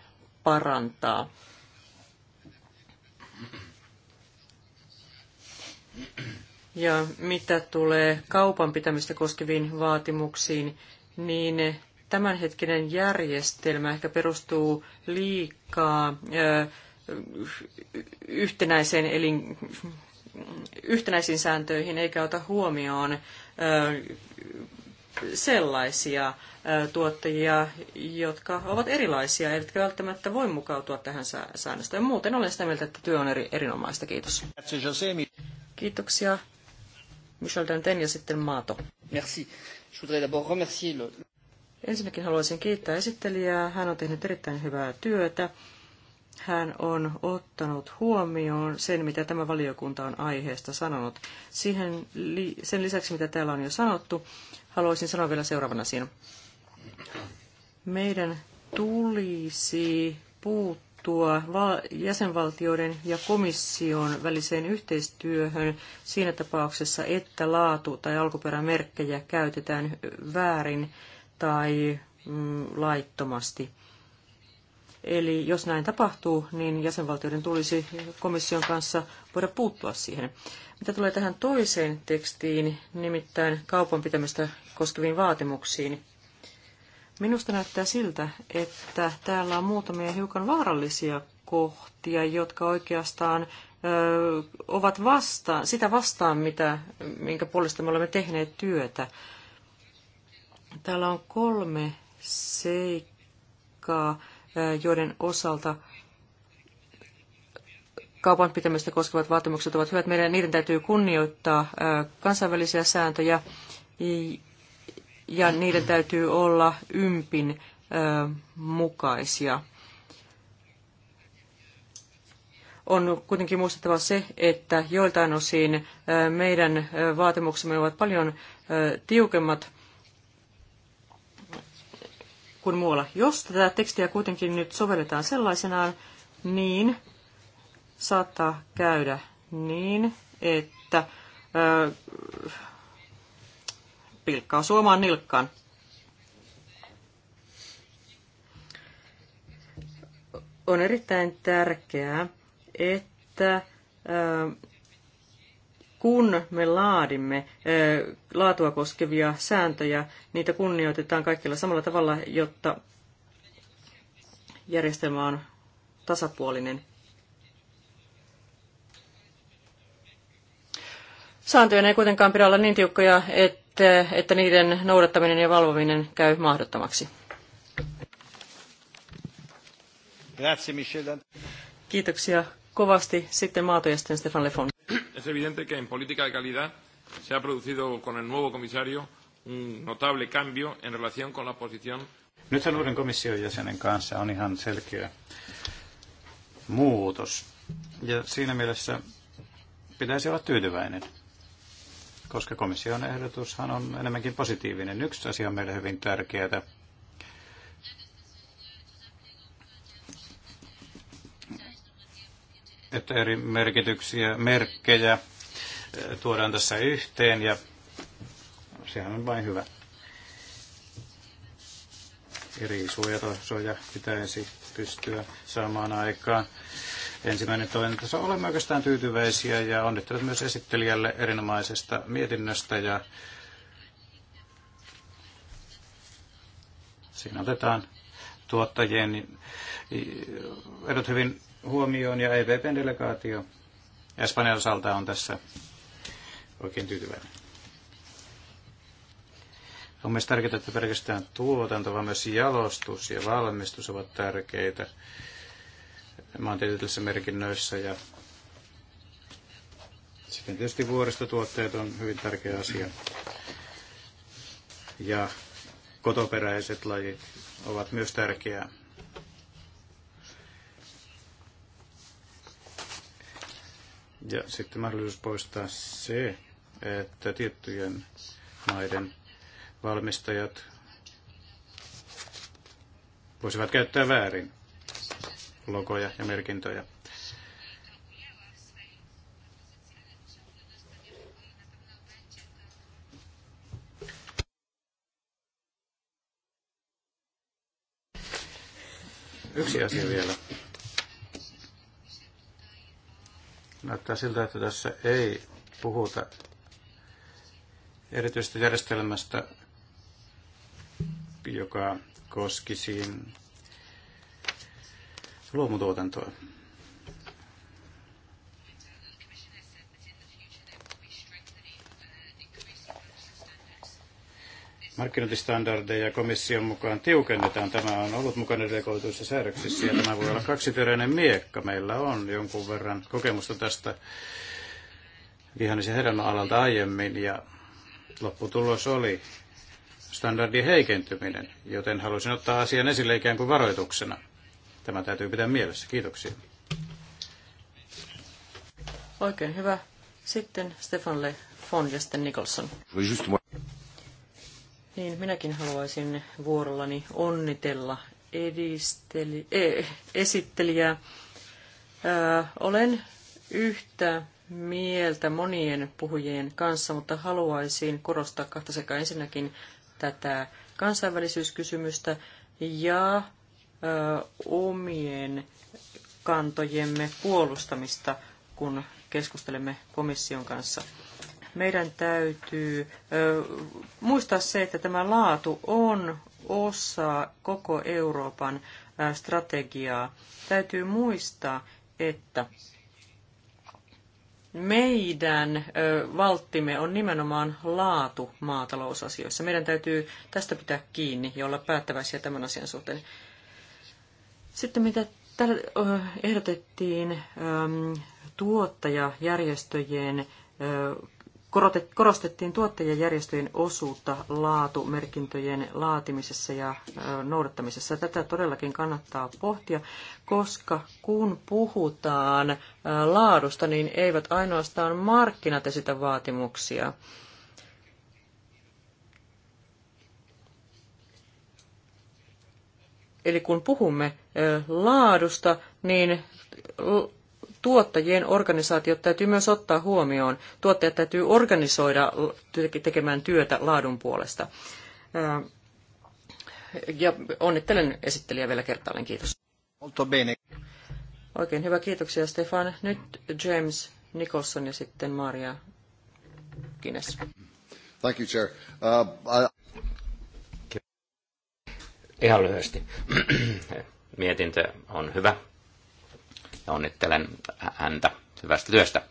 parantaa. Ja mitä tulee kaupan pitämistä koskeviin vaatimuksiin, niin tämänhetkinen järjestelmä ehkä perustuu liikaa yhtenäiseen elin, yhtenäisiin sääntöihin eikä ota huomioon sellaisia tuottajia, jotka ovat erilaisia, eivätkä välttämättä voi mukautua tähän säännöstöön. Muuten olen sitä mieltä, että työ on eri, erinomaista. Kiitos. Kiitoksia. Michel Danten ja sitten Maato. Merci. Je voudrais d'abord remercier le... Ensinnäkin haluaisin kiittää esittelijää. Hän on tehnyt erittäin hyvää työtä. Hän on ottanut huomioon sen, mitä tämä valiokunta on aiheesta sanonut. Siihen, sen lisäksi, mitä täällä on jo sanottu, haluaisin sanoa vielä seuraavan asian. Meidän tulisi puuttua jäsenvaltioiden ja komission väliseen yhteistyöhön siinä tapauksessa, että laatu- tai alkuperämerkkejä käytetään väärin tai mm, laittomasti. Eli jos näin tapahtuu, niin jäsenvaltioiden tulisi komission kanssa voida puuttua siihen. Mitä tulee tähän toiseen tekstiin, nimittäin kaupan pitämistä koskeviin vaatimuksiin, minusta näyttää siltä, että täällä on muutamia hiukan vaarallisia kohtia, jotka oikeastaan ö, ovat vasta, sitä vastaan, mitä, minkä puolesta me olemme tehneet työtä. Täällä on kolme seikkaa, joiden osalta kaupan pitämistä koskevat vaatimukset ovat hyvät. Meidän niiden täytyy kunnioittaa kansainvälisiä sääntöjä ja niiden täytyy olla ympin mukaisia. On kuitenkin muistettava se, että joiltain osin meidän vaatimuksemme ovat paljon tiukemmat kuin muualla. Jos tätä tekstiä kuitenkin nyt sovelletaan sellaisenaan, niin saattaa käydä niin, että ö, pilkkaa suomaan nilkkaan. On erittäin tärkeää, että ö, kun me laadimme laatua koskevia sääntöjä, niitä kunnioitetaan kaikilla samalla tavalla, jotta järjestelmä on tasapuolinen. Sääntöjen ei kuitenkaan pidä olla niin tiukkoja, että, että niiden noudattaminen ja valvominen käy mahdottomaksi. Kiitoksia kovasti. Sitten maatojasten Stefan Lefon es evidente que en política de calidad se ha producido con el nuevo comisario un notable cambio en relación con la posición. Nyt sen uuden komission jäsenen kanssa on ihan selkeä muutos. Ja siinä mielessä pitäisi olla tyytyväinen, koska komission ehdotushan on enemmänkin positiivinen. Yksi asia on meille hyvin tärkeää, että eri merkityksiä, merkkejä tuodaan tässä yhteen ja sehän on vain hyvä. Eri suojatasoja pitäisi pystyä saamaan aikaan. Ensimmäinen toinen taso. Olemme oikeastaan tyytyväisiä ja onnittelut myös esittelijälle erinomaisesta mietinnöstä ja siinä otetaan tuottajien edut hyvin huomioon ja EVPn delegaatio Espanjan osalta on tässä oikein tyytyväinen. On myös tärkeää, että pelkästään tuotanto, vaan myös jalostus ja valmistus ovat tärkeitä maantieteellisissä merkinnöissä. Ja sitten tietysti vuoristotuotteet on hyvin tärkeä asia. Ja kotoperäiset lajit ovat myös tärkeää. Ja sitten mahdollisuus poistaa se, että tiettyjen maiden valmistajat voisivat käyttää väärin logoja ja merkintöjä. Yksi asia vielä. Näyttää siltä, että tässä ei puhuta erityistä järjestelmästä, joka koskisi luomutuotantoa. markkinointistandardeja komission mukaan tiukennetaan. Tämä on ollut mukana delegoituissa säädöksissä ja tämä voi olla kaksiteräinen miekka. Meillä on jonkun verran kokemusta tästä vihannisen alalta aiemmin ja lopputulos oli standardien heikentyminen, joten halusin ottaa asian esille ikään kuin varoituksena. Tämä täytyy pitää mielessä. Kiitoksia. Oikein hyvä. Sitten Stefan Le Fon ja sitten Nicholson. Niin, minäkin haluaisin vuorollani onnitella edisteli, eh, esittelijää. Ö, olen yhtä mieltä monien puhujien kanssa, mutta haluaisin korostaa kahta sekä ensinnäkin tätä kansainvälisyyskysymystä ja ö, omien kantojemme puolustamista, kun keskustelemme komission kanssa – meidän täytyy muistaa se, että tämä laatu on osa koko Euroopan strategiaa. Täytyy muistaa, että meidän valttimme on nimenomaan laatu maatalousasioissa. Meidän täytyy tästä pitää kiinni ja olla päättäväisiä tämän asian suhteen. Sitten mitä täällä ehdotettiin tuottajajärjestöjen korostettiin tuottajajärjestöjen osuutta laatumerkintöjen laatimisessa ja noudattamisessa. Tätä todellakin kannattaa pohtia, koska kun puhutaan laadusta, niin eivät ainoastaan markkinat esitä vaatimuksia. Eli kun puhumme laadusta, niin tuottajien organisaatiot täytyy myös ottaa huomioon. Tuottajat täytyy organisoida tekemään työtä laadun puolesta. Ja onnittelen esittelijä vielä kertaalleen. Kiitos. Oikein hyvä, kiitoksia Stefan. Nyt James Nicholson ja sitten Maria Guinness. Thank you, Chair. Uh, I... Ihan lyhyesti. Mietintö on hyvä ja onnittelen häntä hyvästä työstä.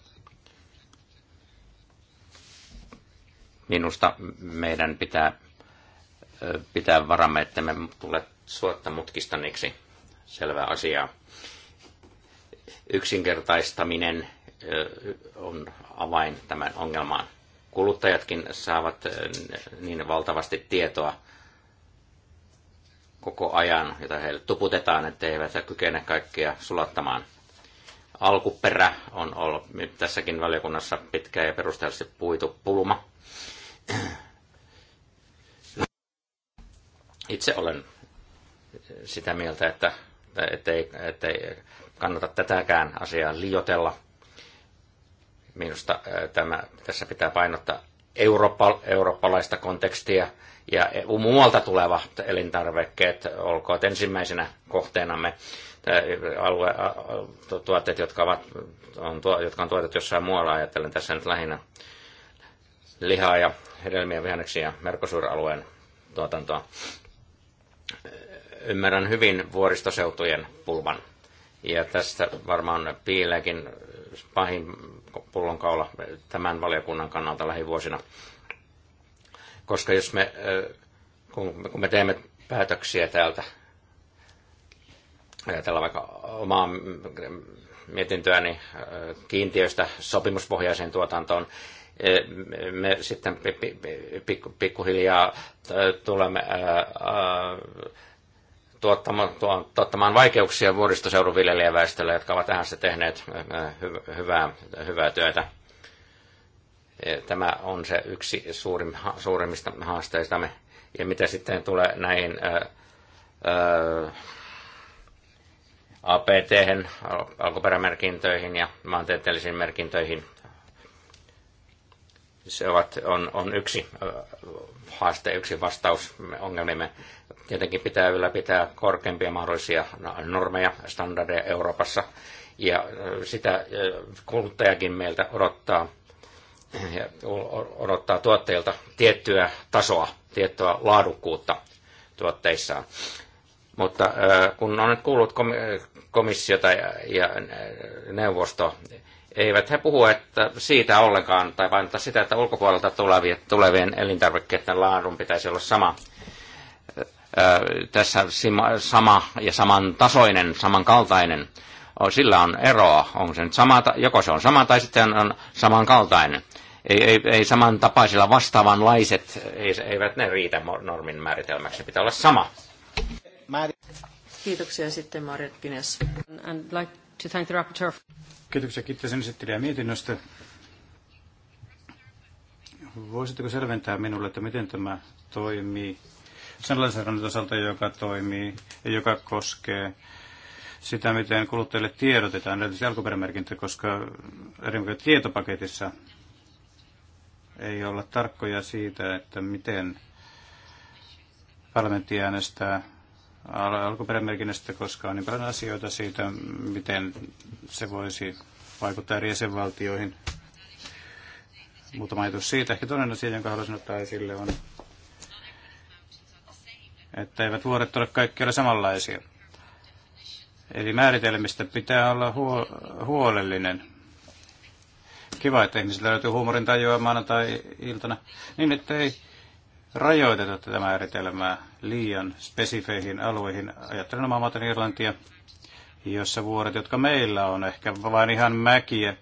Minusta meidän pitää pitää varamme, että me tule suotta mutkistaniksi. Selvä asia. Yksinkertaistaminen on avain tämän ongelmaan. Kuluttajatkin saavat niin valtavasti tietoa koko ajan, jota heille tuputetaan, että he eivät kykene kaikkea sulattamaan – alkuperä on ollut tässäkin valiokunnassa pitkä ja perusteellisesti puitu pulma. Itse olen sitä mieltä, että ettei, ettei kannata tätäkään asiaa liotella Minusta tämä, tässä pitää painottaa eurooppa, eurooppalaista kontekstia ja e-, muualta tulevat elintarvikkeet olkoot ensimmäisenä kohteenamme alue, tuotteet, jotka, ovat, on, jotka on tuotettu jossain muualla, ajattelen tässä nyt lähinnä lihaa ja hedelmiä, vihanneksia ja Mercosur-alueen tuotantoa. Ymmärrän hyvin vuoristoseutujen pulman. Ja tästä varmaan piileekin pahin pullonkaula tämän valiokunnan kannalta lähivuosina. Koska jos me, kun me teemme päätöksiä täältä ajatellaan vaikka omaa mietintöäni niin kiintiöistä sopimuspohjaiseen tuotantoon, e, me sitten pikkuhiljaa tulemme tuottamaan vaikeuksia vuoristoseudun viljelijäväestölle, jotka ovat tähän se tehneet hyvää, hyvää työtä. E, tämä on se yksi suurim, suurimmista haasteistamme. Ja mitä sitten tulee näihin apt alkuperämerkintöihin ja maantieteellisiin merkintöihin. Se ovat, on, on yksi haaste, yksi vastaus ongelmimme. Tietenkin pitää ylläpitää korkeampia mahdollisia normeja, standardeja Euroopassa, ja sitä kuluttajakin meiltä odottaa, odottaa tuotteilta tiettyä tasoa, tiettyä laadukkuutta tuotteissaan. Mutta kun on nyt kuullut komissio tai, ja neuvosto, eivät he puhu että siitä ollenkaan, tai vain sitä, että ulkopuolelta tulevien, tulevien elintarvikkeiden laadun pitäisi olla sama. Tässä sama ja samantasoinen, samankaltainen sillä on eroa. on se nyt sama, joko se on sama tai sitten on samankaltainen. Ei, ei, ei samantapaisilla vastaavanlaiset, eivät ne riitä normin määritelmäksi, pitää olla sama. Kiitoksia sitten Marjat Kines. And like to thank the rapporteur. Kiitoksia Kittisen esittelijä mietinnöstä. Voisitteko selventää minulle, että miten tämä toimii sen lainsäädännön osalta, joka toimii ja joka koskee sitä, miten kuluttajille tiedotetaan, näitä alkuperämerkintä, koska eri tietopaketissa ei olla tarkkoja siitä, että miten parlamentti äänestää alkuperämerkinnästä, koska on niin paljon asioita siitä, miten se voisi vaikuttaa eri jäsenvaltioihin. Muutama ajatus siitä. Ehkä toinen asia, jonka haluaisin ottaa esille, on, että eivät vuoret ole kaikkialla samanlaisia. Eli määritelmistä pitää olla huo- huolellinen. Kiva, että ihmisillä löytyy huumorin tajua maanantai-iltana. Niin, että ei rajoitettu tätä määritelmää liian spesifeihin alueihin. Ajattelen omaa maata Irlantia, jossa vuoret, jotka meillä on, ehkä vain ihan mäkiä,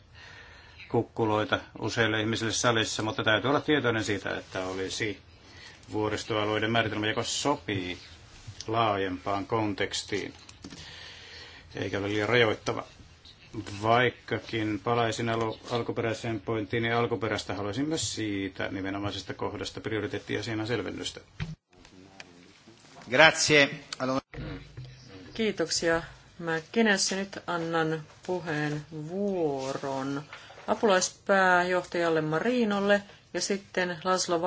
kukkuloita useille ihmisille salissa, mutta täytyy olla tietoinen siitä, että olisi vuoristoalueiden määritelmä, joka sopii laajempaan kontekstiin, eikä ole liian rajoittava. Vaikkakin palaisin al- alkuperäiseen pointtiin niin alkuperäistä haluaisin myös siitä nimenomaisesta kohdasta siinä selvennystä. Grazie. Kiitoksia. Mä kenessä nyt annan puheen vuoron apulaispääjohtajalle Marinolle ja sitten Laslo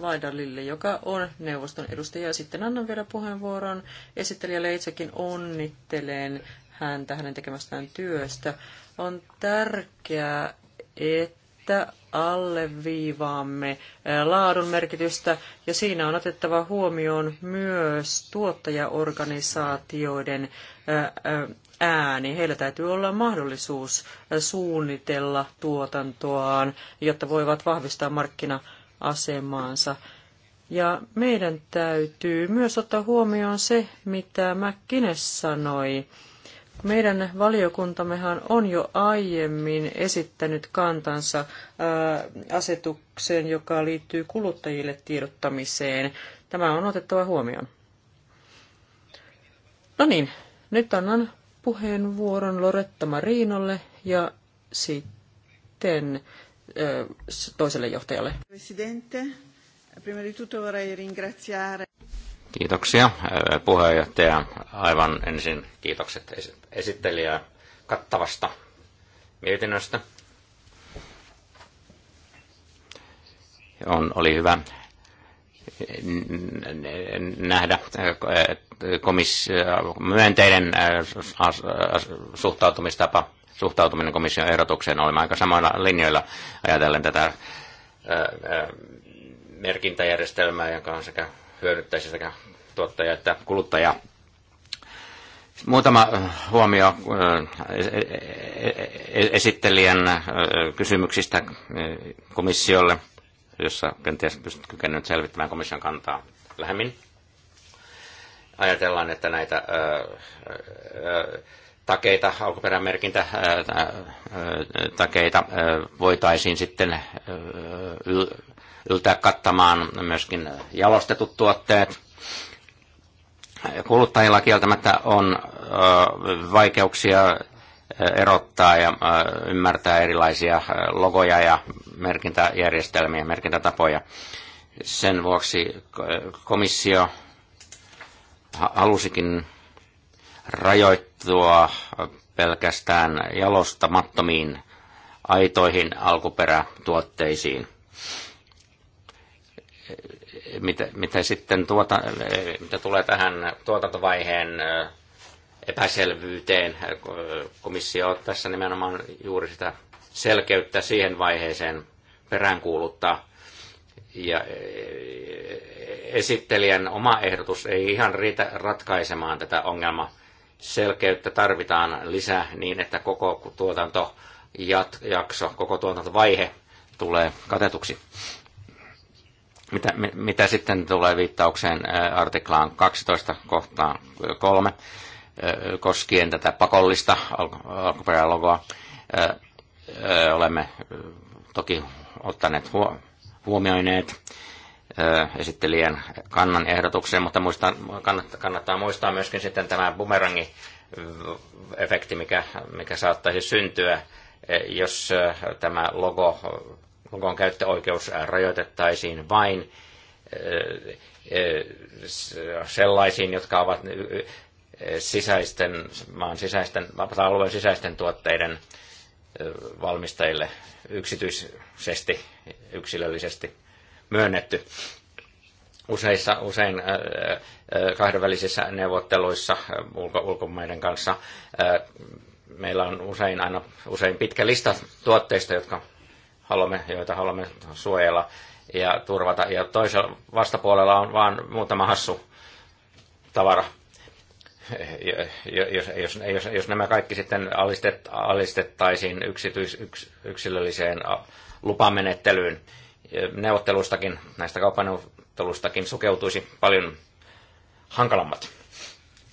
Vaidalille, joka on neuvoston edustaja. Sitten annan vielä puheenvuoron esittelijälle itsekin onnittelen häntä hänen tekemästään työstä. On tärkeää, että alleviivaamme laadun merkitystä ja siinä on otettava huomioon myös tuottajaorganisaatioiden ääni. Heillä täytyy olla mahdollisuus suunnitella tuotantoaan, jotta voivat vahvistaa markkina-asemaansa. Ja meidän täytyy myös ottaa huomioon se, mitä McKinnes sanoi meidän valiokuntammehan on jo aiemmin esittänyt kantansa asetukseen, joka liittyy kuluttajille tiedottamiseen. Tämä on otettava huomioon. No niin, nyt annan puheenvuoron Loretta Marinolle ja sitten toiselle johtajalle. Presidente, prima di tutto vorrei ringraziare. Kiitoksia puheenjohtaja. Aivan ensin kiitokset esittelijää kattavasta mietinnöstä. On, oli hyvä nähdä myönteinen suhtautumistapa, suhtautuminen komission ehdotukseen. Olemme aika samoilla linjoilla ajatellen tätä merkintäjärjestelmää, joka on sekä hyödyttäisi sekä tuottaja että kuluttaja. Muutama äh, huomio äh, e, e, e, esittelijän äh, kysymyksistä komissiolle, jossa kenties pystyt kykenemään selvittämään komission kantaa lähemmin. Ajatellaan, että näitä takeita, alkuperämerkintä takeita voitaisiin sitten yltää kattamaan myöskin jalostetut tuotteet. Kuluttajilla kieltämättä on vaikeuksia erottaa ja ymmärtää erilaisia logoja ja merkintäjärjestelmiä, merkintätapoja. Sen vuoksi komissio halusikin rajoittua pelkästään jalostamattomiin aitoihin alkuperätuotteisiin mitä, mitä sitten tuota, mitä tulee tähän tuotantovaiheen epäselvyyteen, komissio on tässä nimenomaan juuri sitä selkeyttä siihen vaiheeseen peräänkuuluttaa. Ja e, esittelijän oma ehdotus ei ihan riitä ratkaisemaan tätä ongelmaa. Selkeyttä tarvitaan lisää niin, että koko tuotantojakso, koko tuotantovaihe tulee katetuksi. Mitä, mitä sitten tulee viittaukseen artiklaan 12 kohtaan 3 koskien tätä pakollista alkuperälogoa, olemme toki ottaneet huomioineet esittelijän kannan ehdotukseen, mutta muistaa, kannattaa, kannattaa muistaa myöskin sitten tämä bumerangi efekti, mikä, mikä saattaisi syntyä, jos tämä logo kun käyttöoikeus äh, rajoitettaisiin vain äh, äh, sellaisiin, jotka ovat sisäisten, maan sisäisten, alueen sisäisten tuotteiden valmistajille yksityisesti, yksilöllisesti myönnetty. Useissa, usein kahdenvälisissä neuvotteluissa ulko, ulkomaiden kanssa meillä on usein aina usein pitkä lista tuotteista, jotka haluamme, joita haluamme suojella ja turvata. Ja toisella vastapuolella on vain muutama hassu tavara. Jos, jos, jos, jos nämä kaikki sitten alistet, alistettaisiin yksityis, yks, yksilölliseen lupamenettelyyn, neuvottelustakin, näistä kauppaneuvottelustakin sukeutuisi paljon hankalammat.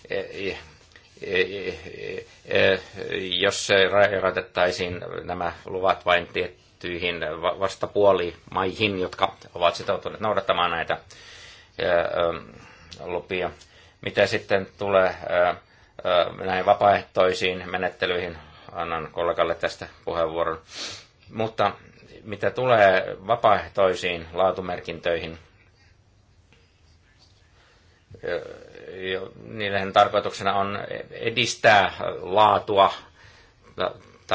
E, e, e, jos rajoitettaisiin nämä luvat vain tiettyihin vastapuolimaihin, jotka ovat sitoutuneet noudattamaan näitä lupia. Mitä sitten tulee näihin vapaaehtoisiin menettelyihin, annan kollegalle tästä puheenvuoron. Mutta mitä tulee vapaaehtoisiin laatumerkintöihin, niiden tarkoituksena on edistää laatua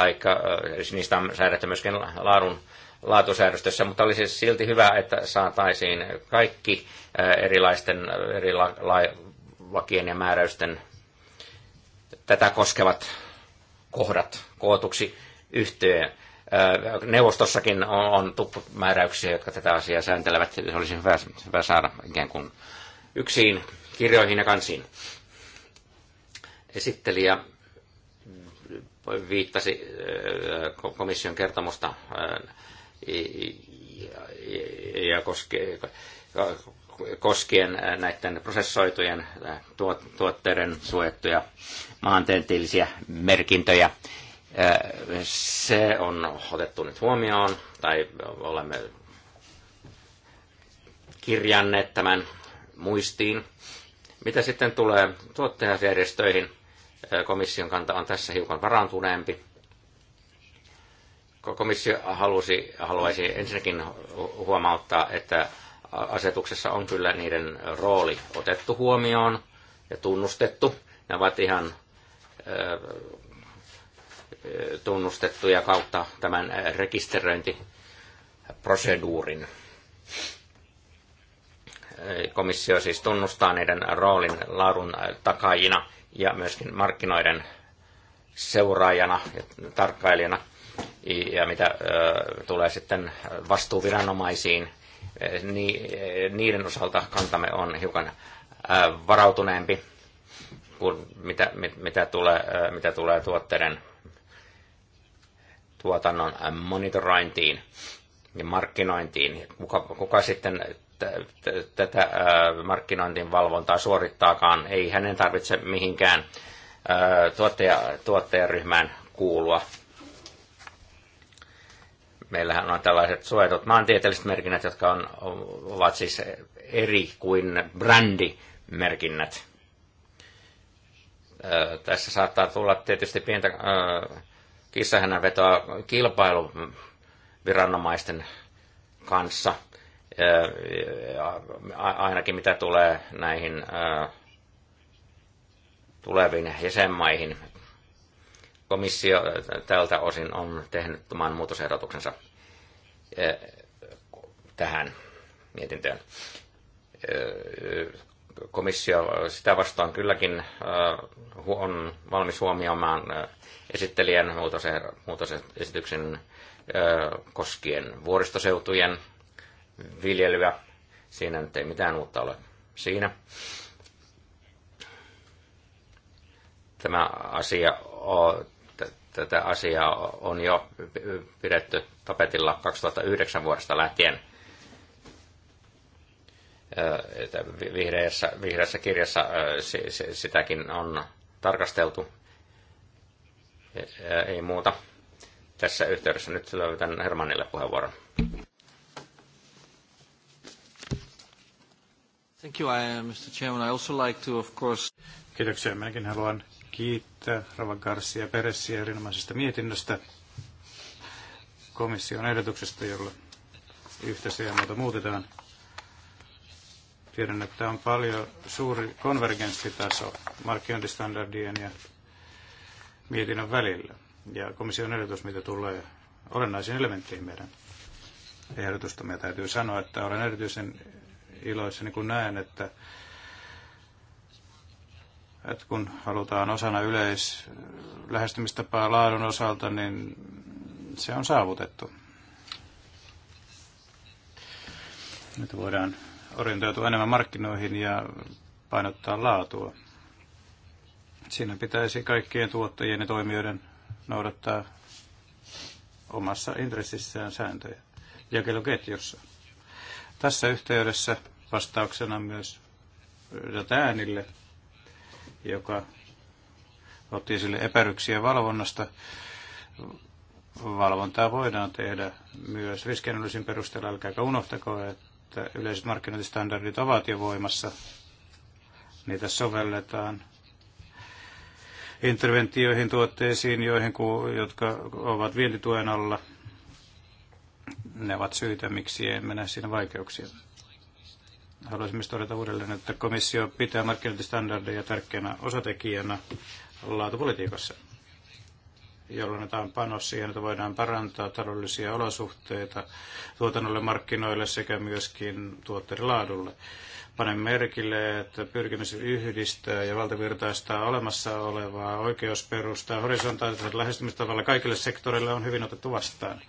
tai niistä on säädetty myöskin laadun laatusäädöstössä, mutta olisi silti hyvä, että saataisiin kaikki erilaisten eri la, la, lakien ja määräysten tätä koskevat kohdat kootuksi yhteen. Neuvostossakin on, on tuppumääräyksiä, jotka tätä asiaa sääntelevät. Se olisi hyvä, hyvä saada ikään kuin yksiin kirjoihin ja kansiin. Esittelijä viittasi äh, komission kertomusta äh, ja koskien äh, näiden prosessoitujen tuotteiden suojattuja maantieteellisiä merkintöjä. Se on otettu nyt huomioon, tai olemme kirjanneet tämän muistiin. Mitä sitten tulee tuottajajärjestöihin, komission kanta on tässä hiukan varantuneempi. Komissio halusi, haluaisi ensinnäkin huomauttaa, että asetuksessa on kyllä niiden rooli otettu huomioon ja tunnustettu. Ne ovat ihan tunnustettuja kautta tämän rekisteröintiproseduurin. Komissio siis tunnustaa niiden roolin laadun takajina ja myöskin markkinoiden seuraajana ja tarkkailijana. Ja mitä tulee sitten vastuuviranomaisiin, niiden osalta kantamme on hiukan varautuneempi kuin mitä, mit, mitä, tulee, mitä tulee tuotteiden tuotannon monitorointiin ja markkinointiin. Kuka, kuka sitten tätä markkinointin valvontaa suorittaakaan. Ei hänen tarvitse mihinkään tuottaja, tuottajaryhmään kuulua. Meillähän on tällaiset suojatut maantieteelliset merkinnät, jotka on, ovat siis eri kuin brändimerkinnät. Tässä saattaa tulla tietysti pientä kissahännänvetoa kilpailuviranomaisten kanssa – ainakin mitä tulee näihin tuleviin jäsenmaihin. Komissio tältä osin on tehnyt tämän muutosehdotuksensa tähän mietintöön. Komissio sitä vastaan kylläkin on valmis huomioimaan esittelijän muutosesityksen koskien vuoristoseutujen viljelyä. Siinä nyt ei mitään uutta ole. Siinä tämä asia on, tätä asiaa on jo pidetty tapetilla 2009 vuodesta lähtien. Vihreässä, vihreässä kirjassa sitäkin on tarkasteltu. Ei muuta. Tässä yhteydessä nyt löydän Hermannille puheenvuoron. Thank you, uh, Mr. Chairman. I also like to, of course... Kiitoksia. Minäkin haluan kiittää Rava Garcia Peressiä erinomaisesta mietinnöstä komission ehdotuksesta, jolla yhtä CMOta muutetaan. Tiedän, että on paljon suuri konvergenssitaso markkinointistandardien ja mietinnön välillä. Ja komission ehdotus, mitä tulee olennaisiin elementteihin meidän ehdotustamme. täytyy sanoa, että olen erityisen iloissani, kun näen, että, että kun halutaan osana yleislähestymistapaa laadun osalta, niin se on saavutettu. Nyt voidaan orientoitua enemmän markkinoihin ja painottaa laatua. Siinä pitäisi kaikkien tuottajien ja toimijoiden noudattaa omassa intressissään sääntöjä jakeluketjussa. Tässä yhteydessä vastauksena myös äänille, joka otti sille epäryksiä valvonnasta. Valvontaa voidaan tehdä myös riskianalyysin perusteella. Älkääkä unohtako, että yleiset markkinointistandardit ovat jo voimassa. Niitä sovelletaan interventioihin, tuotteisiin, joihin, jotka ovat vientituen alla – ne ovat syitä, miksi ei mennä siinä vaikeuksia. Haluaisin myös todeta uudelleen, että komissio pitää markkinointistandardeja tärkeänä osatekijänä laatupolitiikassa, jolloin annetaan panos siihen, että voidaan parantaa taloudellisia olosuhteita tuotannolle, markkinoille sekä myöskin tuotteiden laadulle. Panen merkille, että pyrkimys yhdistää ja valtavirtaistaa olemassa olevaa oikeusperustaa horisontaalisella lähestymistavalla kaikille sektoreille on hyvin otettu vastaan.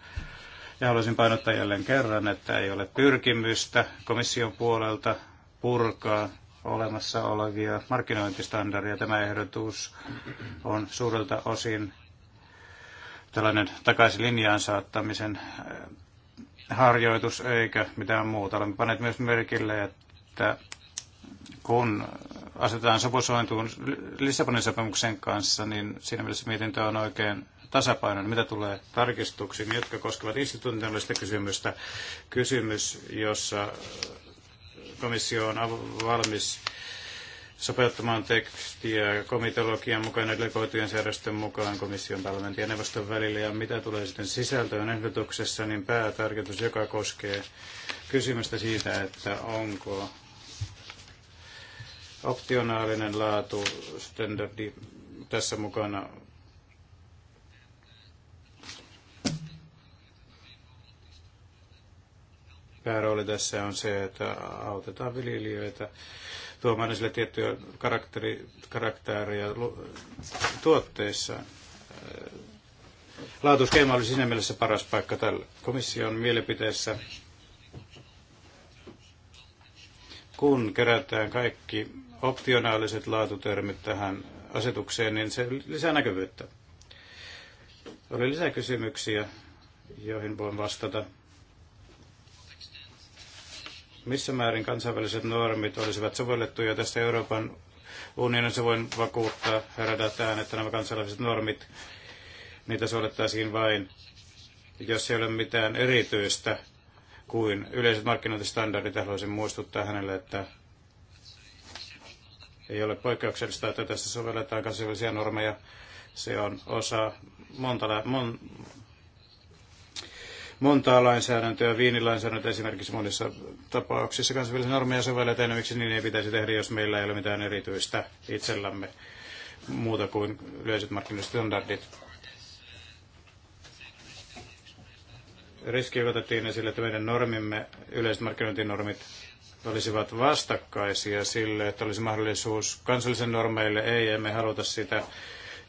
Ja haluaisin painottaa jälleen kerran, että ei ole pyrkimystä komission puolelta purkaa olemassa olevia markkinointistandardeja. Tämä ehdotus on suurelta osin tällainen takaisin linjaan saattamisen äh, harjoitus eikä mitään muuta. Olemme panneet myös merkille, että kun asetetaan sopusointuun Lissabonin sopimuksen kanssa, niin siinä mielessä mietintö on oikein tasapainon, niin mitä tulee tarkistuksiin, jotka koskevat instituutioista kysymystä. Kysymys, jossa komissio on valmis sopeuttamaan tekstiä komitologian mukaan ja delegoitujen säädösten mukaan komission parlamentin ja neuvoston välillä. Ja mitä tulee sitten sisältöön ehdotuksessa, niin päätarkoitus, joka koskee kysymystä siitä, että onko optionaalinen laatu standardi tässä mukana päärooli tässä on se, että autetaan viljelijöitä tuomaan esille tiettyjä karakteri, tuotteissa. tuotteissaan. Laatuskeema oli siinä mielessä paras paikka tällä Komission mielipiteessä, kun kerätään kaikki optionaaliset laatutermit tähän asetukseen, niin se lisää näkyvyyttä. Oli lisäkysymyksiä, joihin voin vastata missä määrin kansainväliset normit olisivat sovellettuja tästä Euroopan unionissa voin vakuuttaa herätään, että nämä kansainväliset normit, niitä sovellettaisiin vain, jos ei ole mitään erityistä kuin yleiset markkinointistandardit. Haluaisin muistuttaa hänelle, että ei ole poikkeuksellista, että tässä sovelletaan kansainvälisiä normeja. Se on osa monta, mon, montaa lainsäädäntöä, viinilainsäädäntöä esimerkiksi monissa tapauksissa kansainvälisen normeja sovelletaan, miksi niin ei pitäisi tehdä, jos meillä ei ole mitään erityistä itsellämme muuta kuin yleiset markkinastandardit. Riski otettiin esille, että meidän normimme, yleiset markkinointinormit, olisivat vastakkaisia sille, että olisi mahdollisuus kansallisen normeille. Ei, emme haluta sitä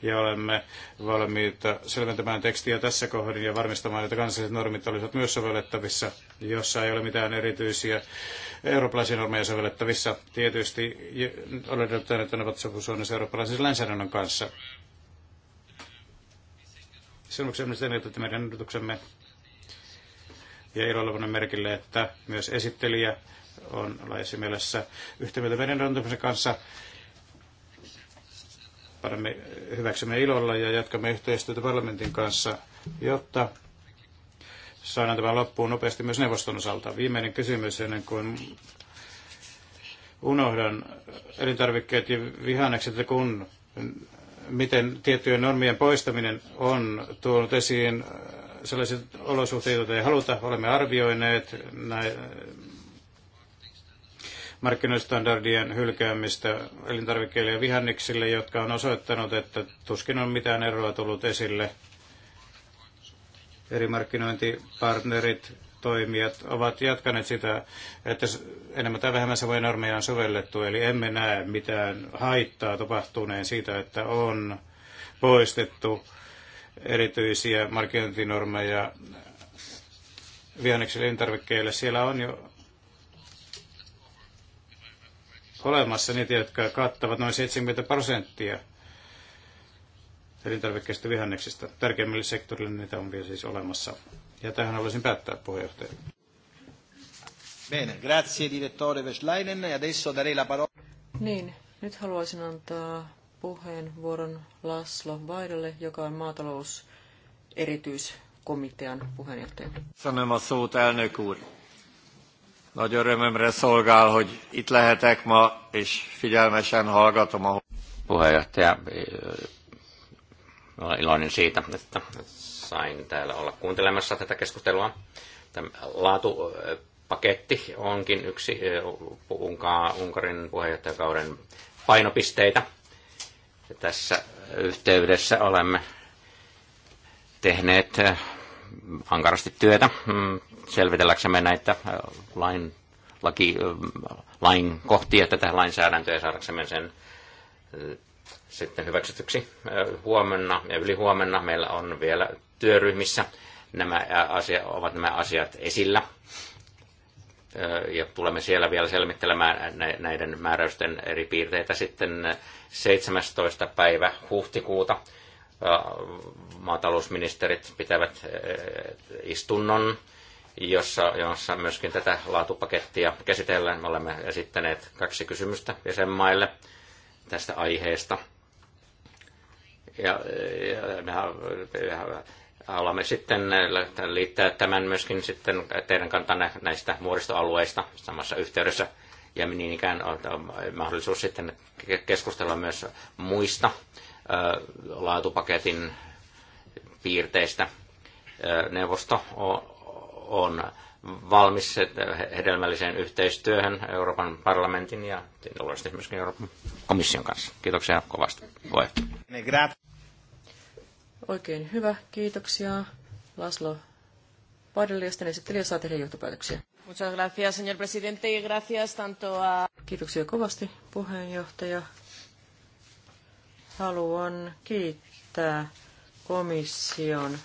ja olemme valmiita selventämään tekstiä tässä kohdin ja varmistamaan, että kansalliset normit olisivat myös sovellettavissa, jossa ei ole mitään erityisiä eurooppalaisia normeja sovellettavissa. Tietysti olen edellyttänyt, että ne ovat sopusuunnassa eurooppalaisen lainsäädännön kanssa. Sen vuoksi olemme sitä että meidän ehdotuksemme ja ilolla merkille, että myös esittelijä on laajassa mielessä yhtä mieltä meidän kanssa paremmin hyväksymme ilolla ja jatkamme yhteistyötä parlamentin kanssa, jotta saadaan tämän loppuun nopeasti myös neuvoston osalta. Viimeinen kysymys ennen kuin unohdan elintarvikkeet ja vihannekset, kun miten tiettyjen normien poistaminen on tuonut esiin sellaiset olosuhteet, joita ei haluta. Olemme arvioineet näin, markkinoistandardien hylkäämistä elintarvikkeille ja vihanneksille, jotka on osoittanut, että tuskin on mitään eroa tullut esille. Eri markkinointipartnerit, toimijat ovat jatkaneet sitä, että enemmän tai vähemmän voi normeja on sovellettu, eli emme näe mitään haittaa tapahtuneen siitä, että on poistettu erityisiä markkinointinormeja vihanneksille elintarvikkeille. Siellä on jo olemassa niitä, jotka kattavat noin 70 prosenttia elintarvikkeista vihanneksista. Tärkeimmille sektorille niitä on vielä siis olemassa. Ja tähän haluaisin päättää puheenjohtaja. Bene, grazie direttore Veslainen. Ja e adesso darei la parola. Niin, nyt haluaisin antaa puheenvuoron Laslo Vaidalle, joka on maatalous erityiskomitean puheenjohtaja. Sanoma suut, elnök Nagy örömömre szolgál, hogy itt lehetek ma, és figyelmesen hallgatom a... Puheenjohtaja, olen eh, eh, iloinen siitä, että sain täällä olla kuuntelemassa tätä keskustelua. Tämä laatupaketti onkin yksi eh, Unkarin puheenjohtajakauden painopisteitä. Tässä yhteydessä olemme tehneet ankarasti työtä mm, selvitelläksemme näitä äh, lain, laki, äh, lain kohtia tätä lainsäädäntöä ja saadaksemme sen äh, sitten hyväksytyksi huomenna ja huomenna, Meillä on vielä työryhmissä nämä asia, ovat nämä asiat esillä. Ja tulemme siellä vielä selmittelemään näiden määräysten eri piirteitä sitten 17. päivä huhtikuuta maatalousministerit pitävät istunnon, jossa, jossa myöskin tätä laatupakettia käsitellään. Me olemme esittäneet kaksi kysymystä jäsenmaille tästä aiheesta. Ja, ja me haluamme sitten liittää tämän myöskin sitten teidän kantanne näistä vuoristoalueista samassa yhteydessä. Ja niin ikään on mahdollisuus sitten keskustella myös muista laatupaketin piirteistä. Neuvosto on valmis hedelmälliseen yhteistyöhön Euroopan parlamentin ja tietysti myöskin Euroopan komission kanssa. Kiitoksia kovasti. Voi. Oikein hyvä, kiitoksia. Laslo Padelli ja sitten esittelijä saa tehdä johtopäätöksiä. Muchas gracias, señor presidente, y gracias tanto a... Kiitoksia kovasti, puheenjohtaja. Haluan kiittää komission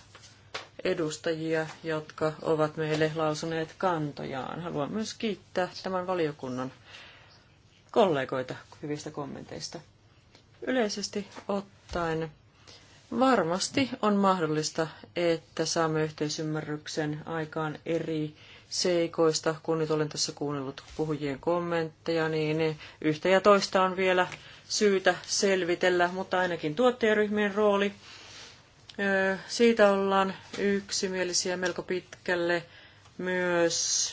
edustajia, jotka ovat meille lausuneet kantojaan. Haluan myös kiittää tämän valiokunnan kollegoita hyvistä kommenteista. Yleisesti ottaen varmasti on mahdollista, että saamme yhteisymmärryksen aikaan eri seikoista. Kun nyt olen tässä kuunnellut puhujien kommentteja, niin yhtä ja toista on vielä syytä selvitellä, mutta ainakin tuottajaryhmien rooli. Siitä ollaan yksimielisiä melko pitkälle. Myös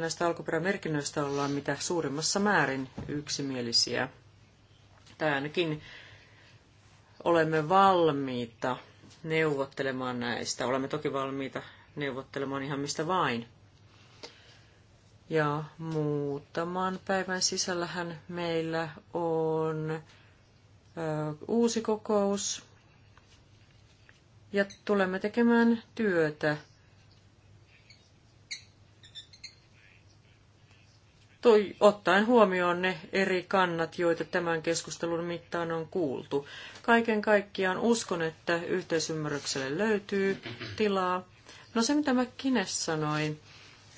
näistä alkuperämerkinnöistä ollaan mitä suurimmassa määrin yksimielisiä. Tai ainakin olemme valmiita neuvottelemaan näistä. Olemme toki valmiita neuvottelemaan ihan mistä vain. Ja muutaman päivän sisällähän meillä on uusi kokous ja tulemme tekemään työtä. Toi, ottaen huomioon ne eri kannat, joita tämän keskustelun mittaan on kuultu. Kaiken kaikkiaan uskon, että yhteisymmärrykselle löytyy tilaa. No se, mitä Kines sanoin,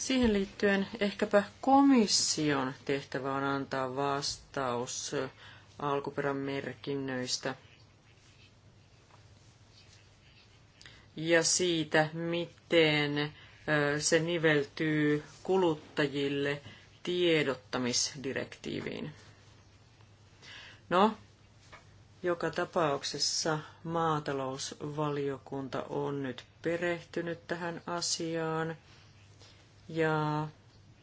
Siihen liittyen ehkäpä komission tehtävä on antaa vastaus alkuperän merkinnöistä ja siitä, miten se niveltyy kuluttajille tiedottamisdirektiiviin. No, joka tapauksessa maatalousvaliokunta on nyt perehtynyt tähän asiaan ja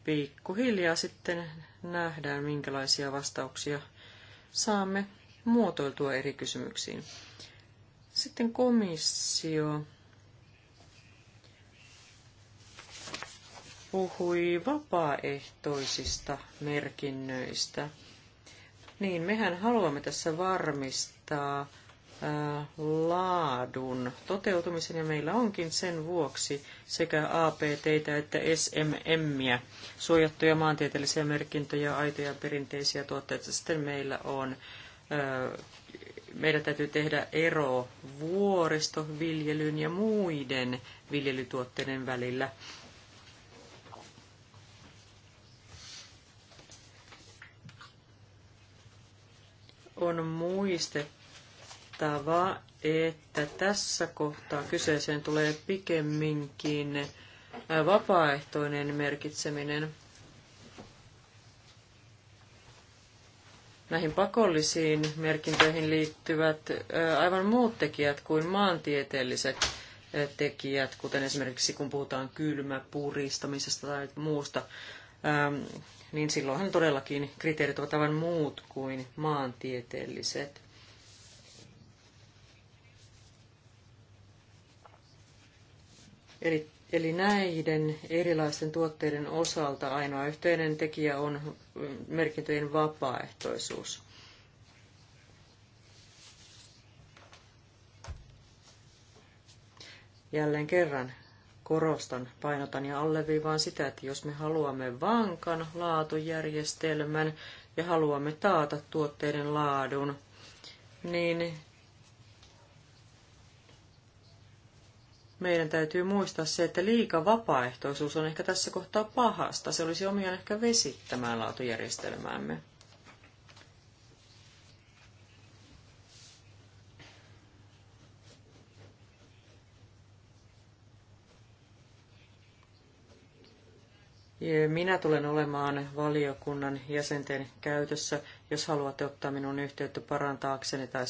pikkuhiljaa sitten nähdään, minkälaisia vastauksia saamme muotoiltua eri kysymyksiin. Sitten komissio puhui vapaaehtoisista merkinnöistä. Niin, mehän haluamme tässä varmistaa laadun toteutumisen ja meillä onkin sen vuoksi sekä apt että smm suojattuja maantieteellisiä merkintöjä, aitoja perinteisiä tuotteita. Sitten meillä on, meidän täytyy tehdä ero vuoristoviljelyn ja muiden viljelytuotteiden välillä. On muistettu, todettava, että tässä kohtaa kyseeseen tulee pikemminkin äh, vapaaehtoinen merkitseminen. Näihin pakollisiin merkintöihin liittyvät äh, aivan muut tekijät kuin maantieteelliset äh, tekijät, kuten esimerkiksi kun puhutaan kylmäpuristamisesta tai muusta, ähm, niin silloinhan todellakin kriteerit ovat aivan muut kuin maantieteelliset. Eli, eli näiden erilaisten tuotteiden osalta ainoa yhteinen tekijä on merkintöjen vapaaehtoisuus. Jälleen kerran korostan, painotan ja alleviivaan sitä, että jos me haluamme vankan laatujärjestelmän ja haluamme taata tuotteiden laadun, niin meidän täytyy muistaa se, että liika vapaaehtoisuus on ehkä tässä kohtaa pahasta. Se olisi omiaan ehkä vesittämään laatujärjestelmäämme. Minä tulen olemaan valiokunnan jäsenten käytössä, jos haluatte ottaa minun yhteyttä parantaakseni tai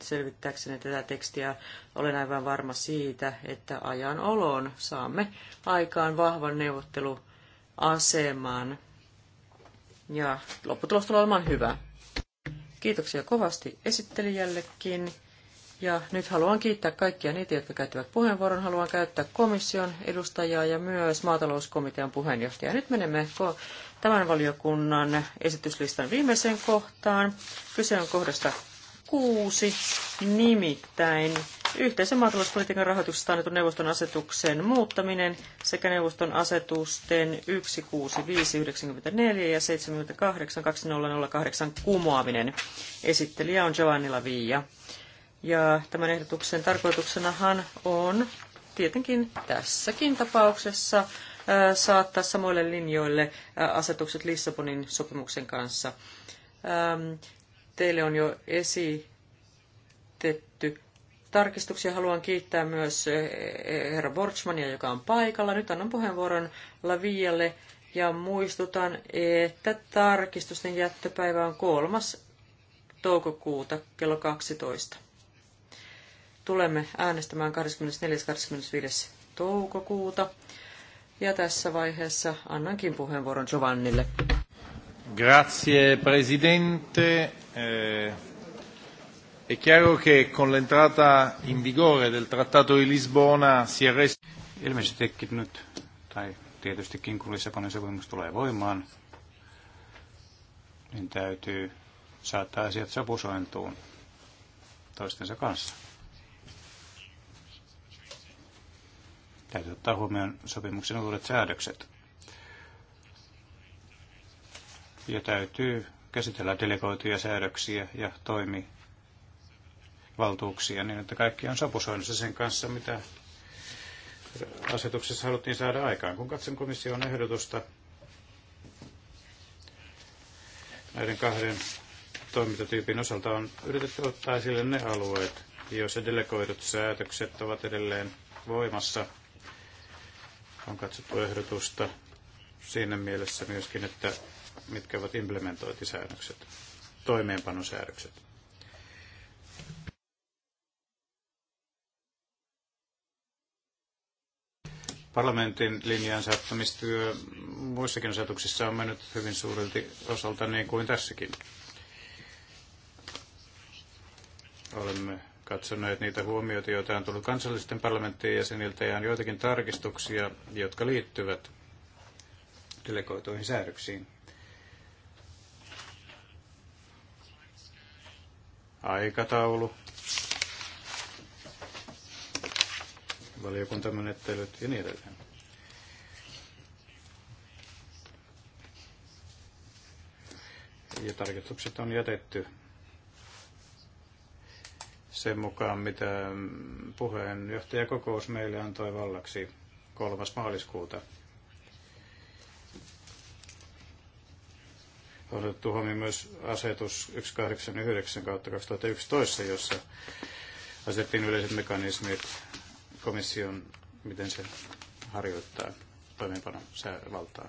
selvittääkseni tätä tekstiä. Olen aivan varma siitä, että ajan oloon saamme aikaan vahvan neuvotteluaseman. Ja lopputulos tulee olemaan hyvä. Kiitoksia kovasti esittelijällekin. Ja nyt haluan kiittää kaikkia niitä, jotka käyttivät puheenvuoron. Haluan käyttää komission edustajaa ja myös maatalouskomitean puheenjohtajaa. Nyt menemme tämän valiokunnan esityslistan viimeiseen kohtaan. Kyse on kohdasta kuusi, nimittäin yhteisen maatalouspolitiikan rahoituksesta annetun neuvoston asetuksen muuttaminen sekä neuvoston asetusten 16594 ja 782008 kumoaminen. Esittelijä on Giovanni Lavia. Ja tämän ehdotuksen tarkoituksenahan on tietenkin tässäkin tapauksessa äh, saattaa samoille linjoille äh, asetukset Lissabonin sopimuksen kanssa. Ähm, teille on jo esitetty tarkistuksia. Haluan kiittää myös äh, herra Borchmania, joka on paikalla. Nyt annan puheenvuoron Lavialle ja muistutan, että tarkistusten jättöpäivä on kolmas toukokuuta kello 12 tulemme äänestämään 24.-25. toukokuuta. Ja tässä vaiheessa annankin puheenvuoron Giovannille. Grazie Presidente. Eh, è chiaro che con l'entrata in vigore del Trattato di Lisbona si è arresta... Ilmeisestikin nyt, tai tietystikin kun Lissabonin sopimus tulee voimaan, niin täytyy saattaa asiat sopusointuun toistensa kanssa. Täytyy ottaa huomioon sopimuksen uudet säädökset. Ja täytyy käsitellä delegoituja säädöksiä ja toimi valtuuksia niin, että kaikki on sopusoinnissa sen kanssa, mitä asetuksessa haluttiin saada aikaan. Kun katson komission ehdotusta näiden kahden toimintatyypin osalta, on yritetty ottaa esille ne alueet, joissa delegoidut säätökset ovat edelleen voimassa – on katsottu ehdotusta siinä mielessä myöskin, että mitkä ovat implementointisäännökset, toimeenpanosäädökset. Parlamentin linjaan saattamistyö muissakin asetuksissa on mennyt hyvin suurelti osalta niin kuin tässäkin. Olemme katsoneet niitä huomioita, joita on tullut kansallisten parlamenttien jäseniltä, ja on joitakin tarkistuksia, jotka liittyvät delegoituihin säädöksiin. Aikataulu, valiokuntamenettelyt ja niin edelleen. Ja tarkistukset on jätetty sen mukaan, mitä puheenjohtajakokous meille antoi vallaksi 3. maaliskuuta. On otettu huomioon myös asetus 189-2011, jossa asettiin yleiset mekanismit komission, miten se harjoittaa toimeenpanon valtaa.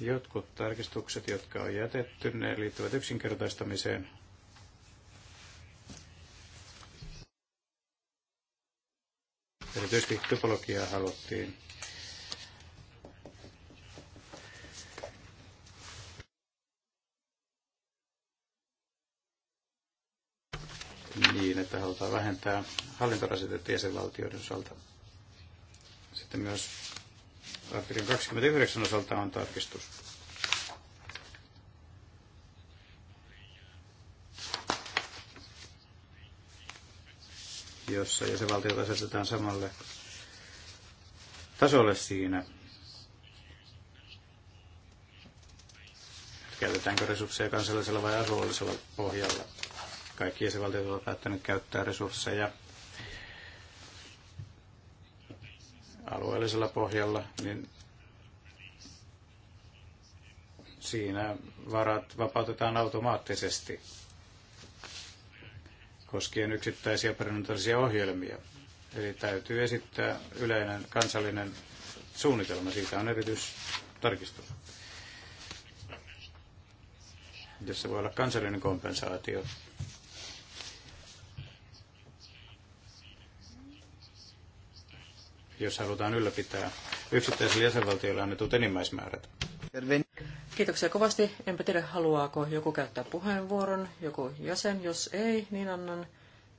Jotkut tarkistukset, jotka on jätetty, ne liittyvät yksinkertaistamiseen, Erityisesti typologiaa haluttiin niin, että halutaan vähentää hallintorasitetta jäsenvaltioiden osalta. Sitten myös artiklan 29 osalta on tarkistus. jossa valtio asetetaan samalle tasolle siinä, käytetäänkö resursseja kansallisella vai alueellisella pohjalla. Kaikki jäsenvaltiot ovat päättäneet käyttää resursseja alueellisella pohjalla, niin siinä varat vapautetaan automaattisesti koskien yksittäisiä parlamentaarisia ohjelmia. Eli täytyy esittää yleinen kansallinen suunnitelma. Siitä on erityistarkistus, jossa voi olla kansallinen kompensaatio. jos halutaan ylläpitää yksittäisille jäsenvaltioille annetut enimmäismäärät. Kiitoksia kovasti. Enpä tiedä, haluaako joku käyttää puheenvuoron, joku jäsen. Jos ei, niin annan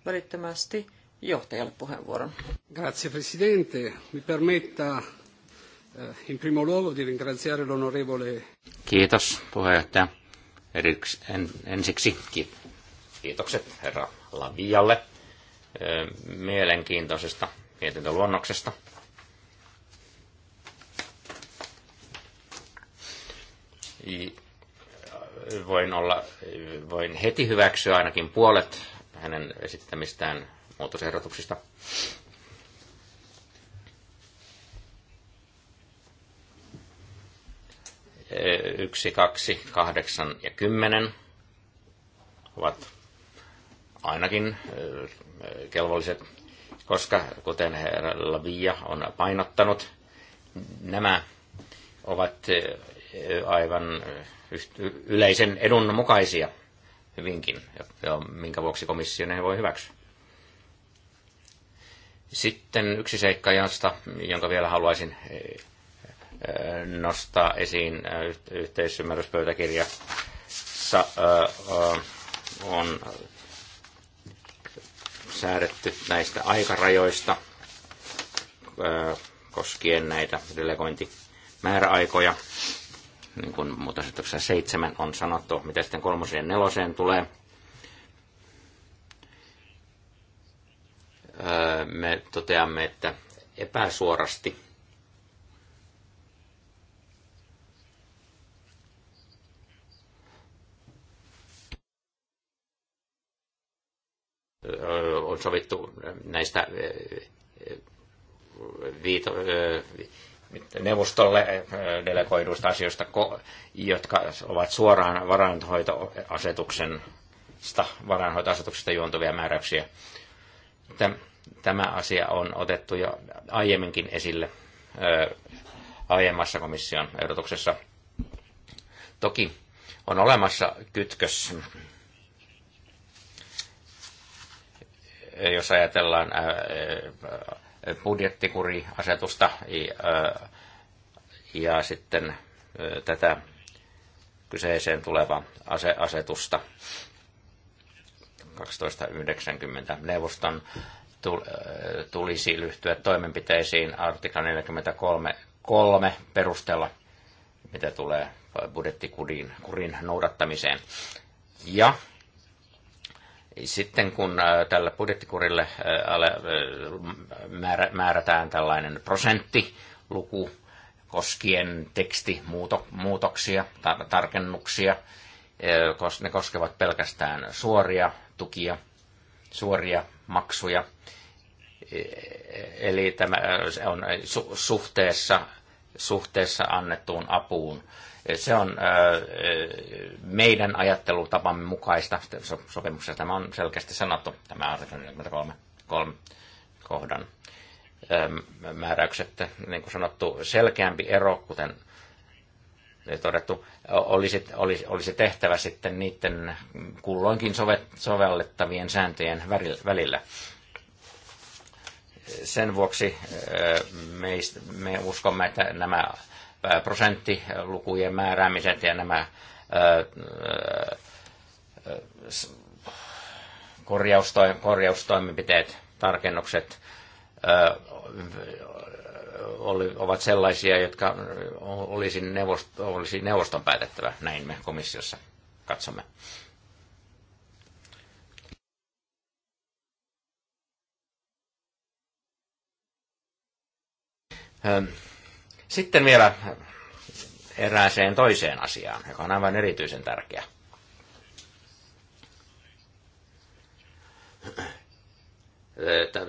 välittömästi johtajalle puheenvuoron. Grazie Presidente. Mi permetta eh, in primo luogo di ringraziare l'onorevole... Kiitos puheenjohtaja. Eriks, en, ensiksi kiitokset herra Lavialle eh, mielenkiintoisesta mietintöluonnoksesta. luonnoksesta Voin, olla, voin heti hyväksyä ainakin puolet hänen esittämistään muutosehdotuksista. Yksi, kaksi, kahdeksan ja kymmenen ovat ainakin eh, kelvolliset, koska kuten herra Lavia on painottanut, nämä ovat eh, aivan yleisen edun mukaisia hyvinkin, ja minkä vuoksi komissio ne voi hyväksyä. Sitten yksi seikka, josta, jonka vielä haluaisin eh, eh, nostaa esiin eh, yhteisymmärryspöytäkirjassa on säädetty näistä aikarajoista koskien näitä delegointimääräaikoja. määräaikoja niin kuin muutosesityksessä seitsemän on sanottu. Mitä sitten kolmoseen neloseen tulee? Öö, me toteamme, että epäsuorasti öö, on sovittu näistä öö, viito, neuvostolle eh, delegoiduista asioista, jotka ovat suoraan varainhoitoasetuksen varainhoitoasetuksesta juontuvia määräyksiä. Tämä asia on otettu jo aiemminkin esille eh, aiemmassa komission ehdotuksessa. Toki on olemassa kytkös, eh, jos ajatellaan budjettikuriasetusta ja sitten tätä kyseiseen tuleva ase- asetusta 1290 neuvoston tulisi lyhtyä toimenpiteisiin artikla 43 perustella, mitä tulee budjettikurin kurin noudattamiseen. Ja sitten kun äh, tällä budjettikurille äh, äh, määrätään tällainen prosenttiluku koskien tekstimuutoksia, tarkennuksia, ne koskevat pelkästään suoria tukia, suoria maksuja, eli tämä on suhteessa suhteessa annettuun apuun. Se on äh, äh, meidän ajattelutapamme mukaista sopimuksessa. Tämä on selkeästi sanottu, tämä artikla 43 kolme kohdan ähm, määräykset. Niin kuin sanottu, selkeämpi ero, kuten todettu, olisi, olisi, olisi tehtävä sitten niiden kulloinkin sovet, sovellettavien sääntöjen välillä sen vuoksi eh, me uskomme, että nämä eh, prosenttilukujen määräämiset ja nämä eh, korjaustoimenpiteet, tarkennukset ovat sellaisia, jotka olisi neuvoston päätettävä, näin me komissiossa katsomme. Sitten vielä erääseen toiseen asiaan, joka on aivan erityisen tärkeä.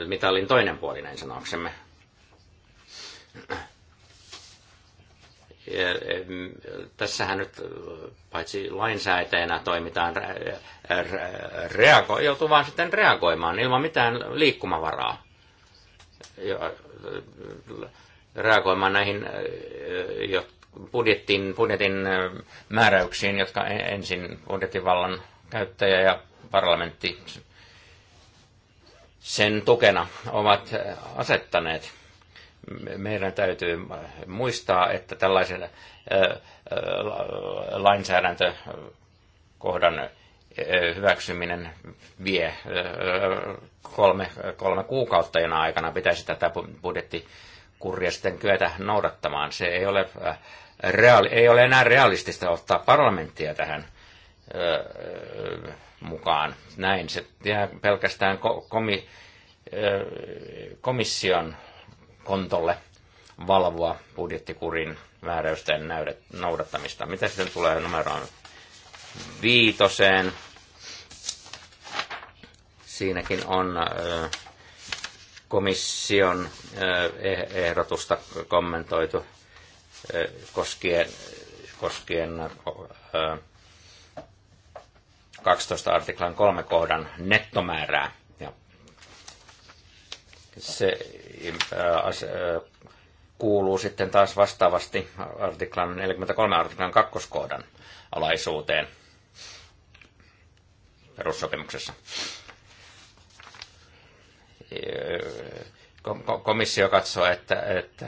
Mitalin toinen puoli, näin sanoksemme. Ja, tässähän nyt paitsi lainsäätäjänä toimitaan, re, joutuu vaan sitten reagoimaan ilman mitään liikkumavaraa reagoimaan näihin äh, budjettin, budjetin äh, määräyksiin, jotka e-, ensin budjettivallan käyttäjä ja parlamentti sen tukena ovat äh, asettaneet. Meidän täytyy muistaa, että tällaisen lainsäädäntökohdan hyväksyminen vie kolme, kolme kuukautta, jona aikana pitäisi tätä budjetti kuria sitten kyetä noudattamaan. Se ei ole, äh, reaali, ei ole enää realistista ottaa parlamenttia tähän äh, mukaan. Näin se jää pelkästään komi, äh, komission kontolle valvoa budjettikurin määräysten noudattamista. Mitä sitten tulee numeroon viitoseen? Siinäkin on komission ehdotusta kommentoitu koskien, koskien 12 artiklan kolme kohdan nettomäärää. Ja se kuuluu sitten taas vastaavasti artiklan 43 artiklan kakkoskohdan alaisuuteen perussopimuksessa komissio katsoo, että, että,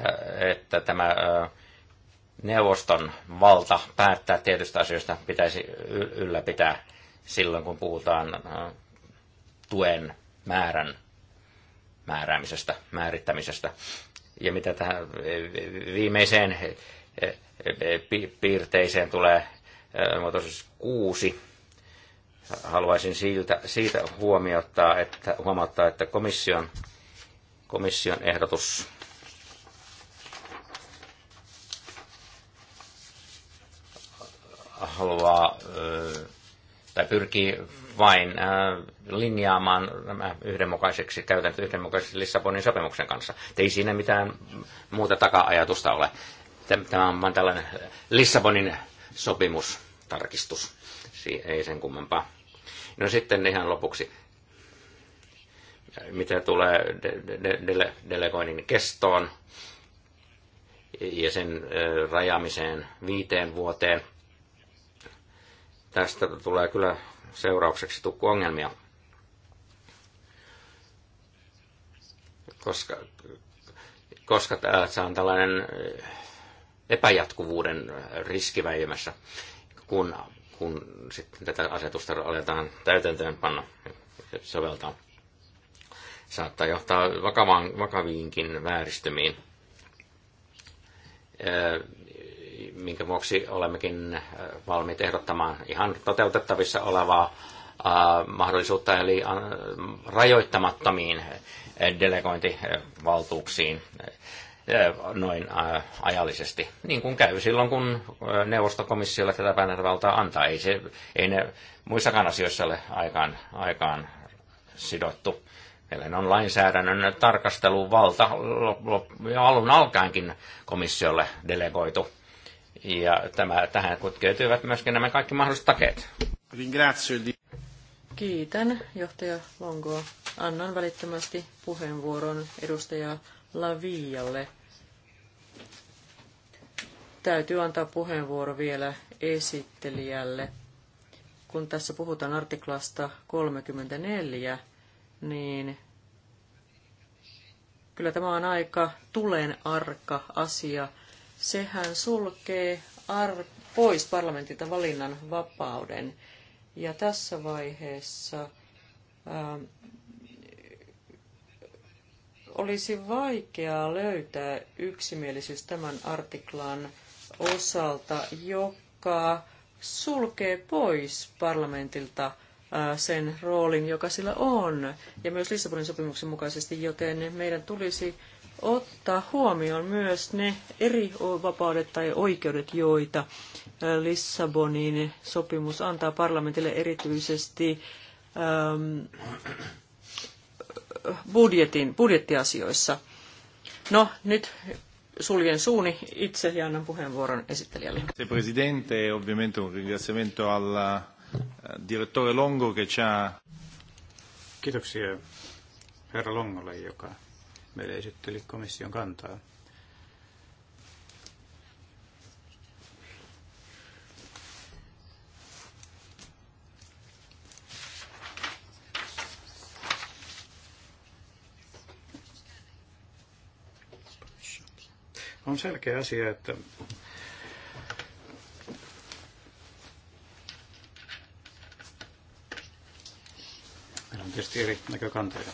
että tämä neuvoston valta päättää tietystä asioista pitäisi ylläpitää silloin, kun puhutaan tuen määrän määräämisestä, määrittämisestä. Ja mitä tähän viimeiseen e, e, e, piirteiseen tulee, muotoisuus kuusi, haluaisin siitä, siitä huomiottaa, että, huomauttaa, että komission, komission ehdotus haluaa tai pyrkii vain linjaamaan nämä yhdenmukaiseksi, käytännöt yhdenmukaisesti Lissabonin sopimuksen kanssa. Ei siinä mitään muuta taka-ajatusta ole. Tämä on vain tällainen Lissabonin sopimustarkistus ei sen kummempaa. No sitten ihan lopuksi, mitä tulee de- de- dele- delegoinnin kestoon ja sen rajaamiseen viiteen vuoteen, tästä tulee kyllä seuraukseksi tukku ongelmia. Koska, koska se on tällainen epäjatkuvuuden riski väijymässä, kun kun sitten tätä asetusta aletaan täytäntöönpanna ja soveltaa. Saattaa johtaa vakavaan, vakaviinkin vääristymiin, minkä vuoksi olemmekin valmiit ehdottamaan ihan toteutettavissa olevaa mahdollisuutta, eli rajoittamattomiin delegointivaltuuksiin noin ajallisesti, niin kuin käy silloin, kun neuvostokomissiolle tätä päätäntävaltaa antaa. Ei, se, ei ne muissakaan asioissa ole aikaan, aikaan sidottu. Meillä on lainsäädännön tarkasteluvalta jo alun alkaenkin komissiolle delegoitu. Ja tämä, tähän kytkeytyvät myöskin nämä kaikki mahdolliset takeet. Kiitän johtaja Longoa. Annan välittömästi puheenvuoron edustaja Lavialle. Täytyy antaa puheenvuoro vielä esittelijälle. Kun tässä puhutaan artiklasta 34, niin kyllä tämä on aika tulen arka asia. Sehän sulkee ar- pois parlamentilta valinnan vapauden. Ja tässä vaiheessa ähm, olisi vaikeaa löytää yksimielisyys tämän artiklan osalta, joka sulkee pois parlamentilta sen roolin, joka sillä on, ja myös Lissabonin sopimuksen mukaisesti, joten meidän tulisi ottaa huomioon myös ne eri vapaudet tai oikeudet, joita Lissabonin sopimus antaa parlamentille erityisesti ähm, budjetin, budjettiasioissa. No, nyt suljen suuni itse ja annan puheenvuoron esittelijälle. Presidente, ovviamente un ringraziamento al eh, direttore Longo che ci ha... Kiitoksia herra Longolle, joka meille esitteli komission kantaa. On selkeä asia, että meillä on tietysti eri näkökantoja.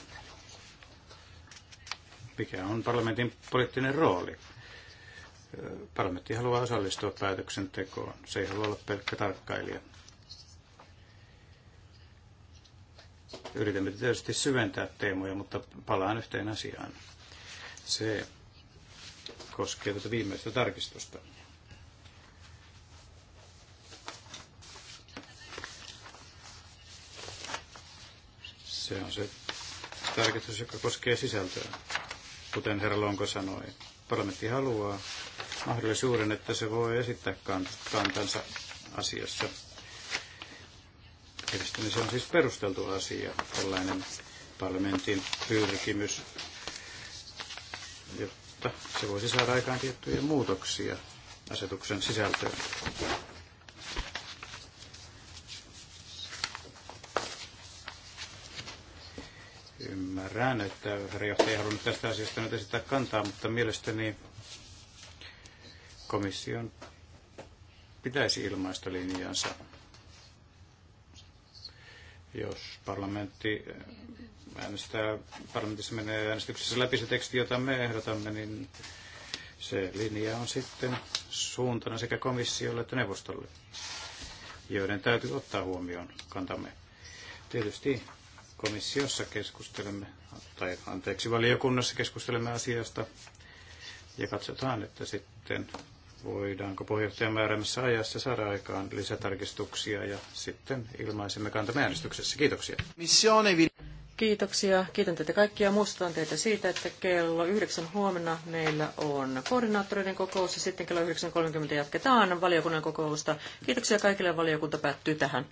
Mikä on parlamentin poliittinen rooli? Parlamentti haluaa osallistua päätöksentekoon. Se ei halua olla pelkkä tarkkailija. Yritämme tietysti syventää teemoja, mutta palaan yhteen asiaan. Se koskee tätä viimeistä tarkistusta. Se on se tarkistus, joka koskee sisältöä. Kuten herra Lonko sanoi, parlamentti haluaa mahdollisuuden, että se voi esittää kantansa asiassa. Mielestäni se on siis perusteltu asia, tällainen parlamentin pyrkimys mutta se voisi saada aikaan tiettyjä muutoksia asetuksen sisältöön. Ymmärrän, että herrajohtaja ei halunnut tästä asiasta nyt esittää kantaa, mutta mielestäni komission pitäisi ilmaista linjaansa jos parlamentti äänestää, parlamentissa menee äänestyksessä läpi se teksti, jota me ehdotamme, niin se linja on sitten suuntana sekä komissiolle että neuvostolle, joiden täytyy ottaa huomioon kantamme. Tietysti komissiossa keskustelemme, tai anteeksi, valiokunnassa keskustelemme asiasta ja katsotaan, että sitten voidaanko puheenjohtajan määräämässä ajassa saada aikaan lisätarkistuksia ja sitten ilmaisemme kantamme äänestyksessä. Kiitoksia. Kiitoksia. Kiitän teitä kaikkia. Muistutan teitä siitä, että kello 9 huomenna meillä on koordinaattoreiden kokous ja sitten kello 9.30 jatketaan valiokunnan kokousta. Kiitoksia kaikille. Valiokunta päättyy tähän.